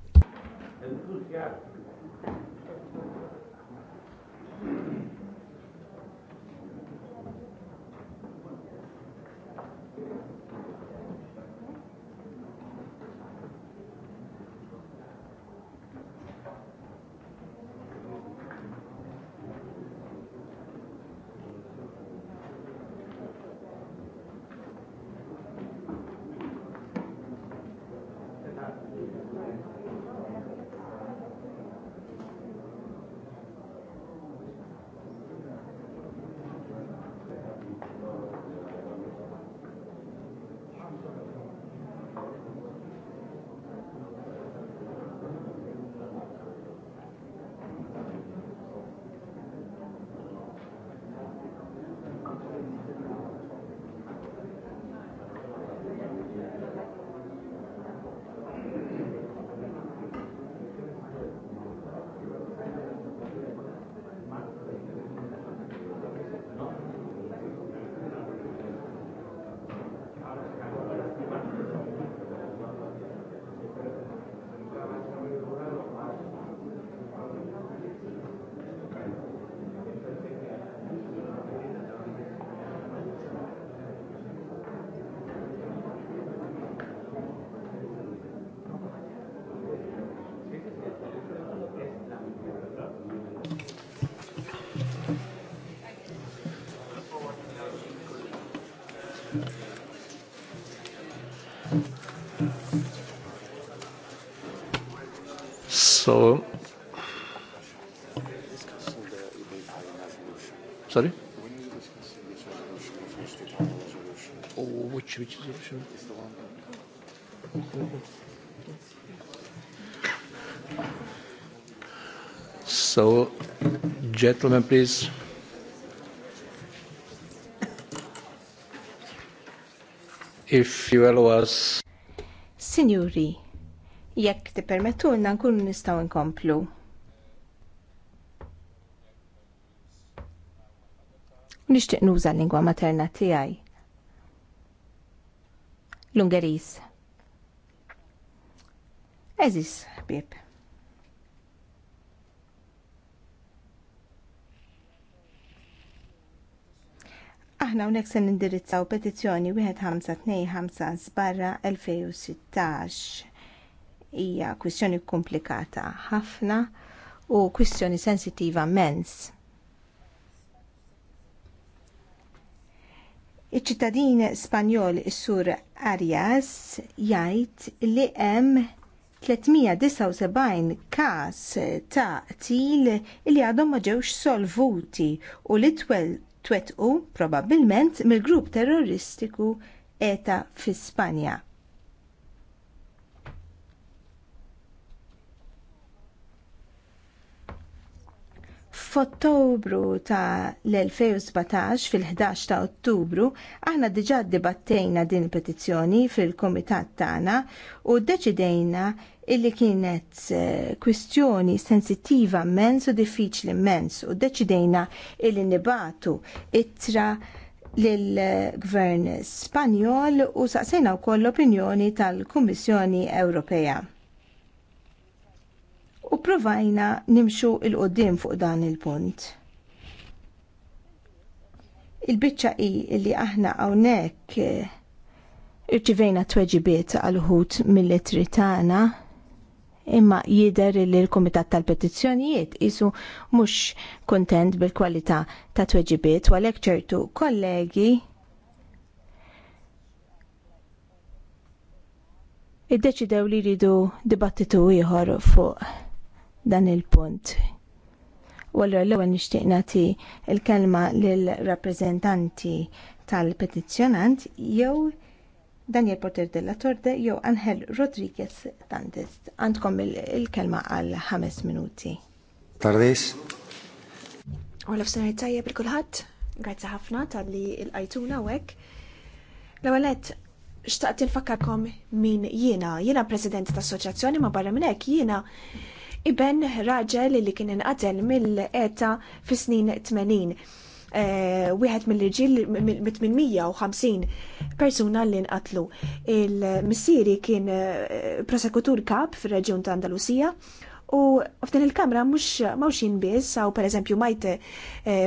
So, gentlemen, please. If you allow us. Signori, jekk ti permettulna nkunu nistaw nkomplu. Nishtiq nuża l-lingwa materna tiegħi l-Ungeris. Eżis, bib. Aħna unek se nindirizzaw petizzjoni 1525 sbarra 2016 hija kwistjoni komplikata ħafna u kwistjoni sensitiva mens. Iċ-ċittadin Spanjol is-sur Arias jgħid li hemm 379 każ ta' til li għadhom ma ġewx solvuti u li twel twettqu probabbilment mill-grupp terroristiku ETA fi Spanja. F'Ottubru ta' l-2017 fil-11 ta' Ottubru aħna diġà dibattejna din il-petizzjoni fil-Komitat tagħna u deċidejna illi kienet eh, kwistjoni sensittiva mens u diffiċli mens u deċidejna illi nibatu ittra lill-Gvern Spanjol u saqsejna wkoll l-opinjoni tal-Kummissjoni Ewropea u provajna nimxu il-qoddim fuq dan il-punt. Il-bicċa i li aħna għawnek eh, irċivejna tweġibiet għal-ħut mill-letri tagħna imma jider li l-Komitat tal-Petizzjonijiet isu mhux kontent bil-kwalità ta' tweġibiet u għalhekk ċertu kollegi iddeċidew li jridu dibattitu ieħor fuq dan il-punt. U allura l-ewwel nixtieq nagħti l-kelma lill-rappreżentanti tal-petizzjonant jew Daniel Porter della Torde jew Angel Rodriguez Dantes. Għandkom il-kelma għal ħames minuti. Tardis. U f afsenar tajjeb bil kulħadd għajtza ħafna tal-li il-qajtuna hekk. l għallet xtaqt infakkarkom min jiena, jiena president ta' assoċjazzjoni ma barra minn hekk jiena iben raġel li kien inqatel mill-eta fi snin 80. Eh, wieħed mill-irġiel 850 persuna li nqatlu. Il-missieri kien eh, prosekutur kap fir-reġjun ta' Andalusija u f'din il-kamra mhux mawxin biss saw pereżempju majt eh,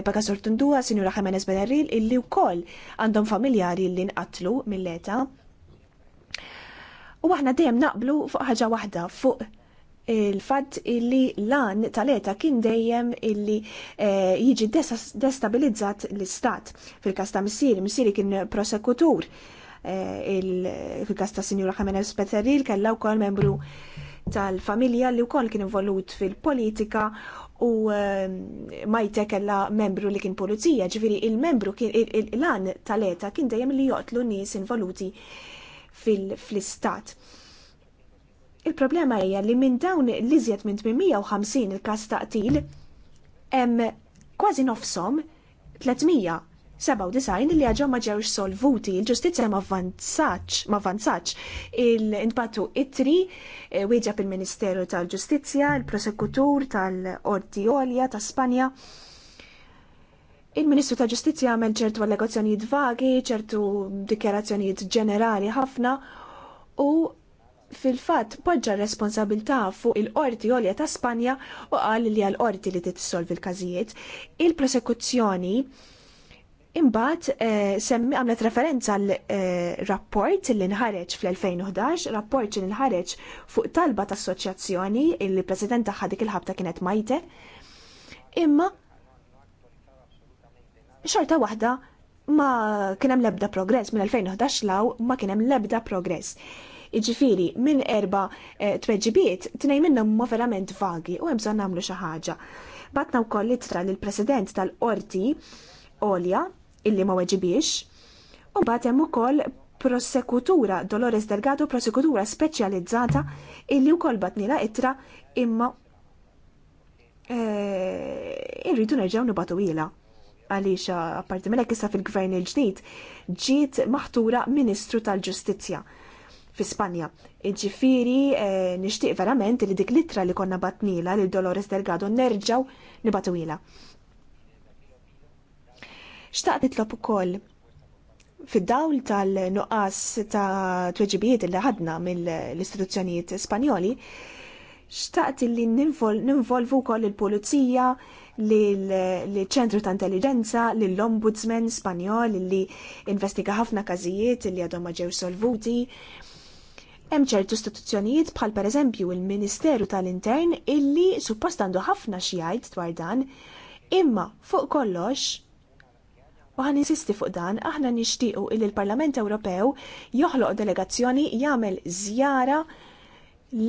baga Sortundua, Sinjura Jimenez Benarril illi wkoll għandhom familjari li nqatlu mill-eta. U aħna dejjem naqblu fuq ħaġa waħda fuq il-fatt illi lan tal-eta kien dejjem illi eh, jiġi destabilizzat l-istat. Fil-kas ta' Missiri, Missiri kien prosekutur. Eh, fil-kas ta' Sinjura Jimenez Peteril kella wkoll membru tal-familja li wkoll kien involut fil-politika u eh, majte kella membru li kien pulizija, ġviri il-membru il-lan tal-eta kien dejjem li joqtlu nies involuti fil-istat. fil istat Il-problema hija li minn dawn li iżjed minn 850 il-każ ta' qtil hemm kważi nofsom 397 li għagħu ma ġewx solvuti, il-ġustizja ma avvanzax il-inbatu itri, eh, wieġab il-Ministeru tal-Ġustizja, il-Prosekutur tal-Orti Olja ta' Spanja. Il-Ministru ta' Ġustizja għamel ċertu allegazzjonijiet vagi, ċertu dikjarazzjonijiet ġenerali ħafna u fil-fatt poġġa responsabilta fuq il-qorti għolja ta' Spanja u qal li għal qorti li titissolvi l kazijiet Il-prosekuzzjoni imbagħad eh, semmi għamlet referenza għal eh, rapport li nħareġ fl-2011, rapport li nħareġ fuq talba ta' assoċjazzjoni il-president tagħha dik il-ħabta kienet Majte. Imma xorta waħda ma kien hemm l-ebda progress minn 2011 law ma kien hemm l-ebda progress. Iġifiri, minn erba eh, tweġibiet, tnej minnhom ma verament vagi u hemm namlu nagħmlu xi ħaġa. Batna wkoll l lill president tal-qorti Olja illi ma weġibiex u batem hemm ukoll prosekutura Dolores Delgado prosekutura speċjalizzata illi wkoll batnila itra imma eh, irridu nerġgħu nubatu ilha għaliex apparti minn issa fil-gvern il-ġdid ġiet maħtura Ministru tal-Ġustizzja fi Spanja. Iġifiri, e, eh, nishtiq verament li dik litra li konna batnila li Dolores Delgado nerġaw nibatwila. ila. Xtaqt nitlob ukoll fid-dawl tal-nuqqas ta' tweġibijiet li ħadna mill-istituzzjonijiet Spanjoli, xtaqt li ninvolvu koll il-Pulizija, l-ċentru ta' intelligenza, l-Ombudsman Spanjol li investiga ħafna każijiet li għadhom ma ġew solvuti, Hemm ċertu istituzzjonijiet bħal pereżempju il-Ministeru tal-Intern illi suppost għandu ħafna xi jgħid dwar dan, imma fuq kollox u ħan insisti fuq dan, aħna nixtiequ li l-Parlament Ewropew joħloq delegazzjoni jagħmel żjara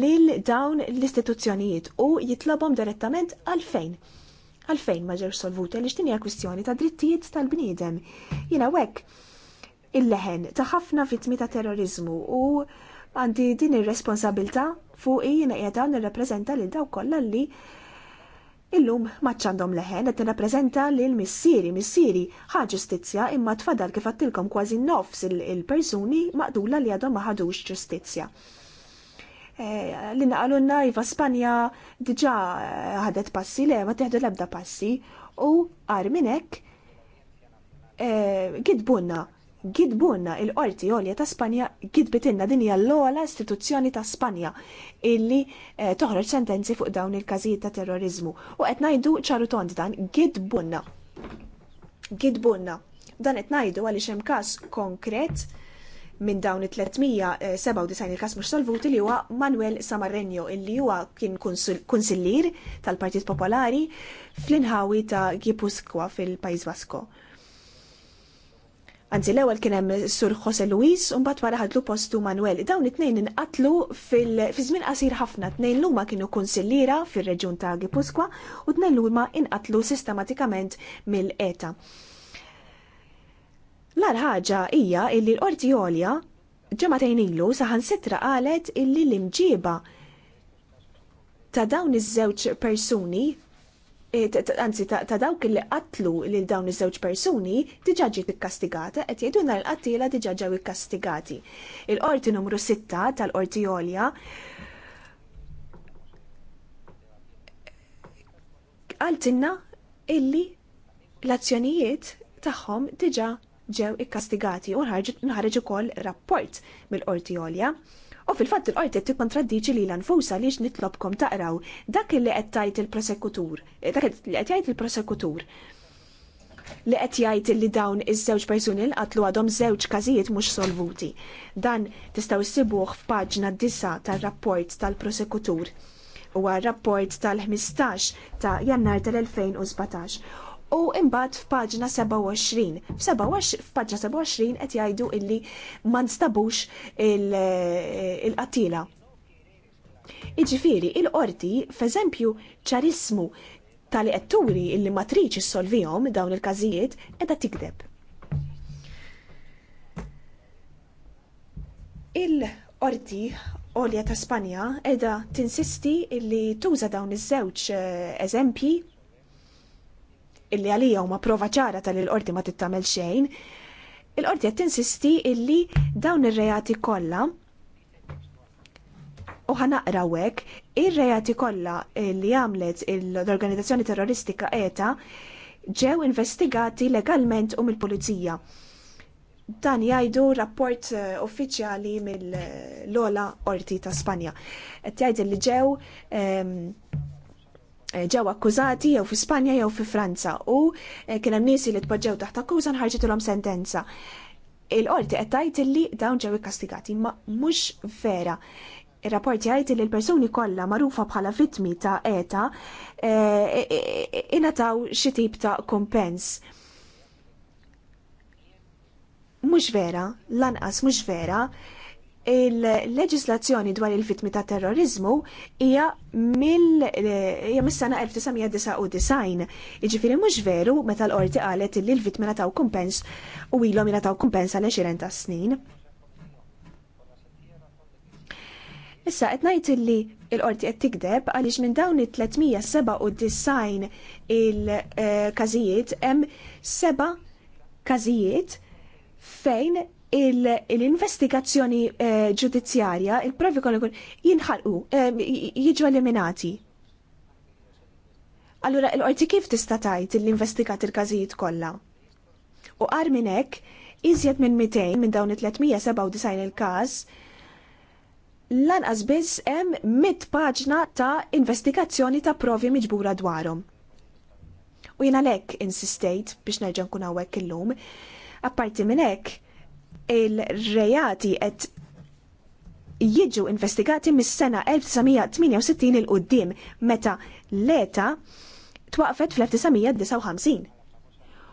lil dawn l-istituzzjonijiet u jitlobhom direttament għalfejn għalfejn ma ġewx solvuti li x'tinja kwistjoni ta' drittijiet tal-bniedem. Jiena hekk il-leħen ta' ħafna vittmi ta' terrorizmu u għandi din ir-responsabilta fuq jiena qiegħda nirrappreżenta lil daw kollha li illum maċċandhom leħen qed nirrappreżenta lil missieri missieri ħa ġustizzja imma tfadal kif għattilkom kważi nofs il-persuni maqdula li għadhom ma ħadux ġustizzja. Eh, li naqalunna iva Spanja diġà eh, ħadet passi le ma teħdu l-ebda passi u għar minnek eh, gidbunna gidbunna il-qorti għolja ta' Spanja gidbitinna din hija l-ogħla istituzzjoni ta' Spanja illi eh, toħroġ sentenzi fuq dawn il-każijiet ta' terrorizmu. U qed ngħidu ċaru tont dan gidbunna. Gidbunna. Dan qed ngħidu għaliex hemm każ konkret minn dawn it-397 eh, il-kas mhux salvuti li huwa Manuel Samarrenjo illi huwa kien konsillir tal-Partit Popolari fl-inħawi ta' Gipuskwa fil-Pajjiż Vasko. Anzi, l-ewwel kien hemm Sur Jose Luis u mbagħad wara ħadlu postu Manuel. Dawn it-tnejn inqatlu fil żmien qasir ħafna. Tnejn luma kienu konsillira fir-reġjun ta' Gipuzkwa u tnejn luma inqatlu sistematikament mill-ETA. L-ar ħaġa hija illi l-qorti għolja ġematejn ilu saħan sitra qalet illi l-imġiba ta' dawn iż-żewġ persuni Eh, anzi ta' dawk li qatlu lil dawn iż-żewġ persuni diġà ġiet ikkastigata qed nar l-qattila diġà ġew ikkastigati. Il-qorti numru 6 tal-qorti Olja għaltinna illi l-azzjonijiet tagħhom diġà ġew ikkastigati u nħarġ ukoll rapport mill-qorti Olja. U fil-fatt il-qorti t-kontraddiċi li l-anfusa li nitlobkom taqraw dak li qed tajt il-prosekutur, eh, dak li qed jgħid il-prosekutur li qed jgħid li dawn iż-żewġ persuni li qatlu għadhom żewġ każijiet mhux solvuti. Dan tistgħu issibuh f'paġna disa tar-rapport tal-prosekutur huwa rapport tal-15 ta' jannar tal-2017 u imbagħad f'paġna 27. F'paġna 27 qed jgħidu illi ma nstabux il-qatila. Iġifieri il-qorti f'eżempju ċarismu tali etturi li illi ma trix issolvihom dawn il-każijiet qiegħda tikdeb. Il-qorti Olja ta' Spanja edha tinsisti illi tuża dawn iż-żewġ eh, eżempji illi għalija huma prova ċara tal-qorti ma tittamel xejn, il-qorti qed tinsisti illi dawn ir-reati kollha u ħanaqra hekk ir-reati kollha li għamlet l-organizzazzjoni terroristika ETA ġew investigati legalment u mill-pulizija. Dan jgħidu rapport eh, uffiċjali mill-Lola Orti ta' Spanja. Qed jgħid li ġew ehm, Eh, ġew akkużati jew fi Spanja jew fi Franza u eh, kien hemm nies li tpoġġew taħt akkuża nħarġitulhom sentenza. Il-qorti qed tgħid illi dawn ġew ikkastigati ma mhux vera. Ir-rapport jgħid li l-persuni kollha magħrufa bħala vittmi ta' eta eh, ingħataw xi tip ta' kompens. Mhux vera, lanqas mhux vera, il-leġislazzjoni dwar il-vittmi ta' terrorizmu hija mill-hija mis-sena 1999. Jiġifieri mhux veru meta l-qorti qalet li l-vittmi nataw kumpens u ilhom jingħataw kumpens għal 20 ta' snin. Issa qed ngħid illi l-qorti qed tikdeb għaliex minn dawn it-397 il-każijiet eh, hemm seba' każijiet fejn l-investigazzjoni eh, ġudizzjarja, il-provi kon ikun jinħalqu, eh, jiġu eliminati. Allura, l-qorti kif tista' tajt l-investigat il-każijiet kollha? U għar minn hekk, iżjed minn 200 minn dawn it-397 il-każ, lanqas biss hemm mit paġna ta' investigazzjoni ta' provi miġbura dwarhom. U jiena lek insistejt biex nerġa' nkun hawnhekk illum, apparti minn hekk, il-rejati qed jiġu investigati mis-sena 1968 il-qoddim meta l-ETA twaqfet fl-1959.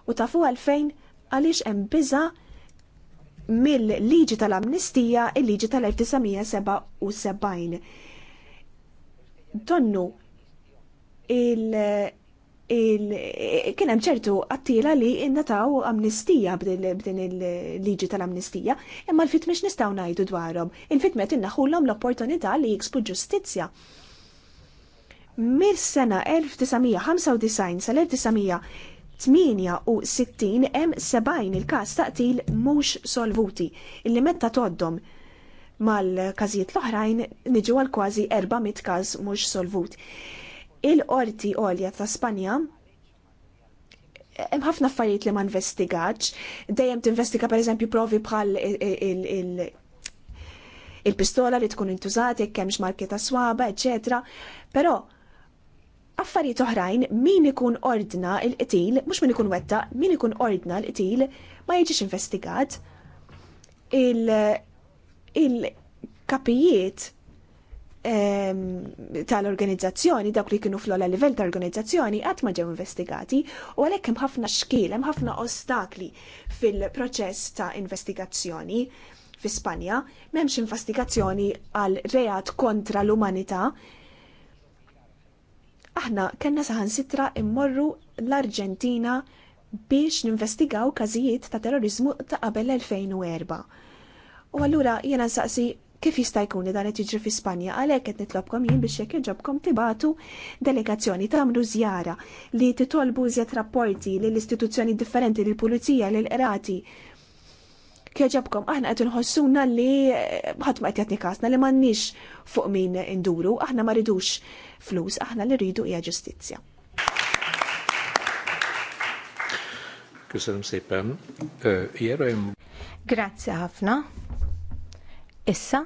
U tafu għalfejn għaliex hemm biża' mill-liġi tal-amnistija il-liġi tal-1977. Donnu il- kien hemm ċertu għattila li innataw amnistija b'din il-liġi tal-amnistija, imma l-fit mhux nistgħu ngħidu dwarhom. Il-fitmet innaħulhom l-opportunità li jiksbu ġustizzja. Mis-sena 1995 sal-1968 hemm 70 il-każ taqtil mhux solvuti, illi metta toddom mal-każijiet l-oħrajn niġu għal kważi 400 każ mhux solvut il-qorti għolja ta' Spanja hemm ħafna affarijiet li ma investigax, dejjem tinvestiga pereżempju provi bħal il-pistola li tkun intużat, jekk hemmx marki ta' swaba, eċetera. Però affarijiet oħrajn min ikun ordna l-qtil, mhux min ikun wetta, min ikun ordna l-qtil ma jiġix investigat il-kapijiet Ehm, tal-organizzazzjoni, dawk li kienu fl-ola livell tal organizzazzjoni, għat ma ġew investigati u għalhekk hemm ħafna xkiel, hemm ħafna ostakli fil-proċess ta' investigazzjoni fi Spanja, m'hemmx investigazzjoni għal reat kontra l-umanità. Aħna kellna saħan sitra immorru l-Arġentina biex ninvestigaw każijiet ta' terrorizmu ta' qabel 2004. U allura jena nsaqsi kif jista' jkun li dan qed jiġri fi Spanja għalhekk qed nitlobkom jien biex jekk iġobkom tibatu delegazzjoni tagħmlu żjara li titolbu żjed rapporti lill istituzzjoni differenti lill pulizija lill qrati Kieġabkom, aħna qed nħossuna li ħadd ma qed kasna li m'għandniex fuq min induru, aħna ma ridux flus, aħna li rridu hija ġustizzja. Grazie szépen. Grazzi ħafna. Issa,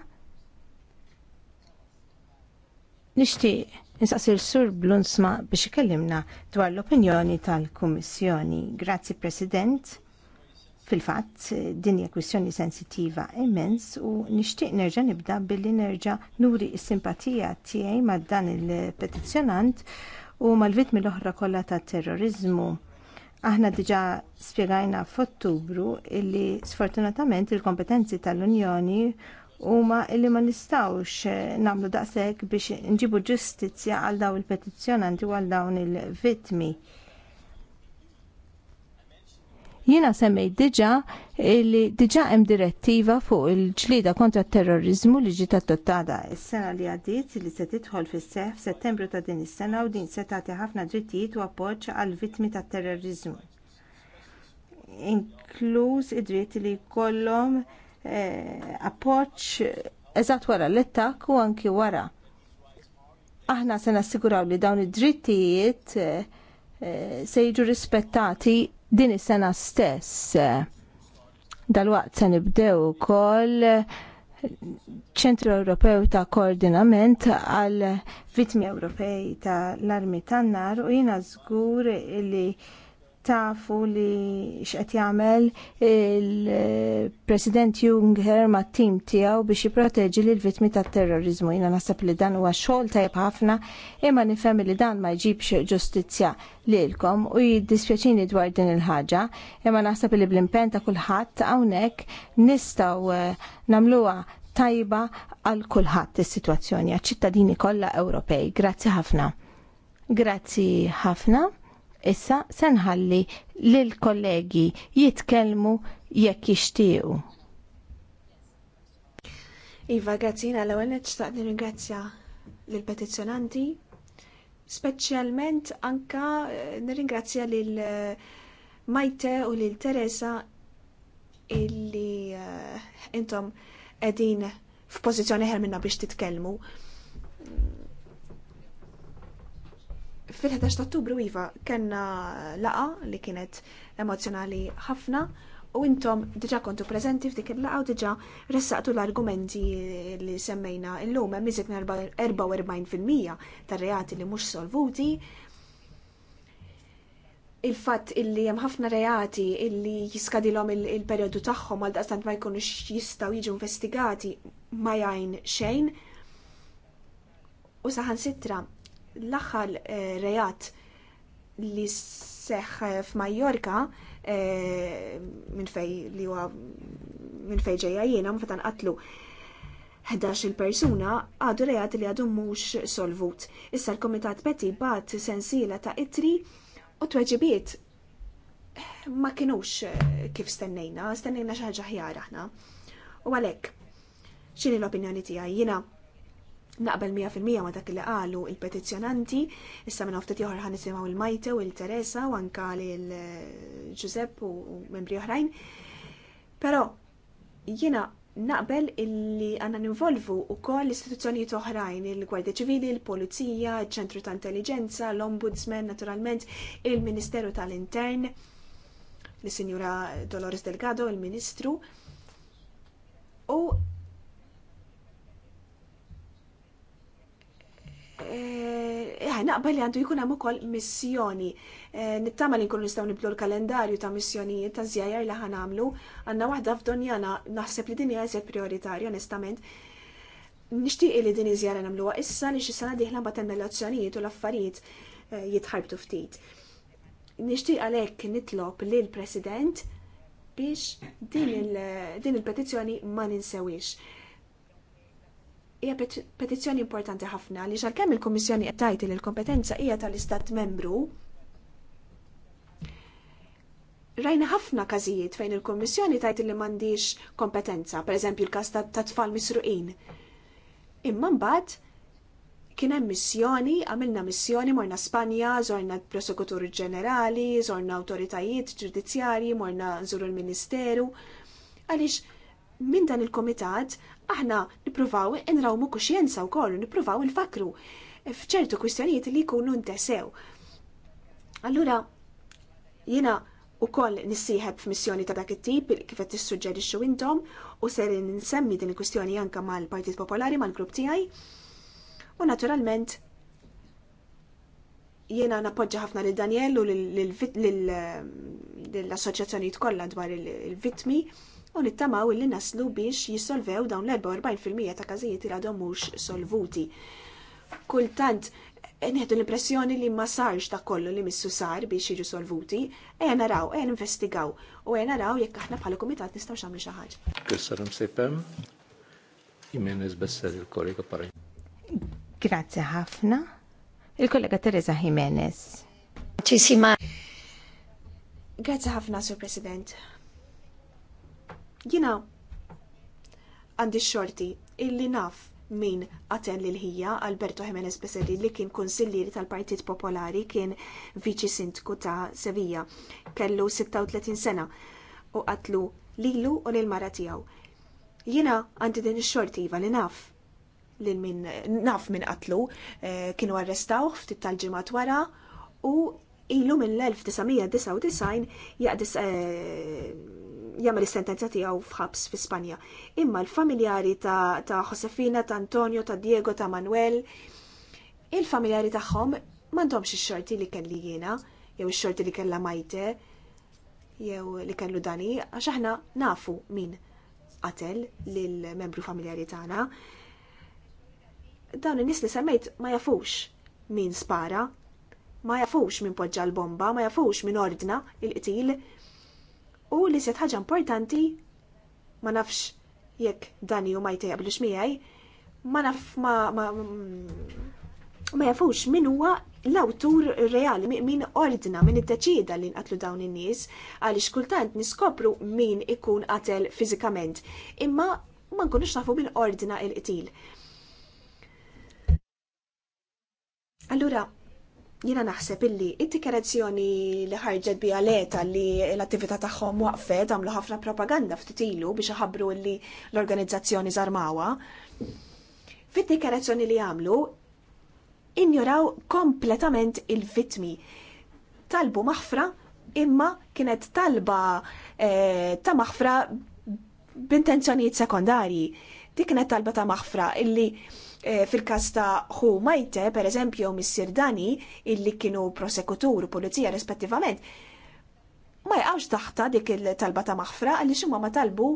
nixtieq Nisaqsir Sur Blunsma biex ikellimna dwar l-opinjoni tal-Kummissjoni. Grazzi President. Fil-fatt, din hija kwistjoni sensittiva immens u nixtieq nerġa' nibda billi nerġa' nuri s-simpatija tiegħi ma' dan il-petizzjonant u mal-vittmi l-oħra kollha tat-terrorizmu. Aħna diġa spjegajna f'Ottubru illi sfortunatament il-kompetenzi tal-Unjoni huma illi ma nistawx eh, namlu daqshekk biex nġibu ġustizzja għal dawn il-petizzjonanti u għal dawn il-vittmi. Jiena semmej diġa li diġa hemm direttiva fuq il-ġlida kontra t terrorizmu li ġiet adottata s-sena li għaddiet li se tidħol fis-seħ f'Settembru ta' din is-sena u din se tagħti ħafna drittijiet u appoġġ għal vittmi tat terrorizmu. Inkluż id-dritt li jkollhom Eh, appoċ eżatt wara l ittak u anki wara. Aħna se nassiguraw li dawn id-drittijiet eh, eh, se jiġu rispettati din is-sena stess. Dalwaqt se nibdew ukoll ċentru Ewropew ta' koordinament għal vitmi Ewropej ta' l-armi tan-nar u jiena żgur li tafu li x'qed jagħmel il-President Juncker mat tim tiegħu biex jipproteġi lil vittmi tat-terrorizmu. Jiena naħseb li dan huwa xogħol tajjeb ħafna imma nifhem li dan ma jġibx ġustizzja lilkom u jiddispjaċini dwar din il-ħaġa imma naħseb li bl-impenn ta' kulħadd hawnhekk nistgħu eh, nagħmluha tajba għal kulħadd is-sitwazzjoni għaċ-ċittadini kollha Ewropej. Grazzi ħafna. Grazzi ħafna. Issa se nħalli lill kollegi jitkellmu jekk jixtiequ. Iva, grazzina l ewwel nixtaq nirringrazzja lill petizzjonanti speċjalment anka eh, nirringrazzja lil eh, Majte u lil Teresa illi eh, intom qegħdin f'pożizzjoni ħer minna biex titkellmu. Fil-11 ta' Ottubru iva kellna laqa li kienet emozjonali ħafna u intom diġa kontu preżenti f'dik il-laqa u diġa ressaqtu l-argumenti li semmejna illum hemm iżid 44% tar-reati li mhux solvuti. Il-fatt illi hemm ħafna reati illi jiskadilhom il-perjodu tagħhom għal daqstant ma jkunux jistgħu jiġu investigati ma jgħin xejn. U saħan sitra, l-aħħar eh, rejat li seħħ f'Majorka eh, minn fej li huwa minn fej ġejja jiena 11 persuna għadu rejat li għadu mhux solvut. Issa l-Komitat Peti bat sensiela ta' itri u tweġibiet ma kinux eh, kif stennejna, stennejna xi ħaġa ħjar aħna. U għalhekk, x'inhi l-opinjoni tiegħi jina? naqbel 100% ma dak li qalu il-petizzjonanti, issa minn ftit joħra ħan nisimaw il-Majte u il-Teresa u anka il-Giuseppe eh, u membri oħrajn. Però jiena naqbel illi għanna ninvolvu u koll l-istituzzjonijiet oħrajn, il-Gwardja Ċivili, il-Polizija, il-Ċentru ta' Intelligenza, l-Ombudsman, naturalment, il-Ministeru tal-Intern, l-Sinjura Dolores Delgado, il-Ministru, u Eh, eh, naqbel li għandu jkun hemm ukoll missjoni. Eh, nittama li nkunu nistgħu nibdlu l-kalendarju ta' missjonijiet ta' żjajjar li ħan għamlu. Għandna waħda f'donjana naħseb li din hija eżed prioritarja onestament. Nixtieq li din iżjara nagħmluha issa li xi sena dieħla mbagħad hemm relazzjonijiet u l-affarijiet jitħarbtu ftit. Nixtieq għalhekk nitlob lil President biex din il-petizzjoni ma ninsewix hija petizzjoni importanti ħafna li xalkemm il-Kummissjoni qed tgħid li l-kompetenza hija tal-Istat Membru. Rajna ħafna każijiet fejn il-Kummissjoni tgħid li m'għandix kompetenza, pereżempju l-każ ta' tfal misruqin. Imma mbagħad kien hemm missjoni, għamilna missjoni, morna Spanja, żorna l-Prosekutur Ġenerali, żorna awtoritajiet ġudizzjarji, morna nżuru l-Ministeru. Għaliex minn dan il-Komitat aħna nippruvaw mu kuxjenza wkoll, nippruvaw nipruvaw nfakru f'ċertu kwistjonijiet li jkunu ntesew. Allura, jiena wkoll f f'missjoni ta' dak it-tip kif qed tissuġġerixxu intom u ser nsemmi din il-kwistjoni anke mal-Partit Popolari mal-grupp tiegħi. U naturalment jiena napoġġa ħafna lil Daniel u lill-assoċjazzjonijiet kollha dwar il-vitmi. il vitmi u nittamaw illi naslu biex jissolvew dawn l-44% ta' każijiet li għadhom mhux solvuti. Kultant, Nħedu l-impressjoni li ma sarx ta' kollu li missu sar biex jiġu solvuti, e naraw, e investigaw, u e naraw jekk aħna bħala komitat nistaw xamlu xi ħaġa. Kissarum Jimenez Besser il-kollega paraj. Grazie ħafna. Il-kollega Teresa Jimenez. Ċisima. Grazie ħafna, Sur President. Jina għandi xorti illi naf min għaten l ħija Alberto Jimenez Becerri li kien konsillir tal-Partit Popolari kien viċi sindku ta' Sevilla. Kellu 36 sena u qatlu lilu u l mara tiegħu. Jiena għandi din ix-xortiva li naf li min naf min qatlu eh, kienu arrestaw ftit tal ġimat wara u ilu mill-1999 jaqdis eh, jagħmel is-sentenza tiegħu f'ħabs fi Spanja. Imma l-familjari ta', ta Josefina, ta' Antonio, ta' Diego, ta' Manuel, il-familjari tagħhom m'għandhomx ix-xorti li kelli jiena, jew ix-xorti li kellha Majte, jew li kellu Dani, għax aħna nafu min qatel lill-membru familjari tagħna. Dawn in-nies li semmejt ma jafux min spara, ma jafux min poġġa l-bomba, ma jafux min ordna il-qtil, il qtil U li set ħaġa importanti, ma nafx jekk dani u ma jtejqablux miħaj, ma naf ma ma mm, ma jafux min huwa l-awtur reali, min ordna, min id-deċida li nqatlu dawn in-nies, għaliex kultant niskopru min ikun qatel fiżikament. Imma ma nkunux nafu min ordna il-qtil. Allura, Jina naħseb illi id-dikerazzjoni li ħarġet bi għaleta li l-attività tagħhom waqfet għamlu ħafna propaganda ftit ilu biex ħabru li l-organizzazzjoni zarmawa. Fid-dikerazzjoni li għamlu injoraw kompletament il-vitmi. Talbu maħfra imma kienet talba eh, ta' maħfra b'intenzjonijiet sekondarji. Dik kienet talba ta' maħfra illi Eh, fil-kas ta' Hu Majte, per eżempju, Missir Dani, illi kienu prosekutur u pulizija rispettivament, ma jgħawx taħta dik il-talba ta' maħfra, għalli xumma ma talbu,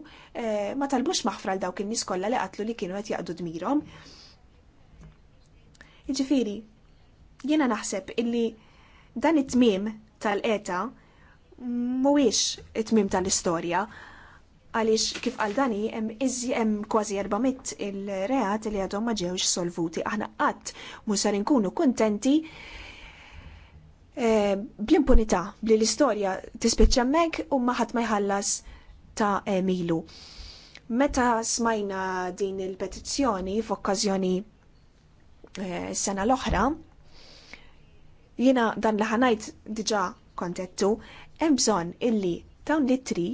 eh, ma talbux maħfra l dawk il-nis kollha li qatlu li kienu qed jaqdu dmirhom. Jiġifieri, jiena naħseb illi dan it-tmiem tal-qeta mhuwiex it-tmiem tal-istorja, għaliex kif għal dani hemm iżji hemm kważi 400 il-reat li għadhom ma ġewx solvuti. Aħna qatt mhux sar inkunu kuntenti eh, bl-impunità bl l-istorja tispiċċa hemmhekk u ma ħadd ma jħallas ta' milu. Meta smajna din il-petizzjoni f'okkażjoni s-sena eh, l-oħra, jiena dan li ħanajt diġà kontettu, hemm bżonn illi dawn l-ittri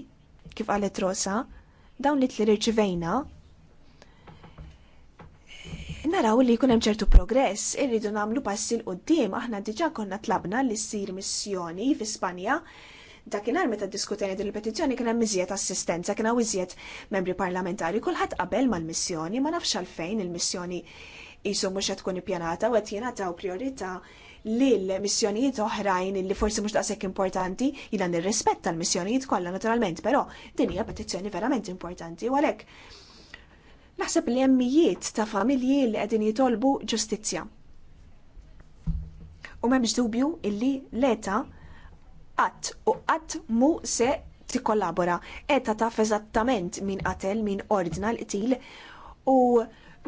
kif qalet Rosa, dawn li tli rċivejna, naraw li jkun hemm ċertu progress, irridu nagħmlu passi l qoddim aħna diġà konna tlabna li s-sir missjoni fi Spanja dakinhar meta diskutejna din il-petizzjoni kien hemm iżjed assistenza, kien hawn iżjed membri parlamentari, kulħadd qabel mal-missjoni, ma nafx għalfejn il-missjoni qisu mhux qed tkun ippjanata u qed jingħataw priorità lil missjonijiet oħrajn li forsi mhux daqshekk importanti, jiena nirrispetta l-missjonijiet kollha naturalment, però din hija petizzjoni verament importanti u għalhekk naħseb li emmijiet ta' familji li qegħdin jitolbu ġustizzja. U m'hemmx dubju illi l-eta qatt u qatt mu se tikkollabora. Eta taf eżattament min qatel, min ordna l-qtil u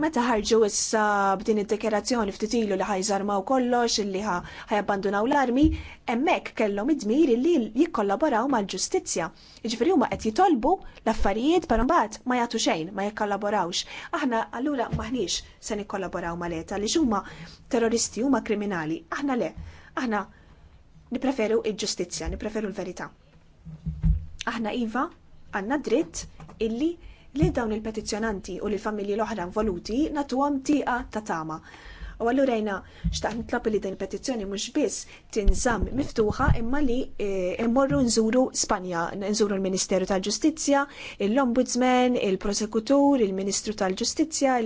Meta ħarġu issa b'din id-dekerazzjoni ftit ilu li ħajżarmaw kollox, illi ħajabbandunaw l-armi, hemmhekk kellhom id-dmir illi jikkollaboraw mal-ġustizzja. Jiġifieri huma qed jitolbu l-affarijiet però mbagħad ma jagħtu xejn, ma jikkollaborawx. Aħna allura maħniex se nikkollaboraw mal-ETA li huma terroristi huma kriminali. Aħna le, aħna nipreferu il-ġustizzja, nipreferu l-verità. Aħna iva għandna dritt illi li dawn il-petizzjonanti u l familji l-oħra involuti natuhom tieqa ta' tama. U għallu rejna, xtaqt nitlop li din petizzjoni mux biss tinżam miftuħa imma li eh, immorru nżuru Spanja, nżuru l-Ministeru tal-Ġustizja, l-Ombudsman, il-Prosekutur, il-Ministru tal-Ġustizja,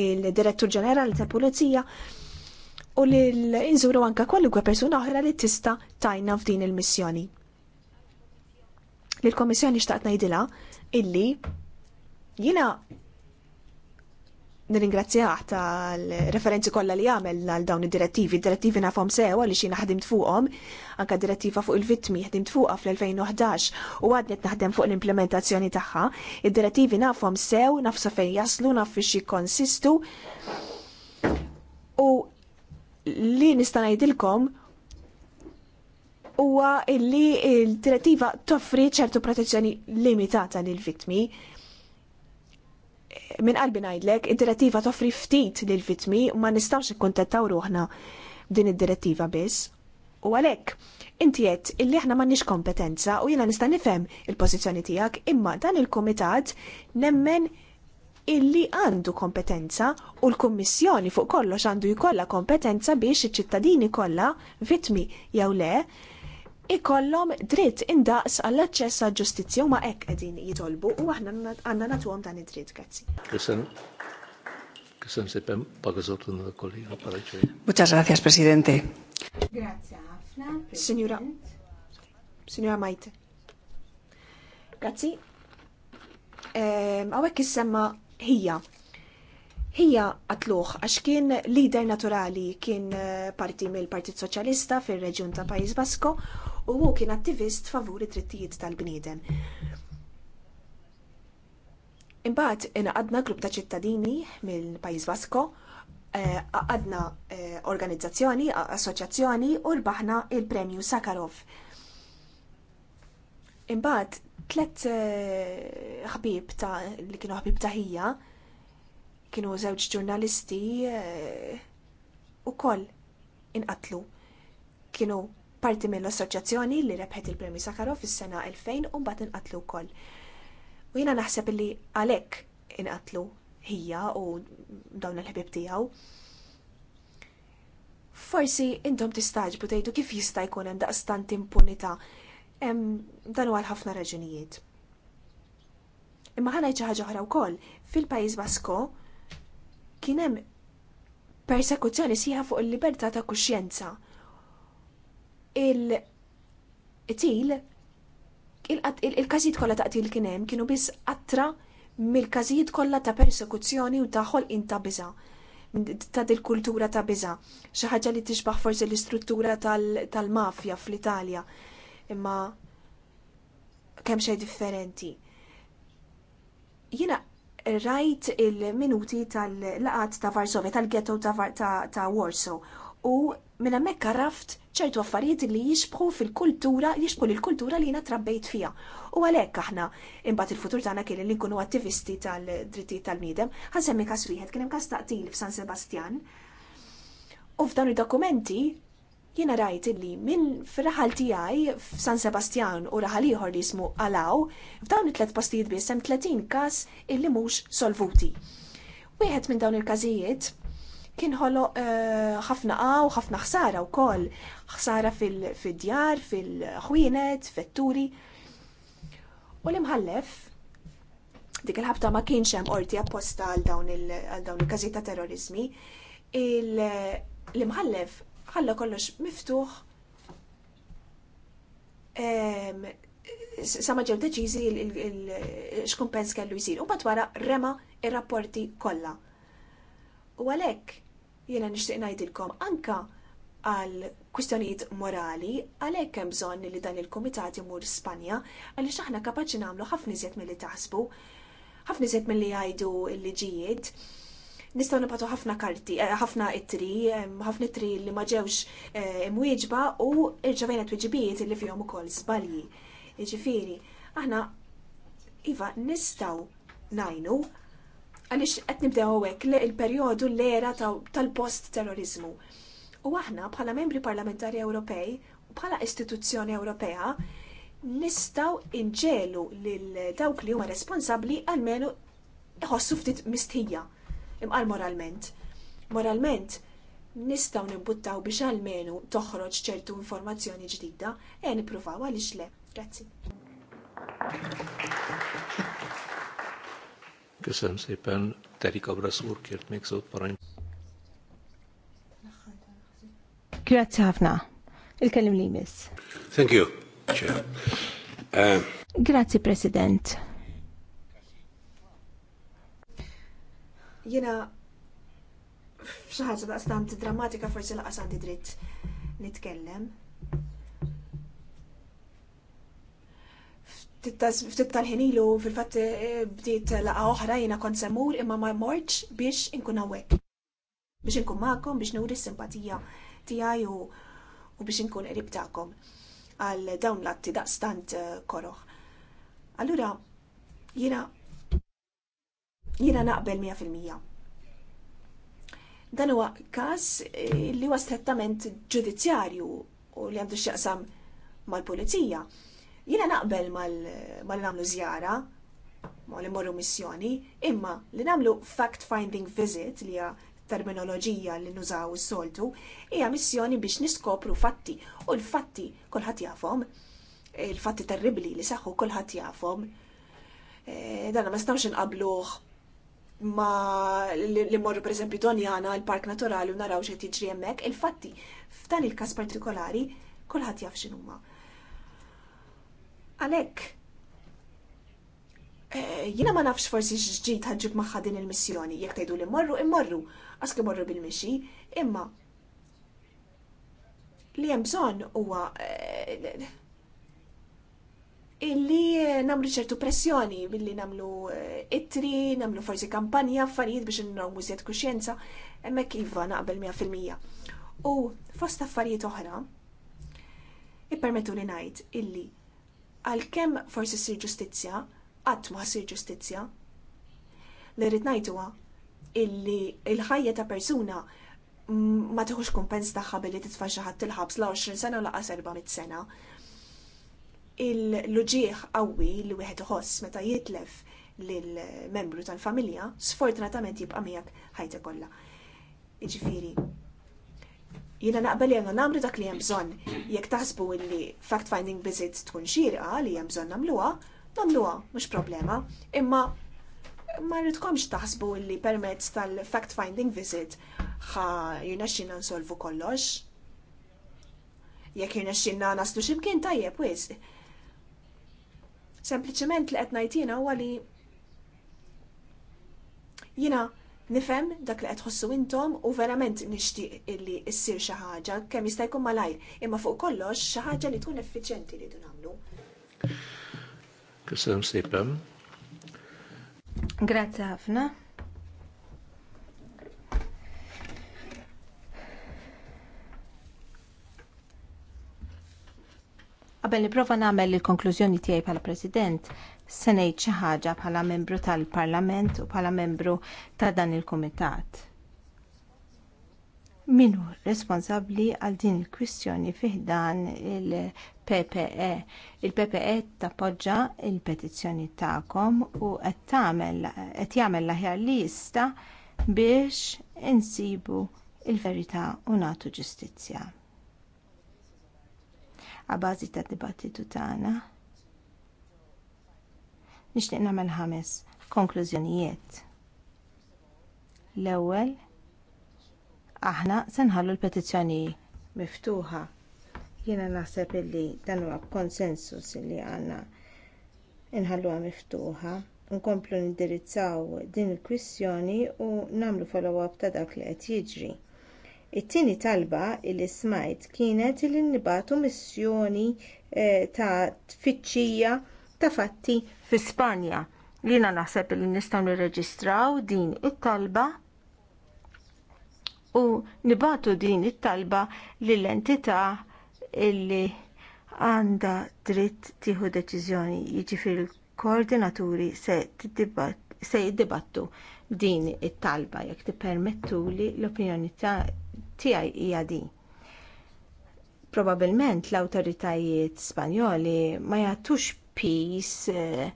il-Direttur Ġenerali tal-Pulizija. U li nżuru anka kwalunkwe persuna oħra li tista tajna f'din il-missjoni. L-Komissjoni xtaqt najdila illi Jina nir-ingrazzjaħ tal-referenzi kollha li għamel għal dawn id-direttivi. Direttivi nafhom sewa li xina ħdimt fuqhom, anka direttiva fuq il-vittmi ħdimt fuqha fl-2011 u għadnet naħdem fuq l-implementazzjoni tagħha. Id-direttivi nafhom sew, nafsa fejn jaslu, naf xie jikkonsistu. U li nista' ngħidilkom huwa illi il-direttiva toffri ċertu protezzjoni limitata lil vittmi minn qalbi ngħidlek, id-direttiva toffri ftit lil vitmi u ma nistgħux ikkuntettaw ruħna din id-direttiva biss. U għalhekk, inti qed illi aħna m'għandniex kompetenza u jiena nista' nifhem il-pożizzjoni tiegħek, imma dan il-kumitat nemmen illi għandu kompetenza u l-Kummissjoni fuq kollox għandu jkollha kompetenza biex iċ-ċittadini kollha vitmi jew le ikollom dritt indaqs għall aċċess għal ġustizzja u ma hekk qegħdin jitolbu u aħna għandna nagħtuhom dan id-dritt grazzi. Muchas gracias, Presidente. Grazie ħafna. Signora, Signora Maite. Grazzi. Ehm, għawek jissemma hija. Hija għatluħ għax kien lider naturali kien eh, parti mill-Partit Soċjalista fil reġjun ta' Pajis Basko u hu kien attivist favuri drittijiet tal-bniedem. Imbagħad inqadna grupp ta' ċittadini mill-Pajjiż Vasko, eh, għadna eh, organizzazzjoni, assoċjazzjoni u rbaħna il-Premju Sakharov. Imbagħad tlet eh, ħbib ta' li kienu ħbib ta' ħija, kienu żewġ ġurnalisti u koll inqatlu kienu parti mill-assoċjazzjoni li rebħet il-Premju Sakharov fis-sena 2000 u mbagħad inqatlu wkoll. U jiena naħseb li għalhekk inqatlu hija u dawn il ħbieb tiegħu. Forsi intom tistaġbu tgħidu kif jista' jkun hemm daqstant impunità dan huwa ħafna raġunijiet. Imma ħana xi ħaġa oħra wkoll, fil-Pajjiż Basko kien hemm persekuzzjoni sieħa fuq il-libertà ta' kuxjenza il-til il kazijiet kollha ta' qtil kien hemm kienu biss attra mill-każijiet kollha ta' persekuzzjoni u ta' ħolqien ta' biża' ta' dil kultura ta' biża' xi ħaġa li tixbaħ forsi l-istruttura tal-mafja fl-Italja imma kemm xejn differenti. Jiena rajt il-minuti tal-laqat ta' Varsovia, tal-ghetto ta', Warsaw u minn hemmhekk raft ċertu affarijiet li jisbħu fil-kultura, jisbħu l-kultura li jina trabbejt fija. U għalek aħna, imbat il-futur tagħna kien li nkunu attivisti tal-drittijiet tal-bniedem, ħasemmi kas wieħed kien hemm kas taqtil f'San Sebastian. U f'dan id-dokumenti jiena rajt li minn fir-raħal tiegħi f'San Sebastian u raħal ieħor li jismu Alaw, f'dawn it-tlet postijiet biss hemm 30 każ illi mhux solvuti. Wieħed minn dawn il-każijiet kien ħolo eh, ħafna qaw, ħafna ħsara wkoll, ħsara fid-djar, fil-ħwienet, fetturi. U l-imħallef dik il-ħabta ma kienx hemm qorti apposta għal dawn il każi ta' terrorizmi, l-imħallef ħalla kollox miftuħ sama ġew deċiżi x'kumpens kellu jsir. U bad wara rema ir-rapporti kollha. U għalhekk Jiena nixtieq ngħidilkom anka għal kwistjonijiet morali għalhekk hemm bżonn li dan il-kumitat imur Spanja għaliex aħna kapaċi nagħmlu ħafna iżjed milli taħsbu, ħafna iżjed milli jgħidu l-liġijiet. Nistgħu nibgħatu ħafna karti, eh, ħafna ittri, ħafna ittri li ma ġewx eh, imwieġba u t tweġibijiet li fihom ukoll żbalji. Jiġifieri, aħna iva nistgħu najnu għaliex qed nibdew li il-perjodu l-era tal-post terrorizmu. U aħna bħala membri parlamentari Ewropej u bħala istituzzjoni Ewropea nistaw inġelu lil dawk li huma responsabbli għalmenu iħossu ftit mistħija imqal moralment. Moralment nistaw nibbuttaw biex għalmenu toħroġ ċertu informazzjoni ġdida e nippruvaw għaliex le. Grazzi. Köszönöm szépen, Terika Brasz úr kért még szót parancs. Grazie ħafna. Il-kellim li jmiss. Thank you, Uh... Grazie, President. Jena f'xi ħaġa daqstant drammatika forse laqas dritt nitkellem. ftit tal-ħin ilu fil-fatt eh, eh, bdiet laqa oħra jiena kont semur imma ma mortx biex inkun hawnhekk. Biex inkun magħkom biex nuri s-simpatija tiegħi u biex inkun qrib tagħkom għal dawn l-atti daqstant eh, koroħ. Allura jina jina naqbel 100%. Dan huwa każ li huwa strettament ġudizzjarju u li għandu x'jaqsam mal-pulizija Jiena naqbel mal nagħmlu żjara, mal li missjoni, imma li nagħmlu fact-finding visit li hija terminoloġija li nużaw s soltu hija missjoni biex niskopru fatti u l-fatti kulħadd jafhom, il-fatti terribli li saħħu kulħadd jafhom. E, dan ma stawx inqabluh ma li morru per eżempju Donjana, il-Park Naturali u naraw xejn jiġri hemmhekk, il-fatti f'dan il-każ partikolari kulħadd jaf x'inhuma. Għalhekk eh, jina ma nafx forsi xġid ħadġib maħħa din il-missjoni, jek tajdu li morru, immorru, għaske morru bil-mixi, imma li hemm bżonn huwa eh, illi namlu ċertu pressjoni billi namlu eh, ittri, namlu forsi kampanja, affarijiet biex n-normu zjed kuxjenza, emmek iva naqbel 100%. U fost affarijiet oħra, ippermettu li najt illi għalkemm forsi sir ġustizzja, qatt ma sir ġustizzja. Li rrid ngħid illi il-ħajja ta' persuna ma tħux kumpens tagħha billi titfa' xi ħadd il-ħabs la 20 sena u la' 400 sena. Il-luġieħ qawwi li wieħed iħoss meta jitlef lill-membru tal-familja sfortunatament jibqa' miegħek ħajta kollha. Jiġifieri, Jina naqbel jenna namlu dak li jemżon Jek taħsbu li fact-finding visit tkun xirqa li jemżon namluwa, namluwa, mux problema. Imma ma rridkomx taħsbu illi permezz tal-fact-finding visit ħa jina xina nsolvu kollox. Jek jina xina naslu ximkien tajjeb, wiz. Sempliciment li qed u għali jina nifhem dak li qed intom u verament nixtieq illi ssir xi ħaġa kemm jista' jkun malajr, imma fuq kollox xi ħaġa li tkun effiċjenti li nagħmlu. Kisem sipem. Grazzi ħafna. Qabel niprofa nagħmel il-konklużjoni tiegħi bħala President, se ngħid xi ħaġa bħala membru tal-Parlament u bħala membru ta' dan il-Kumitat. Min hu responsabbli għal din il-kwistjoni fih dan il-PPE. Il-PPE tappoġġa il-petizzjoni tagħkom u qed tagħmel qed jagħmel l-aħjar li jista' biex insibu il-verità u nagħtu ġustizzja. A bażi tad-dibattitu tagħna Nixtieq nagħmel ħames konklużjonijiet. L-ewwel aħna se nħallu l-petizzjoni miftuħa. Jiena naħseb illi dan huwa konsensus li għandna inħalluha miftuħa nkomplu nindirizzaw din il-kwissjoni u nagħmlu follow-up ta' dak li qed jiġri. It-tieni talba li smajt kienet li nibatu missjoni eh, ta' tfittxija ta' fatti fi Spanja. lina naħseb li nistgħu nirreġistraw din it-talba u nibatu din it-talba l entità illi għandha dritt tieħu deċiżjoni jiġifieri l-koordinaturi se jiddibattu din it-talba jekk li l-opinjoni tiegħi hija din probabilment l-awtoritajiet Spanjoli ma jagħtux pis eh,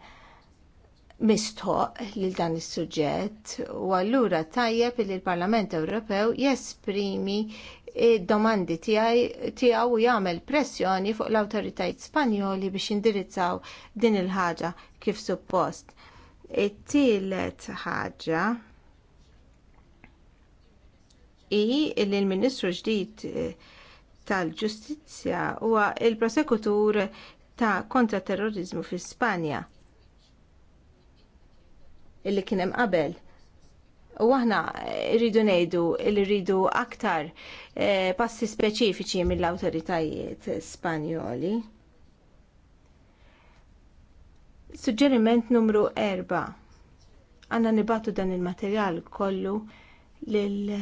mistoq lil dan is-suġġett u allura tajjeb li l-Parlament Ewropew jesprimi id-domandi eh, tiegħu u jagħmel pressjoni fuq l-awtoritajiet Spanjoli biex indirizzaw din il-ħaġa kif suppost. It-tielet ħaġa hi li l-Ministru ġdid eh, tal-Ġustizzja huwa l prosekutur ta' kontraterrorizmu fi Spanja illi kien hemm qabel. U aħna rridu ngħidu li rridu aktar eh, passi speċifiċi mill-awtoritajiet Spanjoli. Suġġeriment numru 4. Għanna nibatu dan il-materjal kollu lill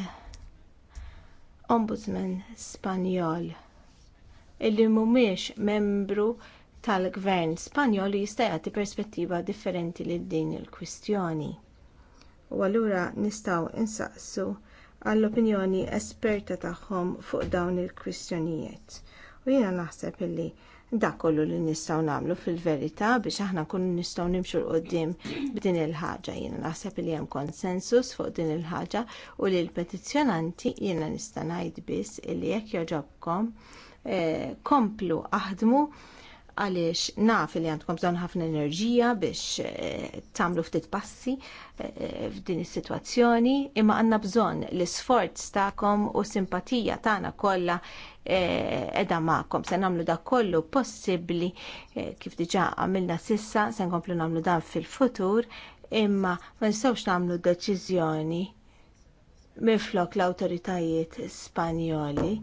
ombudsman Spanjol illi mhumiex membru tal-gvern Spanjol jista' jagħti perspettiva differenti lil din il-kwistjoni. U allura nistgħu insaqsu għall-opinjoni esperta tagħhom fuq dawn il-kwistjonijiet. U jiena naħseb illi dak kollu li nistgħu nagħmlu fil-verità biex aħna nkunu nistgħu nimxu l qoddim b'din il-ħaġa. Jiena naħseb li hemm konsensus fuq din il-ħaġa u li l-petizzjonanti jiena nista' ngħid biss illi jekk jogħġobkom eh, komplu aħdmu għaliex naf li għandkom bżonn ħafna enerġija biex eh, tagħmlu ftit passi eh, f'din is-sitwazzjoni, imma għandna bżonn l-isforz tagħkom u simpatija tagħna kollha eh, edha ma'kom Se nagħmlu dak kollu possibbli kif diġà għamilna sissa, se nkomplu nagħmlu dan fil-futur, imma ma nistgħux nagħmlu deċiżjoni minflok l awtoritajiet Spanjoli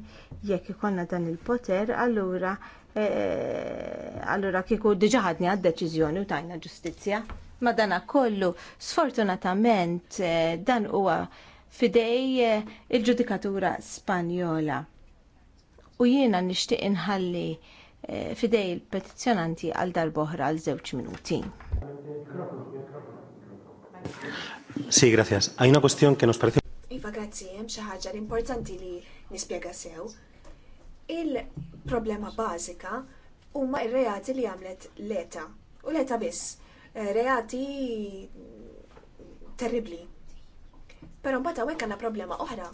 jekk ikollna dan il-poter, allura Eh, allura kieku diġa ħadni għad-deċiżjoni u tajna ġustizzja. Ma dana kollu, sfortunatament, eh, dan huwa fidej eh, il-ġudikatura Spanjola. U jiena nixtieq inħalli fidej il-petizzjonanti għal darboħra għal żewġ minuti. Sì, grazie. Hai una questione che nos parece... Iva, grazie. Hemm xi ħaġa l-importanti li nispjega sew Il-problema bażika huma ir-reati li għamlet leta. U leta biss. Eh, reati terribli. Però mbagħad hawnhekk għandna problema oħra.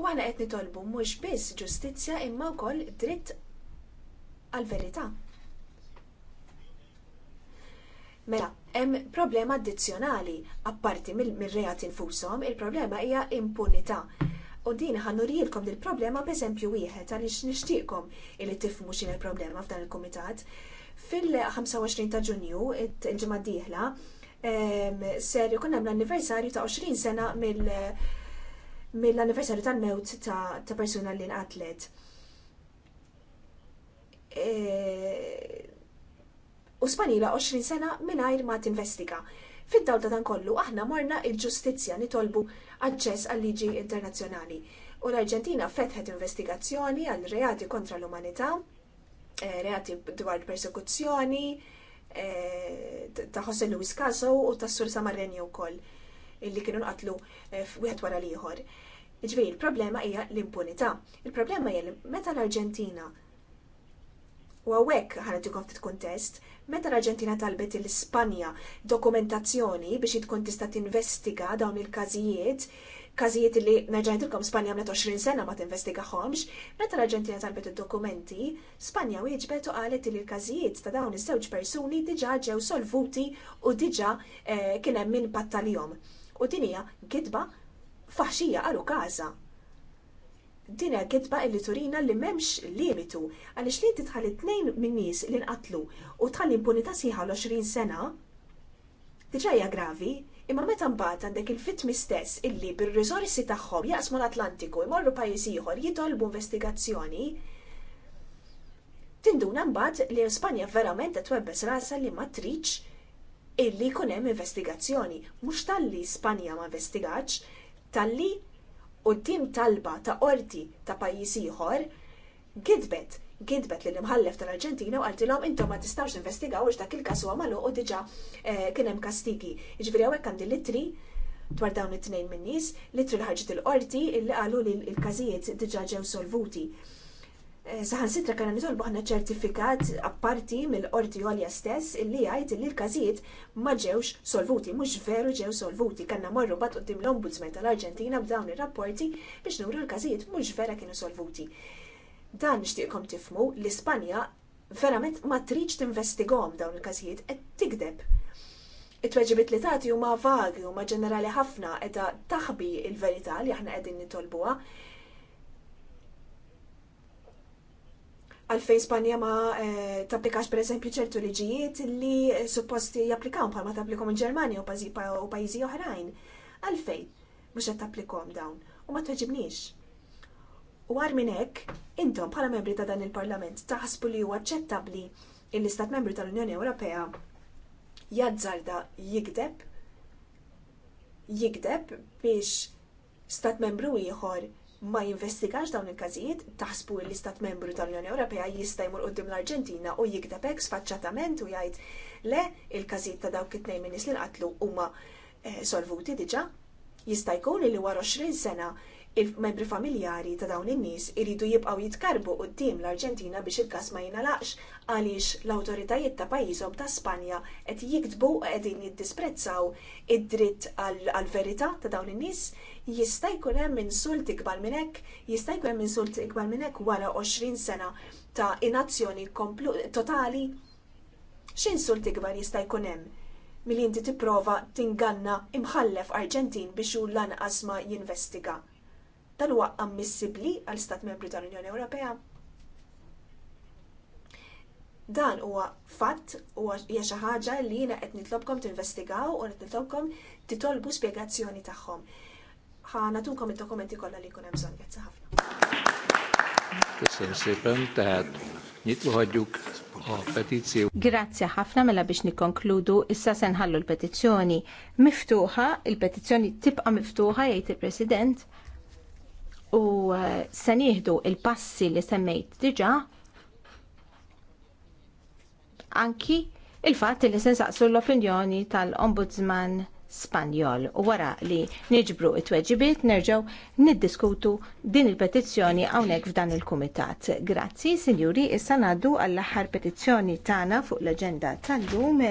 U għana qed nitolbu mhux biss ġustizzja imma wkoll dritt għall verità Mela, hemm problema addizzjonali apparti mill-reati nfushom, il-problema hija impunità. U din ħannurijilkom li dil problema b'eżempju wieħed għaliex nixtieqkom illi tifmu x'in il-problema f'dan il-kumitat. Fil-25 ta' Ġunju, il-ġimgħa d-dieħla, kunna jkun hemm l-anniversarju ta' 20 sena mill-anniversarju tal-mewt ta' persuna li nqatlet. E, u spanila 20 sena mingħajr ma tinvestiga. fid ta' dan kollu aħna morna il-ġustizzja nitolbu aċċess għal liġi internazzjonali. U l-Arġentina fetħet investigazzjoni għal reati kontra l-umanità, eh, reati dwar persekuzzjoni, eh, ta' Jose Luis Caso u ta' Sur Samarreni u koll illi kienu nqatlu eh, wieħed wara l-ieħor. Ġviri, il-problema hija l-impunità. Il-problema hija meta l-Arġentina U għawek ħanetikom ftit kuntest, meta l-Arġentina talbet il-Spanja dokumentazzjoni biex jitkun tista' tinvestiga dawn il-każijiet, każijiet li nerġajtilkom Spanja għamlet 20 sena ma tinvestigaħomx, meta l-Arġentina talbet id-dokumenti, Spanja wieġbet u qalet li l-każijiet ta' dawn iż-żewġ persuni diġà ġew solvuti u diġà eh, kien hemm min U din hija gidba, faħxija għalu każa din hija kitba li turina li m'hemmx limitu għaliex li inti tħalli tnejn minn nies li nqatlu u tħalli impunità sieħa l-20 sena diġà hija gravi, imma meta mbagħad għandek il-vittmi stess illi bir-riżorsi tagħhom jaqsmu l-Atlantiku jmorru pajjiż ieħor jitolbu investigazzjoni, tinduna mbagħad li Spanja verament qed webbes rasa li ma tridx illi jkun hemm investigazzjoni. Mhux talli Spanja ma investigax, talli quddiem talba ta' qorti ta' pajjiż ieħor gidbet gidbet li l-imħallef tal-Arġentina u għaltilhom intom ma tistgħux investigaw għax dak il-każ huwa magħluq u diġà eh, kien hemm kastigi. Jiġifieri hawnhekk għandi litri dwar dawn it-tnejn min-nies, litri l ħarġet il-qorti illi qalu li l-każijiet diġà ġew solvuti. Saħan sitra kena nitolbu ħna ċertifikat apparti mill-qorti għolja stess illi għajt li l-kazijiet ma ġewx solvuti, mux veru ġew solvuti. Kanna morru bat qoddim l-Ombudsman tal-Arġentina b'dawn ir-rapporti biex nuru l-kazijiet mux vera kienu solvuti. Dan nixtieqkom tifmu l-Ispanja verament ma triċ t-investigom dawn il-kazijiet qed tigdeb. It-tweġibit li tagħti huma vagi huma ġenerali ħafna edha taħbi il-verità li aħna qegħdin nitolbuwa. għalfejn Spanja ma eh, tapplikax per eżempju ċertu liġijiet li eh, supposti japplikaw bħalma tapplikom il-Ġermanja u pajjiżi oħrajn. Għalfejn mhux qed tapplikom dawn u ma tweġibniex. U għar minn hekk, intom bħala membri ta' dan il-Parlament taħsbu li huwa aċċettabbli il istat membri tal-Unjoni Ewropea jazzarda jikdeb jikdeb biex stat membru ieħor ma jinvestigax dawn il-każijiet, taħsbu l-Istat Membru tal-Unjoni Ewropea jista' jmur qudiem l-Arġentina u jikdeb hekk sfaċċatament u jgħid le il-każijiet ta' dawk it-tnejn min-nies li nqatlu huma eh, solvuti diġà. Jista' jkun li wara 20 sena il-membri familjari ta' dawn in-nies iridu jibqgħu jitkarbu qudiem l-Arġentina biex il-każ ma jingħalaqx għaliex l-awtoritajiet ta' pajjiżhom ta' Spanja qed jiktbu qegħdin jiddisprezzaw id-dritt għall-verità ta' dawn in-nies jista' jkun hemm insult ikbar minn hekk, jista' jkun hemm insult ikbar minn hekk wara 20 sena ta' inazzjoni totali. X'insult ikbar jista' jkun hemm? milli inti tipprova tinganna imħallef Arġentin biex hu lanqas ma jinvestiga. Dan huwa ammissibbli għal Stat Membri tal-Unjoni Ewropea? Dan huwa fatt huwa hija xi ħaġa li jiena qed nitlobkom tinvestigaw u qed nitlobkom titolbu spjegazzjoni tagħhom ħana tunkom il-dokumenti kollha li jkun hemm bżonn. ħafna. Grazie ħafna mela biex nikkonkludu, issa se nħallu l-petizzjoni miftuħa, il-petizzjoni tibqa' miftuħa jgħid il-President u eh, se nieħdu il-passi li semmejt diġà anki il-fatt li se nsaqsu l-opinjoni tal-Ombudsman Spanjol. U wara li niġbru it tweġibiet nerġgħu niddiskutu din il-petizzjoni hawnhekk f'dan il-kumitat. Grazzi, sinjuri, issa naddu għall-aħħar petizzjoni tagħna fuq l-aġenda tal-lum.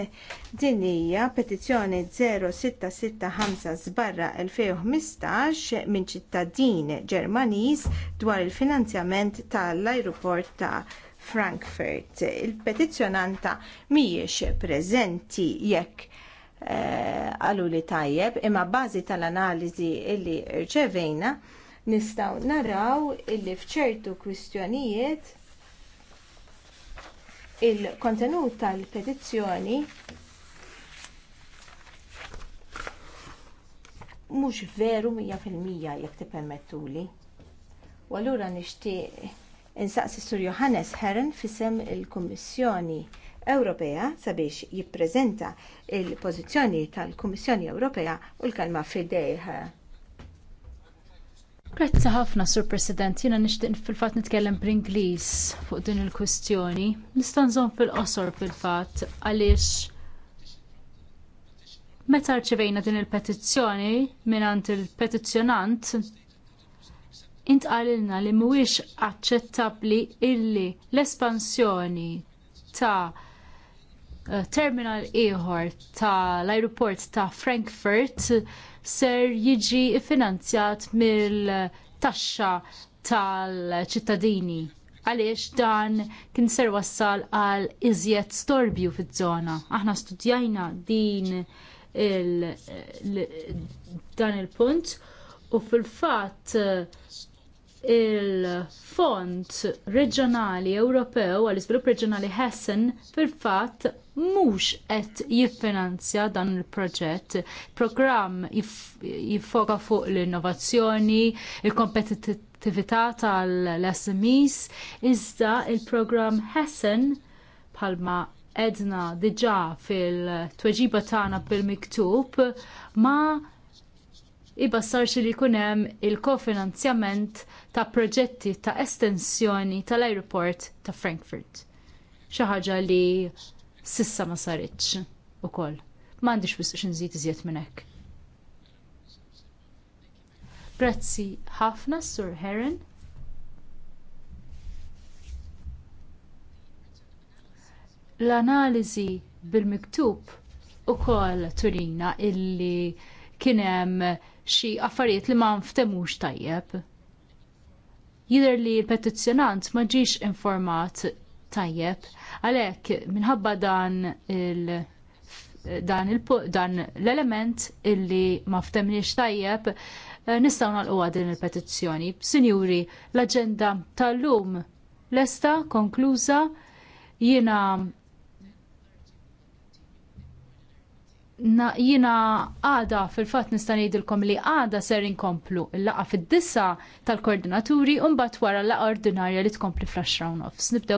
Din hija petizzjoni 0665 barra 2015 minn ċittadin Ġermaniż dwar il-finanzjament tal-ajruport ta' Frankfurt. Il-petizzjonanta mhijiex prezenti jekk Eh, għalu li tajjeb, imma bażi tal-analiżi illi rċevejna nistgħu naraw illi fċertu kwistjonijiet il-kontenut tal-petizzjoni mhux veru 100% jekk tippermettuli. U allura nixtieq insaqsi Sur Johannes Herren fisem il-Kummissjoni Ewropea sabiex jippreżenta il-pożizzjoni tal-Kummissjoni Ewropea u l-kalma fidejha. Grazzi ħafna, Sur President, jiena nishtiq fil-fatt nitkellem bl-Ingliż fuq din il-kwistjoni. Nista' nżomm fil-qosor fil-fatt għaliex meta rċevejna din il-petizzjoni għand il-petizzjonant intqalilna li mhuwiex aċċettabbli illi l-espansjoni ta' Eh, terminal ieħor tal ajruport ta' Frankfurt ser jiġi finanzjat mill-taxxa tal-ċittadini għaliex dan kien ser wassal għal iżjed storbju fiż-żona. Aħna studjajna din il, il, dan il-punt u fil-fatt eh, il-Fond Reġjonali Ewropew għall iżvilupp Reġjonali Hessen fil-fatt mhux qed jiffinanzja dan il-proġett. Programm jiffoka fuq l-innovazzjoni, il-kompetittività tal-SMEs, iżda il-programm Hessen bħalma edna diġà fil-tweġiba tagħna bil-miktub ma ibassarx li jkun hemm il-kofinanzjament ta' proġetti ta' estensjoni tal ajruport ta' Frankfurt. Xi ħaġa li sissa ma saritx ukoll. M'għandix wisq xinżid iżjed minn hekk. Grazzi ħafna Sur Heron. L-analiżi bil-miktub ukoll turina illi kien hemm xi affarijiet li ma nftemux tajjeb Jidher li l-petizzjonant ma ġiex informat tajjeb. Għalhekk minħabba dan il- dan, il dan l-element illi ma ftemniex tajjeb eh, nistgħu nagħlquha din il-petizzjoni. Sinjuri, l-aġenda tal-lum lesta konkluża jiena na, jina għada fil-fat nista' ngħidilkom li għada ser inkomplu l-laqa fil-dissa tal-koordinaturi un mbagħad wara l-laqa ordinarja li tkompli fl-10 nofs.